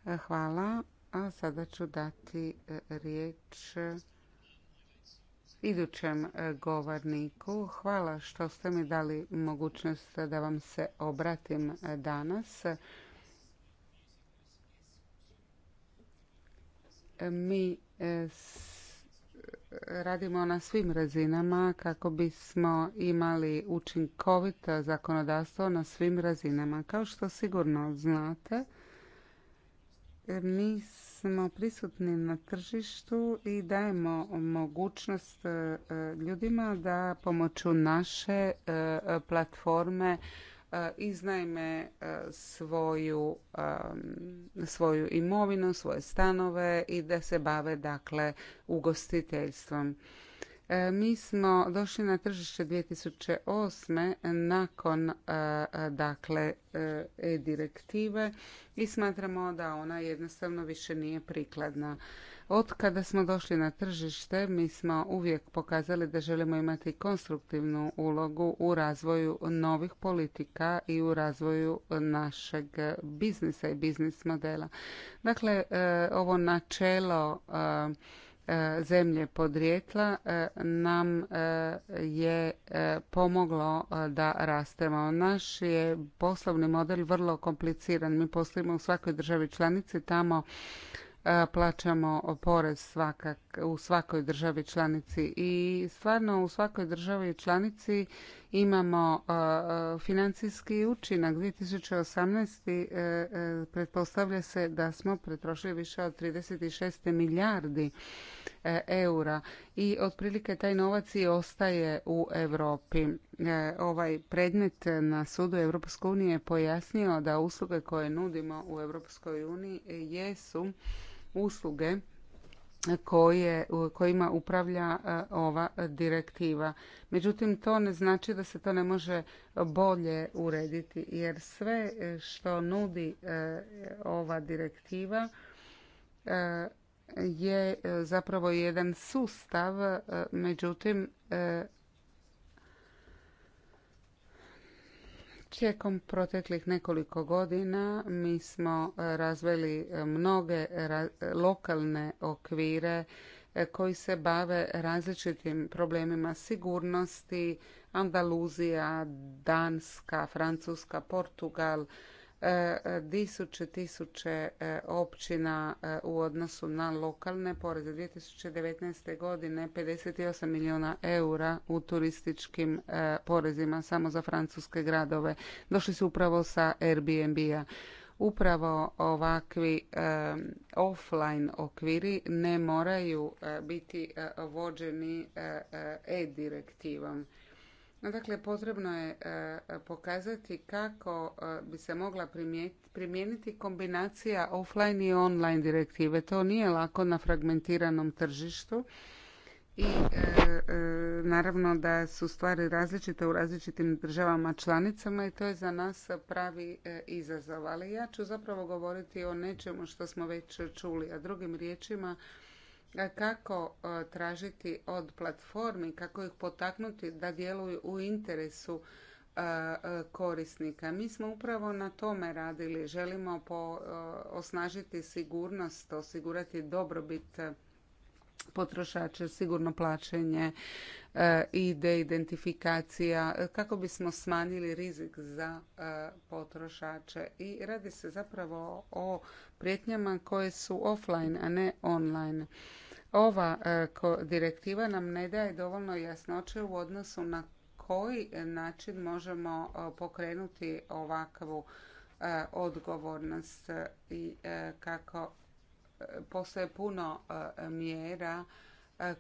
S2: E, hvala. A sada ću dati riječ idućem govorniku. Hvala što ste mi dali mogućnost da vam se obratim danas. Mi radimo na svim razinama kako bismo imali učinkovito zakonodavstvo na svim razinama. Kao što sigurno znate, mi smo prisutni na tržištu i dajemo mogućnost e, e, ljudima da pomoću naše e, platforme E, iznajme e, svoju, e, svoju imovinu, svoje stanove i da se bave dakle ugostiteljstvom. E, mi smo došli na tržište 2008. nakon e, e, dakle e-direktive i smatramo da ona jednostavno više nije prikladna. Od kada smo došli na tržište, mi smo uvijek pokazali da želimo imati konstruktivnu ulogu u razvoju novih politika i u razvoju našeg biznisa i biznis modela. Dakle, ovo načelo E, zemlje podrijetla e, nam e, je pomoglo da rastemo. Naš je poslovni model vrlo kompliciran. Mi poslimo u svakoj državi članici, tamo plaćamo porez svakak, u svakoj državi članici i stvarno u svakoj državi članici imamo financijski učinak. 2018. pretpostavlja se da smo pretrošili više od 36 milijardi E, eura i otprilike taj novac i ostaje u Europi. E, ovaj predmet na sudu Europske unije je pojasnio da usluge koje nudimo u Europskoj uniji jesu usluge koje, kojima upravlja e, ova direktiva. Međutim, to ne znači da se to ne može bolje urediti, jer sve što nudi ova direktiva je e, zapravo jedan sustav, e, međutim e, Tijekom proteklih nekoliko godina mi smo razveli mnoge lokalne okvire koji se bave različitim problemima sigurnosti. Andaluzija, Danska, Francuska, Portugal, tisuće tisuće e, općina e, u odnosu na lokalne poreze. 2019. godine 58 milijuna eura u turističkim e, porezima samo za francuske gradove. Došli su upravo sa Airbnb-a. Upravo ovakvi offline okviri ne moraju biti vođeni e-direktivom Dakle, potrebno je e, pokazati kako e, bi se mogla primijeniti kombinacija offline i online direktive. To nije lako na fragmentiranom tržištu i e, naravno da su stvari različite u različitim državama članicama i to je za nas pravi izazov. Ali ja ću zapravo govoriti o nečemu što smo već čuli, a drugim riječima kako e, tražiti od platformi, kako ih potaknuti da djeluju u interesu e, e, korisnika. Mi smo upravo na tome radili. Želimo osnažiti sigurnost, osigurati dobrobit potrošača, sigurno plaćanje i deidentifikacija kako bismo smanjili rizik za potrošače. I radi se zapravo o prijetnjama koje su offline, a ne online. Ova e, direktiva nam ne daje dovoljno jasnoće u odnosu na koji način možemo pokrenuti ovakvu e, odgovornost i e, kako postoje puno mjera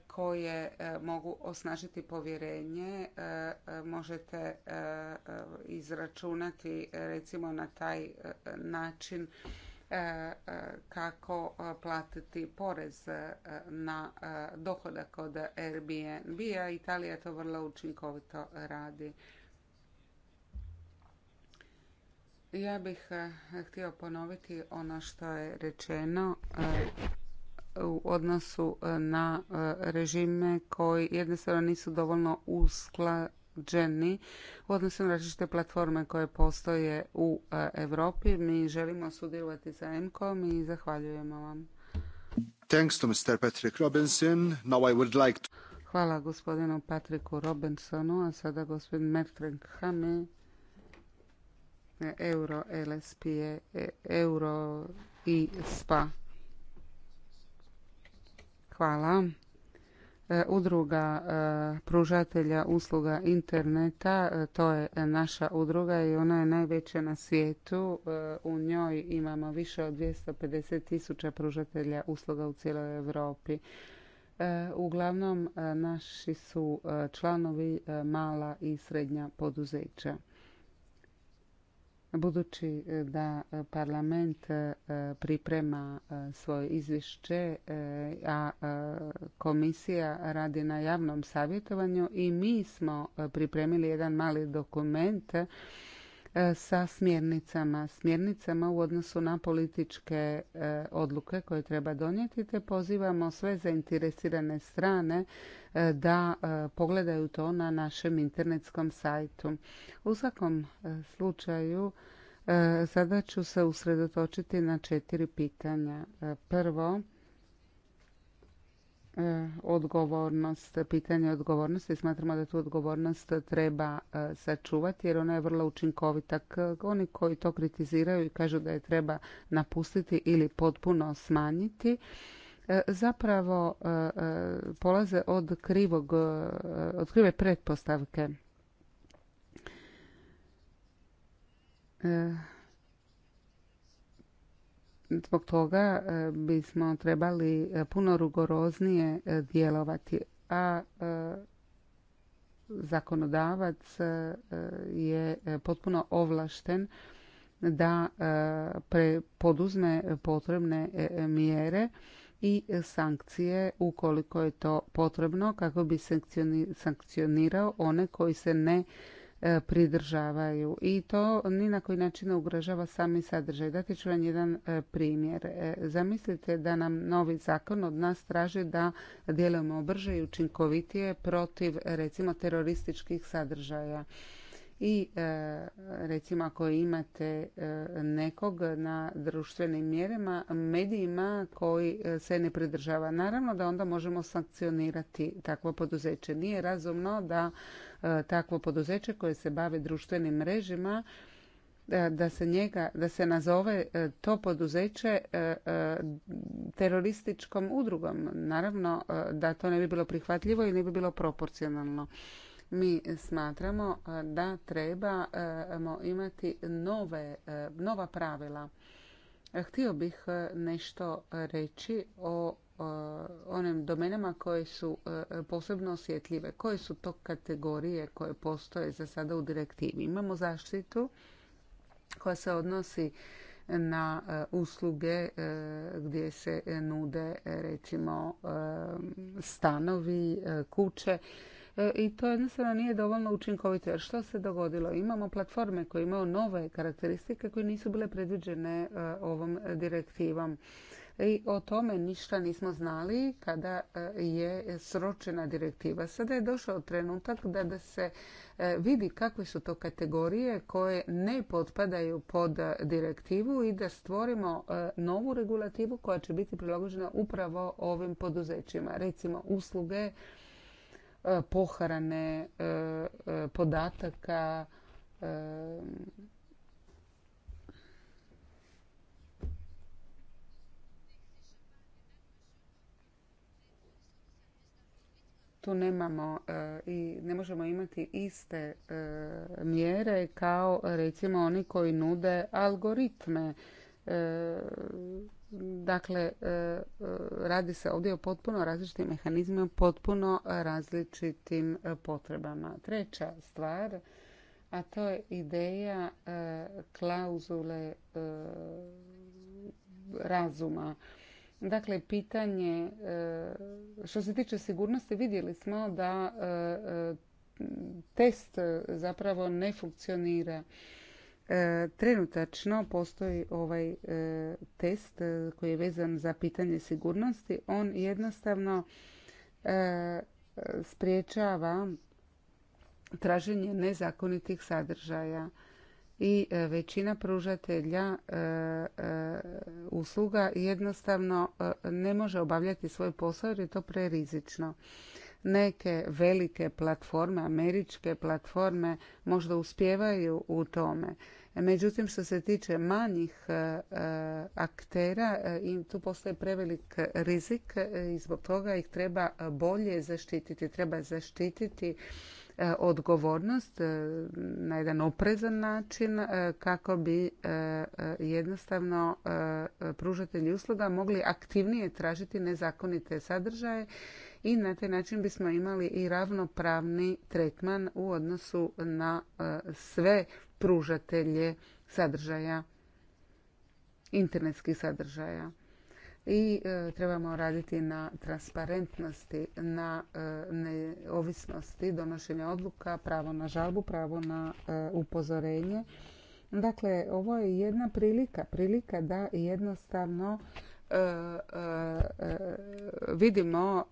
S2: koje mogu osnažiti povjerenje. Možete izračunati recimo na taj način E, e, kako e, platiti porez na dohodak od Airbnb-a. Italija to vrlo učinkovito radi. Ja bih htio ponoviti ono što je rečeno u odnosu na režime koji jednostavno nisu dovoljno uskla, Jenny u odnosu na različite platforme koje postoje u e, Europi. Mi želimo sudjelovati sa EMKOM i zahvaljujemo vam.
S6: Thanks to Mr. Patrick Robinson. Now I would like to...
S2: Hvala gospodinu Patriku Robinsonu, a sada gospodin Mertren hame e, Euro LSP, e, Euro i SPA. Hvala. E, udruga e, pružatelja usluga interneta, e, to je naša udruga i ona je najveća na svijetu. U njoj imamo više od 250 tisuća pružatelja usluga u cijeloj Europi. Uglavnom naši su članovi mala i srednja poduzeća. Budući e, da e, parlament e, priprema svoje izvješće, a komisija radi na javnom savjetovanju i mi smo pripremili jedan mali dokument sa smjernicama. Smjernicama u odnosu na političke odluke koje treba donijeti te pozivamo sve zainteresirane strane E, da e, pogledaju to na našem internetskom sajtu. U svakom e, slučaju sada ću se usredotočiti na četiri pitanja. Prvo, odgovornost, pitanje odgovornosti. Smatramo da tu odgovornost treba sačuvati jer ona je vrlo učinkovita. Oni koji to kritiziraju i kažu da je treba napustiti ili potpuno smanjiti, E, zapravo e, e, polaze od krivog, od krive pretpostavke. Zbog toga bismo trebali puno rugoroznije djelovati, a zakonodavac je potpuno ovlašten da poduzme potrebne mjere i sankcije ukoliko je to potrebno kako bi sankcionirao one koji se ne e, pridržavaju i to ni na koji način ne ugrožava sami sadržaj. Dati ću vam jedan e, primjer. E, zamislite da nam novi zakon od nas traži da djelujemo brže i učinkovitije protiv recimo terorističkih sadržaja i e, recimo ako imate e, nekog na društvenim mjerima, medijima koji e, se ne pridržava. Naravno da onda možemo sankcionirati takvo poduzeće. Nije razumno da takvo poduzeće koje se bavi društvenim mrežima da se njega, da se nazove to poduzeće terorističkom udrugom. Naravno da to ne bi bilo prihvatljivo i ne bi bilo proporcionalno. Mi smatramo e, da trebamo e, imati nove, e, nova pravila. Htio bih nešto reći o onim domenama koje su posebno osjetljive. Koje su to kategorije koje postoje za sada u direktivi? Imamo zaštitu koja se odnosi na usluge gdje se nude recimo stanovi, kuće E, i to jednostavno nije dovoljno učinkovito. Jer što se dogodilo? Imamo platforme koje imaju nove karakteristike koje nisu bile predviđene e, ovom direktivom. E, I o tome ništa nismo znali kada je sročena direktiva. Sada je došao trenutak da, da se vidi kakve su to kategorije koje ne potpadaju pod direktivu i da stvorimo novu regulativu koja će biti prilagođena upravo ovim poduzećima. Recimo usluge, E, pohrane e, e, podataka tu nemamo i ne možemo imati iste mjere kao recimo oni koji nude algoritme E, dakle, e, e, radi se ovdje o potpuno različitim mehanizmima, potpuno različitim potrebama. Treća stvar, a to je ideja klauzule razuma. Dakle, pitanje, što se tiče sigurnosti, vidjeli smo da test zapravo ne funkcionira E, trenutačno postoji ovaj e, test e, koji je vezan za pitanje sigurnosti. On jednostavno spriječava traženje nezakonitih sadržaja i većina pružatelja usluga jednostavno ne može obavljati svoj posao jer je to prerizično. Neke velike platforme, američke platforme možda uspijevaju u tome Međutim, što se tiče manjih e, aktera, e, tu postoji prevelik rizik e, i zbog toga ih treba bolje zaštititi. Treba zaštititi odgovornost na jedan oprezan način kako bi jednostavno pružatelji usluga mogli aktivnije tražiti nezakonite sadržaje i na taj način bismo imali i ravnopravni tretman u odnosu na sve pružatelje sadržaja, internetskih sadržaja. I e, trebamo raditi na transparentnosti, na e, neovisnosti donošenja odluka, pravo na žalbu, pravo na e, upozorenje. Dakle, ovo je jedna prilika, prilika da jednostavno vidimo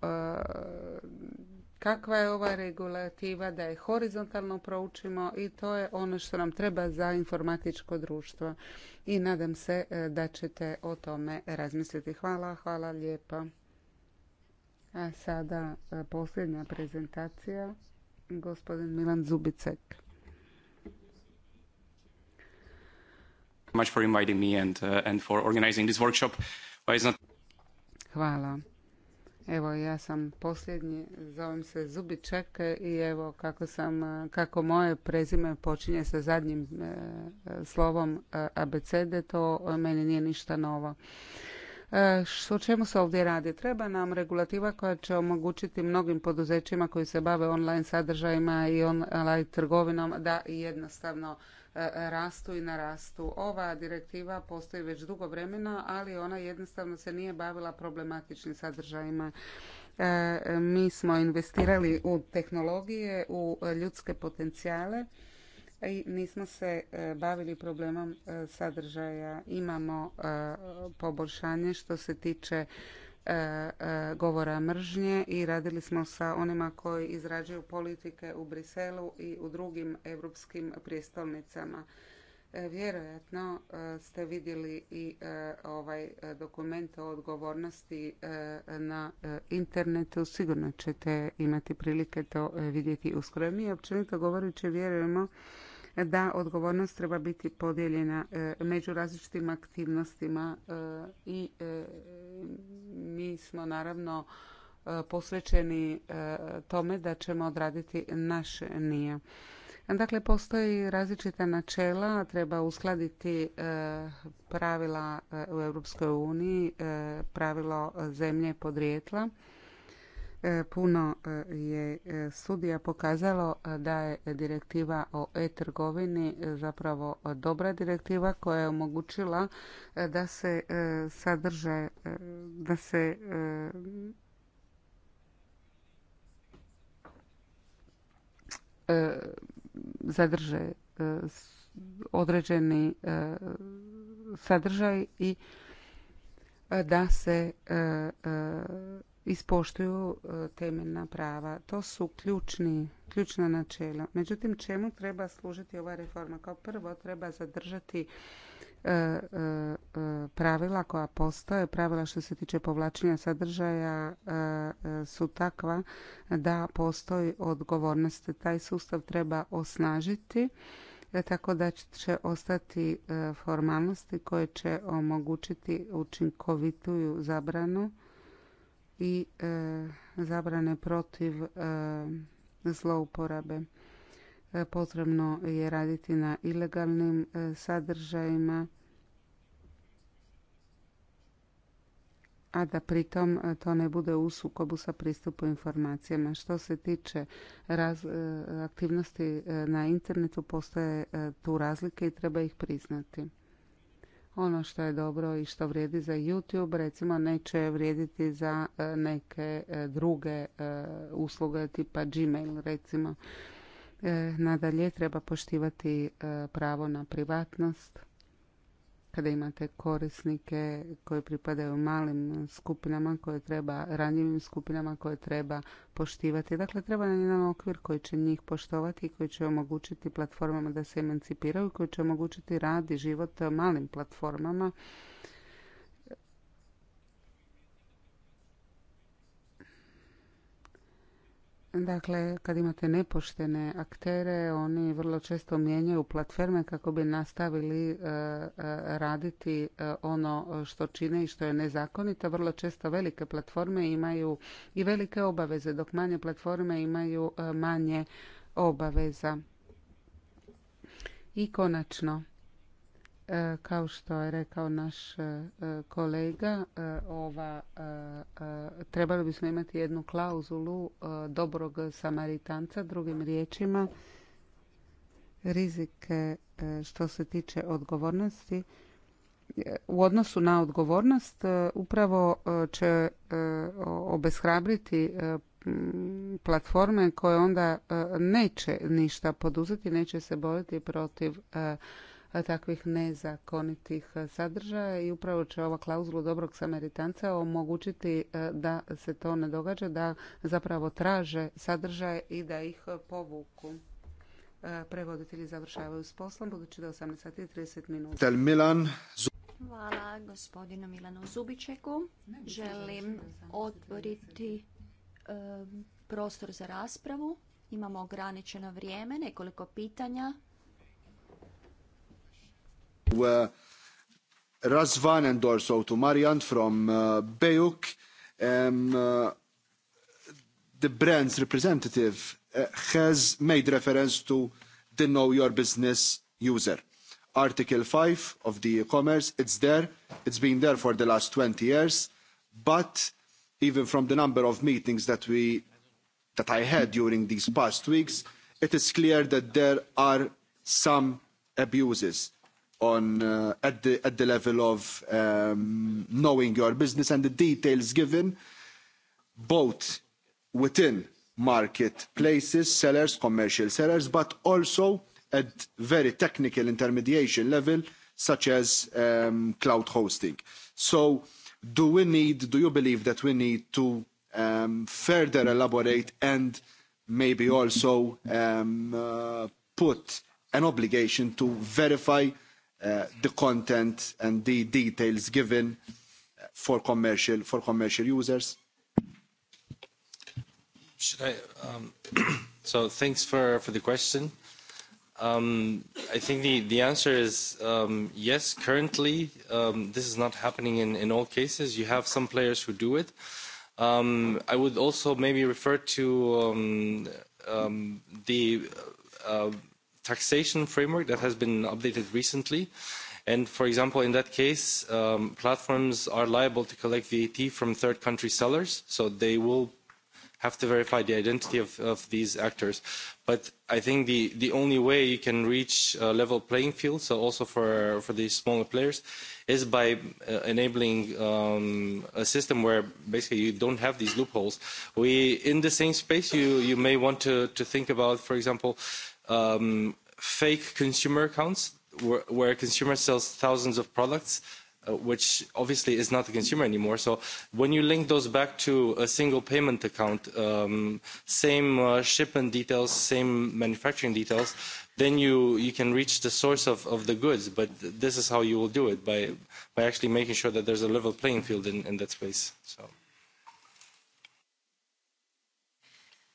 S2: kakva je ova regulativa, da je horizontalno proučimo i to je ono što nam treba za informatičko društvo. I nadam se e, da ćete o tome razmisliti. Hvala, hvala lijepa. A sada e, posljednja prezentacija, gospodin Milan Zubicek. Hvala Evo, ja sam posljednji, zovem se Zubiček i evo kako, sam, kako moje prezime počinje sa zadnjim e, slovom e, abecede, to meni nije ništa novo. E, o čemu se ovdje radi? Treba nam regulativa koja će omogućiti mnogim poduzećima koji se bave online sadržajima i online trgovinom da jednostavno E, rastu i narastu. Ova direktiva postoji već dugo vremena, ali ona jednostavno se nije bavila problematičnim sadržajima. E, mi smo investirali u tehnologije, u ljudske potencijale i nismo se e, bavili problemom sadržaja. Imamo poboljšanje što se tiče E, e, govora mržnje i radili smo sa onima koji izrađuju politike u Briselu i u drugim europskim prijestolnicama. E, vjerojatno ste vidjeli i ovaj dokument o odgovornosti na internetu. Sigurno ćete imati prilike to vidjeti uskoro. Mi općenito govoreći vjerujemo da odgovornost treba biti podijeljena e, među različitim aktivnostima e, i e, mi smo naravno posvećeni tome da ćemo odraditi naš nije. Dakle, postoji različita načela, treba uskladiti pravila u Europskoj uniji, pravilo zemlje podrijetla E, puno e, je e, studija pokazalo da je direktiva o e-trgovini zapravo dobra direktiva koja je omogućila da se sadrže, da se zadrže određeni sadržaj i da se ispoštuju e, temeljna prava. To su ključni, ključna načela. Međutim, čemu treba služiti ova reforma? Kao prvo treba zadržati e, e, pravila koja postoje, pravila što se tiče povlačenja sadržaja su takva da postoji odgovornost. Taj sustav treba osnažiti tako da će ostati formalnosti koje će omogućiti učinkovituju zabranu i e, zabrane protiv e, zlouporabe. E, potrebno je raditi na ilegalnim sadržajima, a da pritom to ne bude u sukobu sa pristupu informacijama. Što se tiče aktivnosti na internetu, postoje tu razlike i treba ih priznati ono što je dobro i što vrijedi za YouTube recimo neće vrijediti za e, neke e, druge e, usluge tipa Gmail recimo. Nadalje treba poštivati pravo na privatnost kada imate korisnike koji pripadaju malim skupinama koje treba, ranjivim skupinama koje treba poštivati. Dakle, treba nam jedan okvir koji će njih poštovati i koji će omogućiti platformama da se emancipiraju, koji će omogućiti rad i život malim platformama Dakle, kad imate nepoštene aktere, oni vrlo često mijenjaju platforme kako bi nastavili e, e, raditi e, ono što čine i što je nezakonito. Vrlo često velike platforme imaju i velike obaveze, dok manje platforme imaju manje obaveza. I konačno, E, kao što je rekao naš e, kolega, e, ova, trebali bismo imati jednu klauzulu dobrog samaritanca, drugim riječima, rizike što se tiče odgovornosti. U odnosu na odgovornost upravo će obeshrabriti platforme koje onda neće ništa poduzeti, neće se boriti protiv takvih nezakonitih sadržaja i upravo će ova klauzula dobrog samaritanca omogućiti e, da se to ne događa, da zapravo traže sadržaje i da ih povuku. E, prevoditelji završavaju s poslom, budući da 18 sati 30 minuta. Milan. Hvala
S3: gospodinu Milanu Zubičeku. Želim otvoriti e, prostor za raspravu. Imamo ograničeno vrijeme, nekoliko pitanja
S6: to Ras and also to Marian from uh, Beuk, um, uh, the brand's representative uh, has made reference to the Know Your Business user. Article 5 of the e-commerce, it's there. It's been there for the last 20 years. But even from the number of meetings that, we, that I had during these past weeks, it is clear that there are some abuses on uh, at the at the level of um, knowing your business and the details given both within places, sellers commercial sellers but also at very technical intermediation level such as um, cloud hosting so do we need do you believe that we need to um, further elaborate and maybe also um, uh, put an obligation to verify Uh, the content and the details given uh, for commercial
S7: for commercial users? Um, so thanks for, for the question. Um, I think the, the answer is um, yes, currently um, this is not happening in, in all cases. You have some players who do it. Um, I would also maybe refer to um, um, the uh, taxation framework that has been updated recently. And for example, in that case, um, platforms are liable to collect VAT from third country sellers, so they will have to verify the identity of, of these actors. But I think the, the only way you can reach a level playing field, so also for, for the smaller players, is by uh, enabling um, a system where basically you don't have these loopholes. We, in the same space, you, you may want to, to think about, for example, um, fake consumer accounts where, where a consumer sells thousands of products uh, which obviously is not a consumer anymore. So when you link those back to a single payment account, um, same uh, shipment details, same manufacturing details, then you, you can reach the source of, the goods. But this is how you will do it, by, by actually making sure that there's a level playing field in, in that space. So.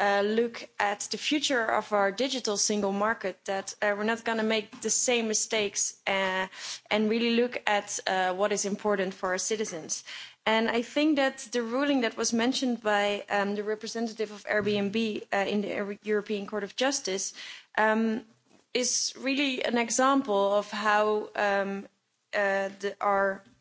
S8: Uh, look at the future of our digital single market that uh, we're not going to make the same mistakes uh, and really look at what is important for our citizens. And I think that the ruling that was mentioned by um, the representative of Airbnb in the European Court of Justice um, is really an example of how um, the, our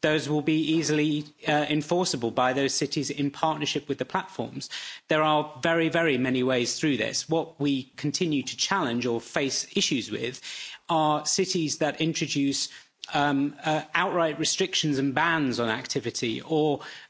S9: those will be easily uh, enforceable by those cities in partnership with the platforms. there are very very many ways through this. what we continue to challenge or face issues with are cities that introduce um, uh, outright restrictions and bans on activity or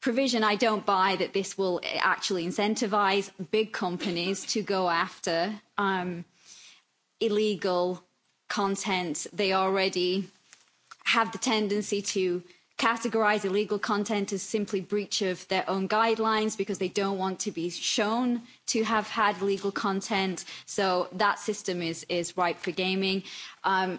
S10: provision i don't buy that this will actually incentivize big companies to go after um, illegal content they already have the tendency to categorize illegal content as simply breach of their own guidelines because they don't want to be shown to have had legal content so that system is is ripe for gaming um,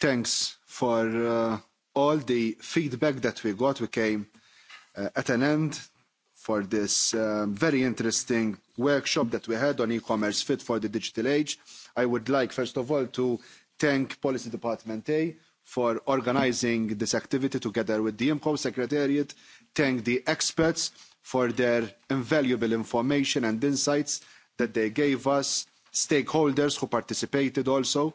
S6: thanks for uh, all the feedback that we got. We came uh, at an end for this uh, very interesting workshop that we had on e-commerce fit for the digital age. I would like, first of all, to thank Policy Department A for organising this activity together with the IMCO Secretariat, thank the experts for their invaluable information and insights that they gave us, stakeholders who participated also,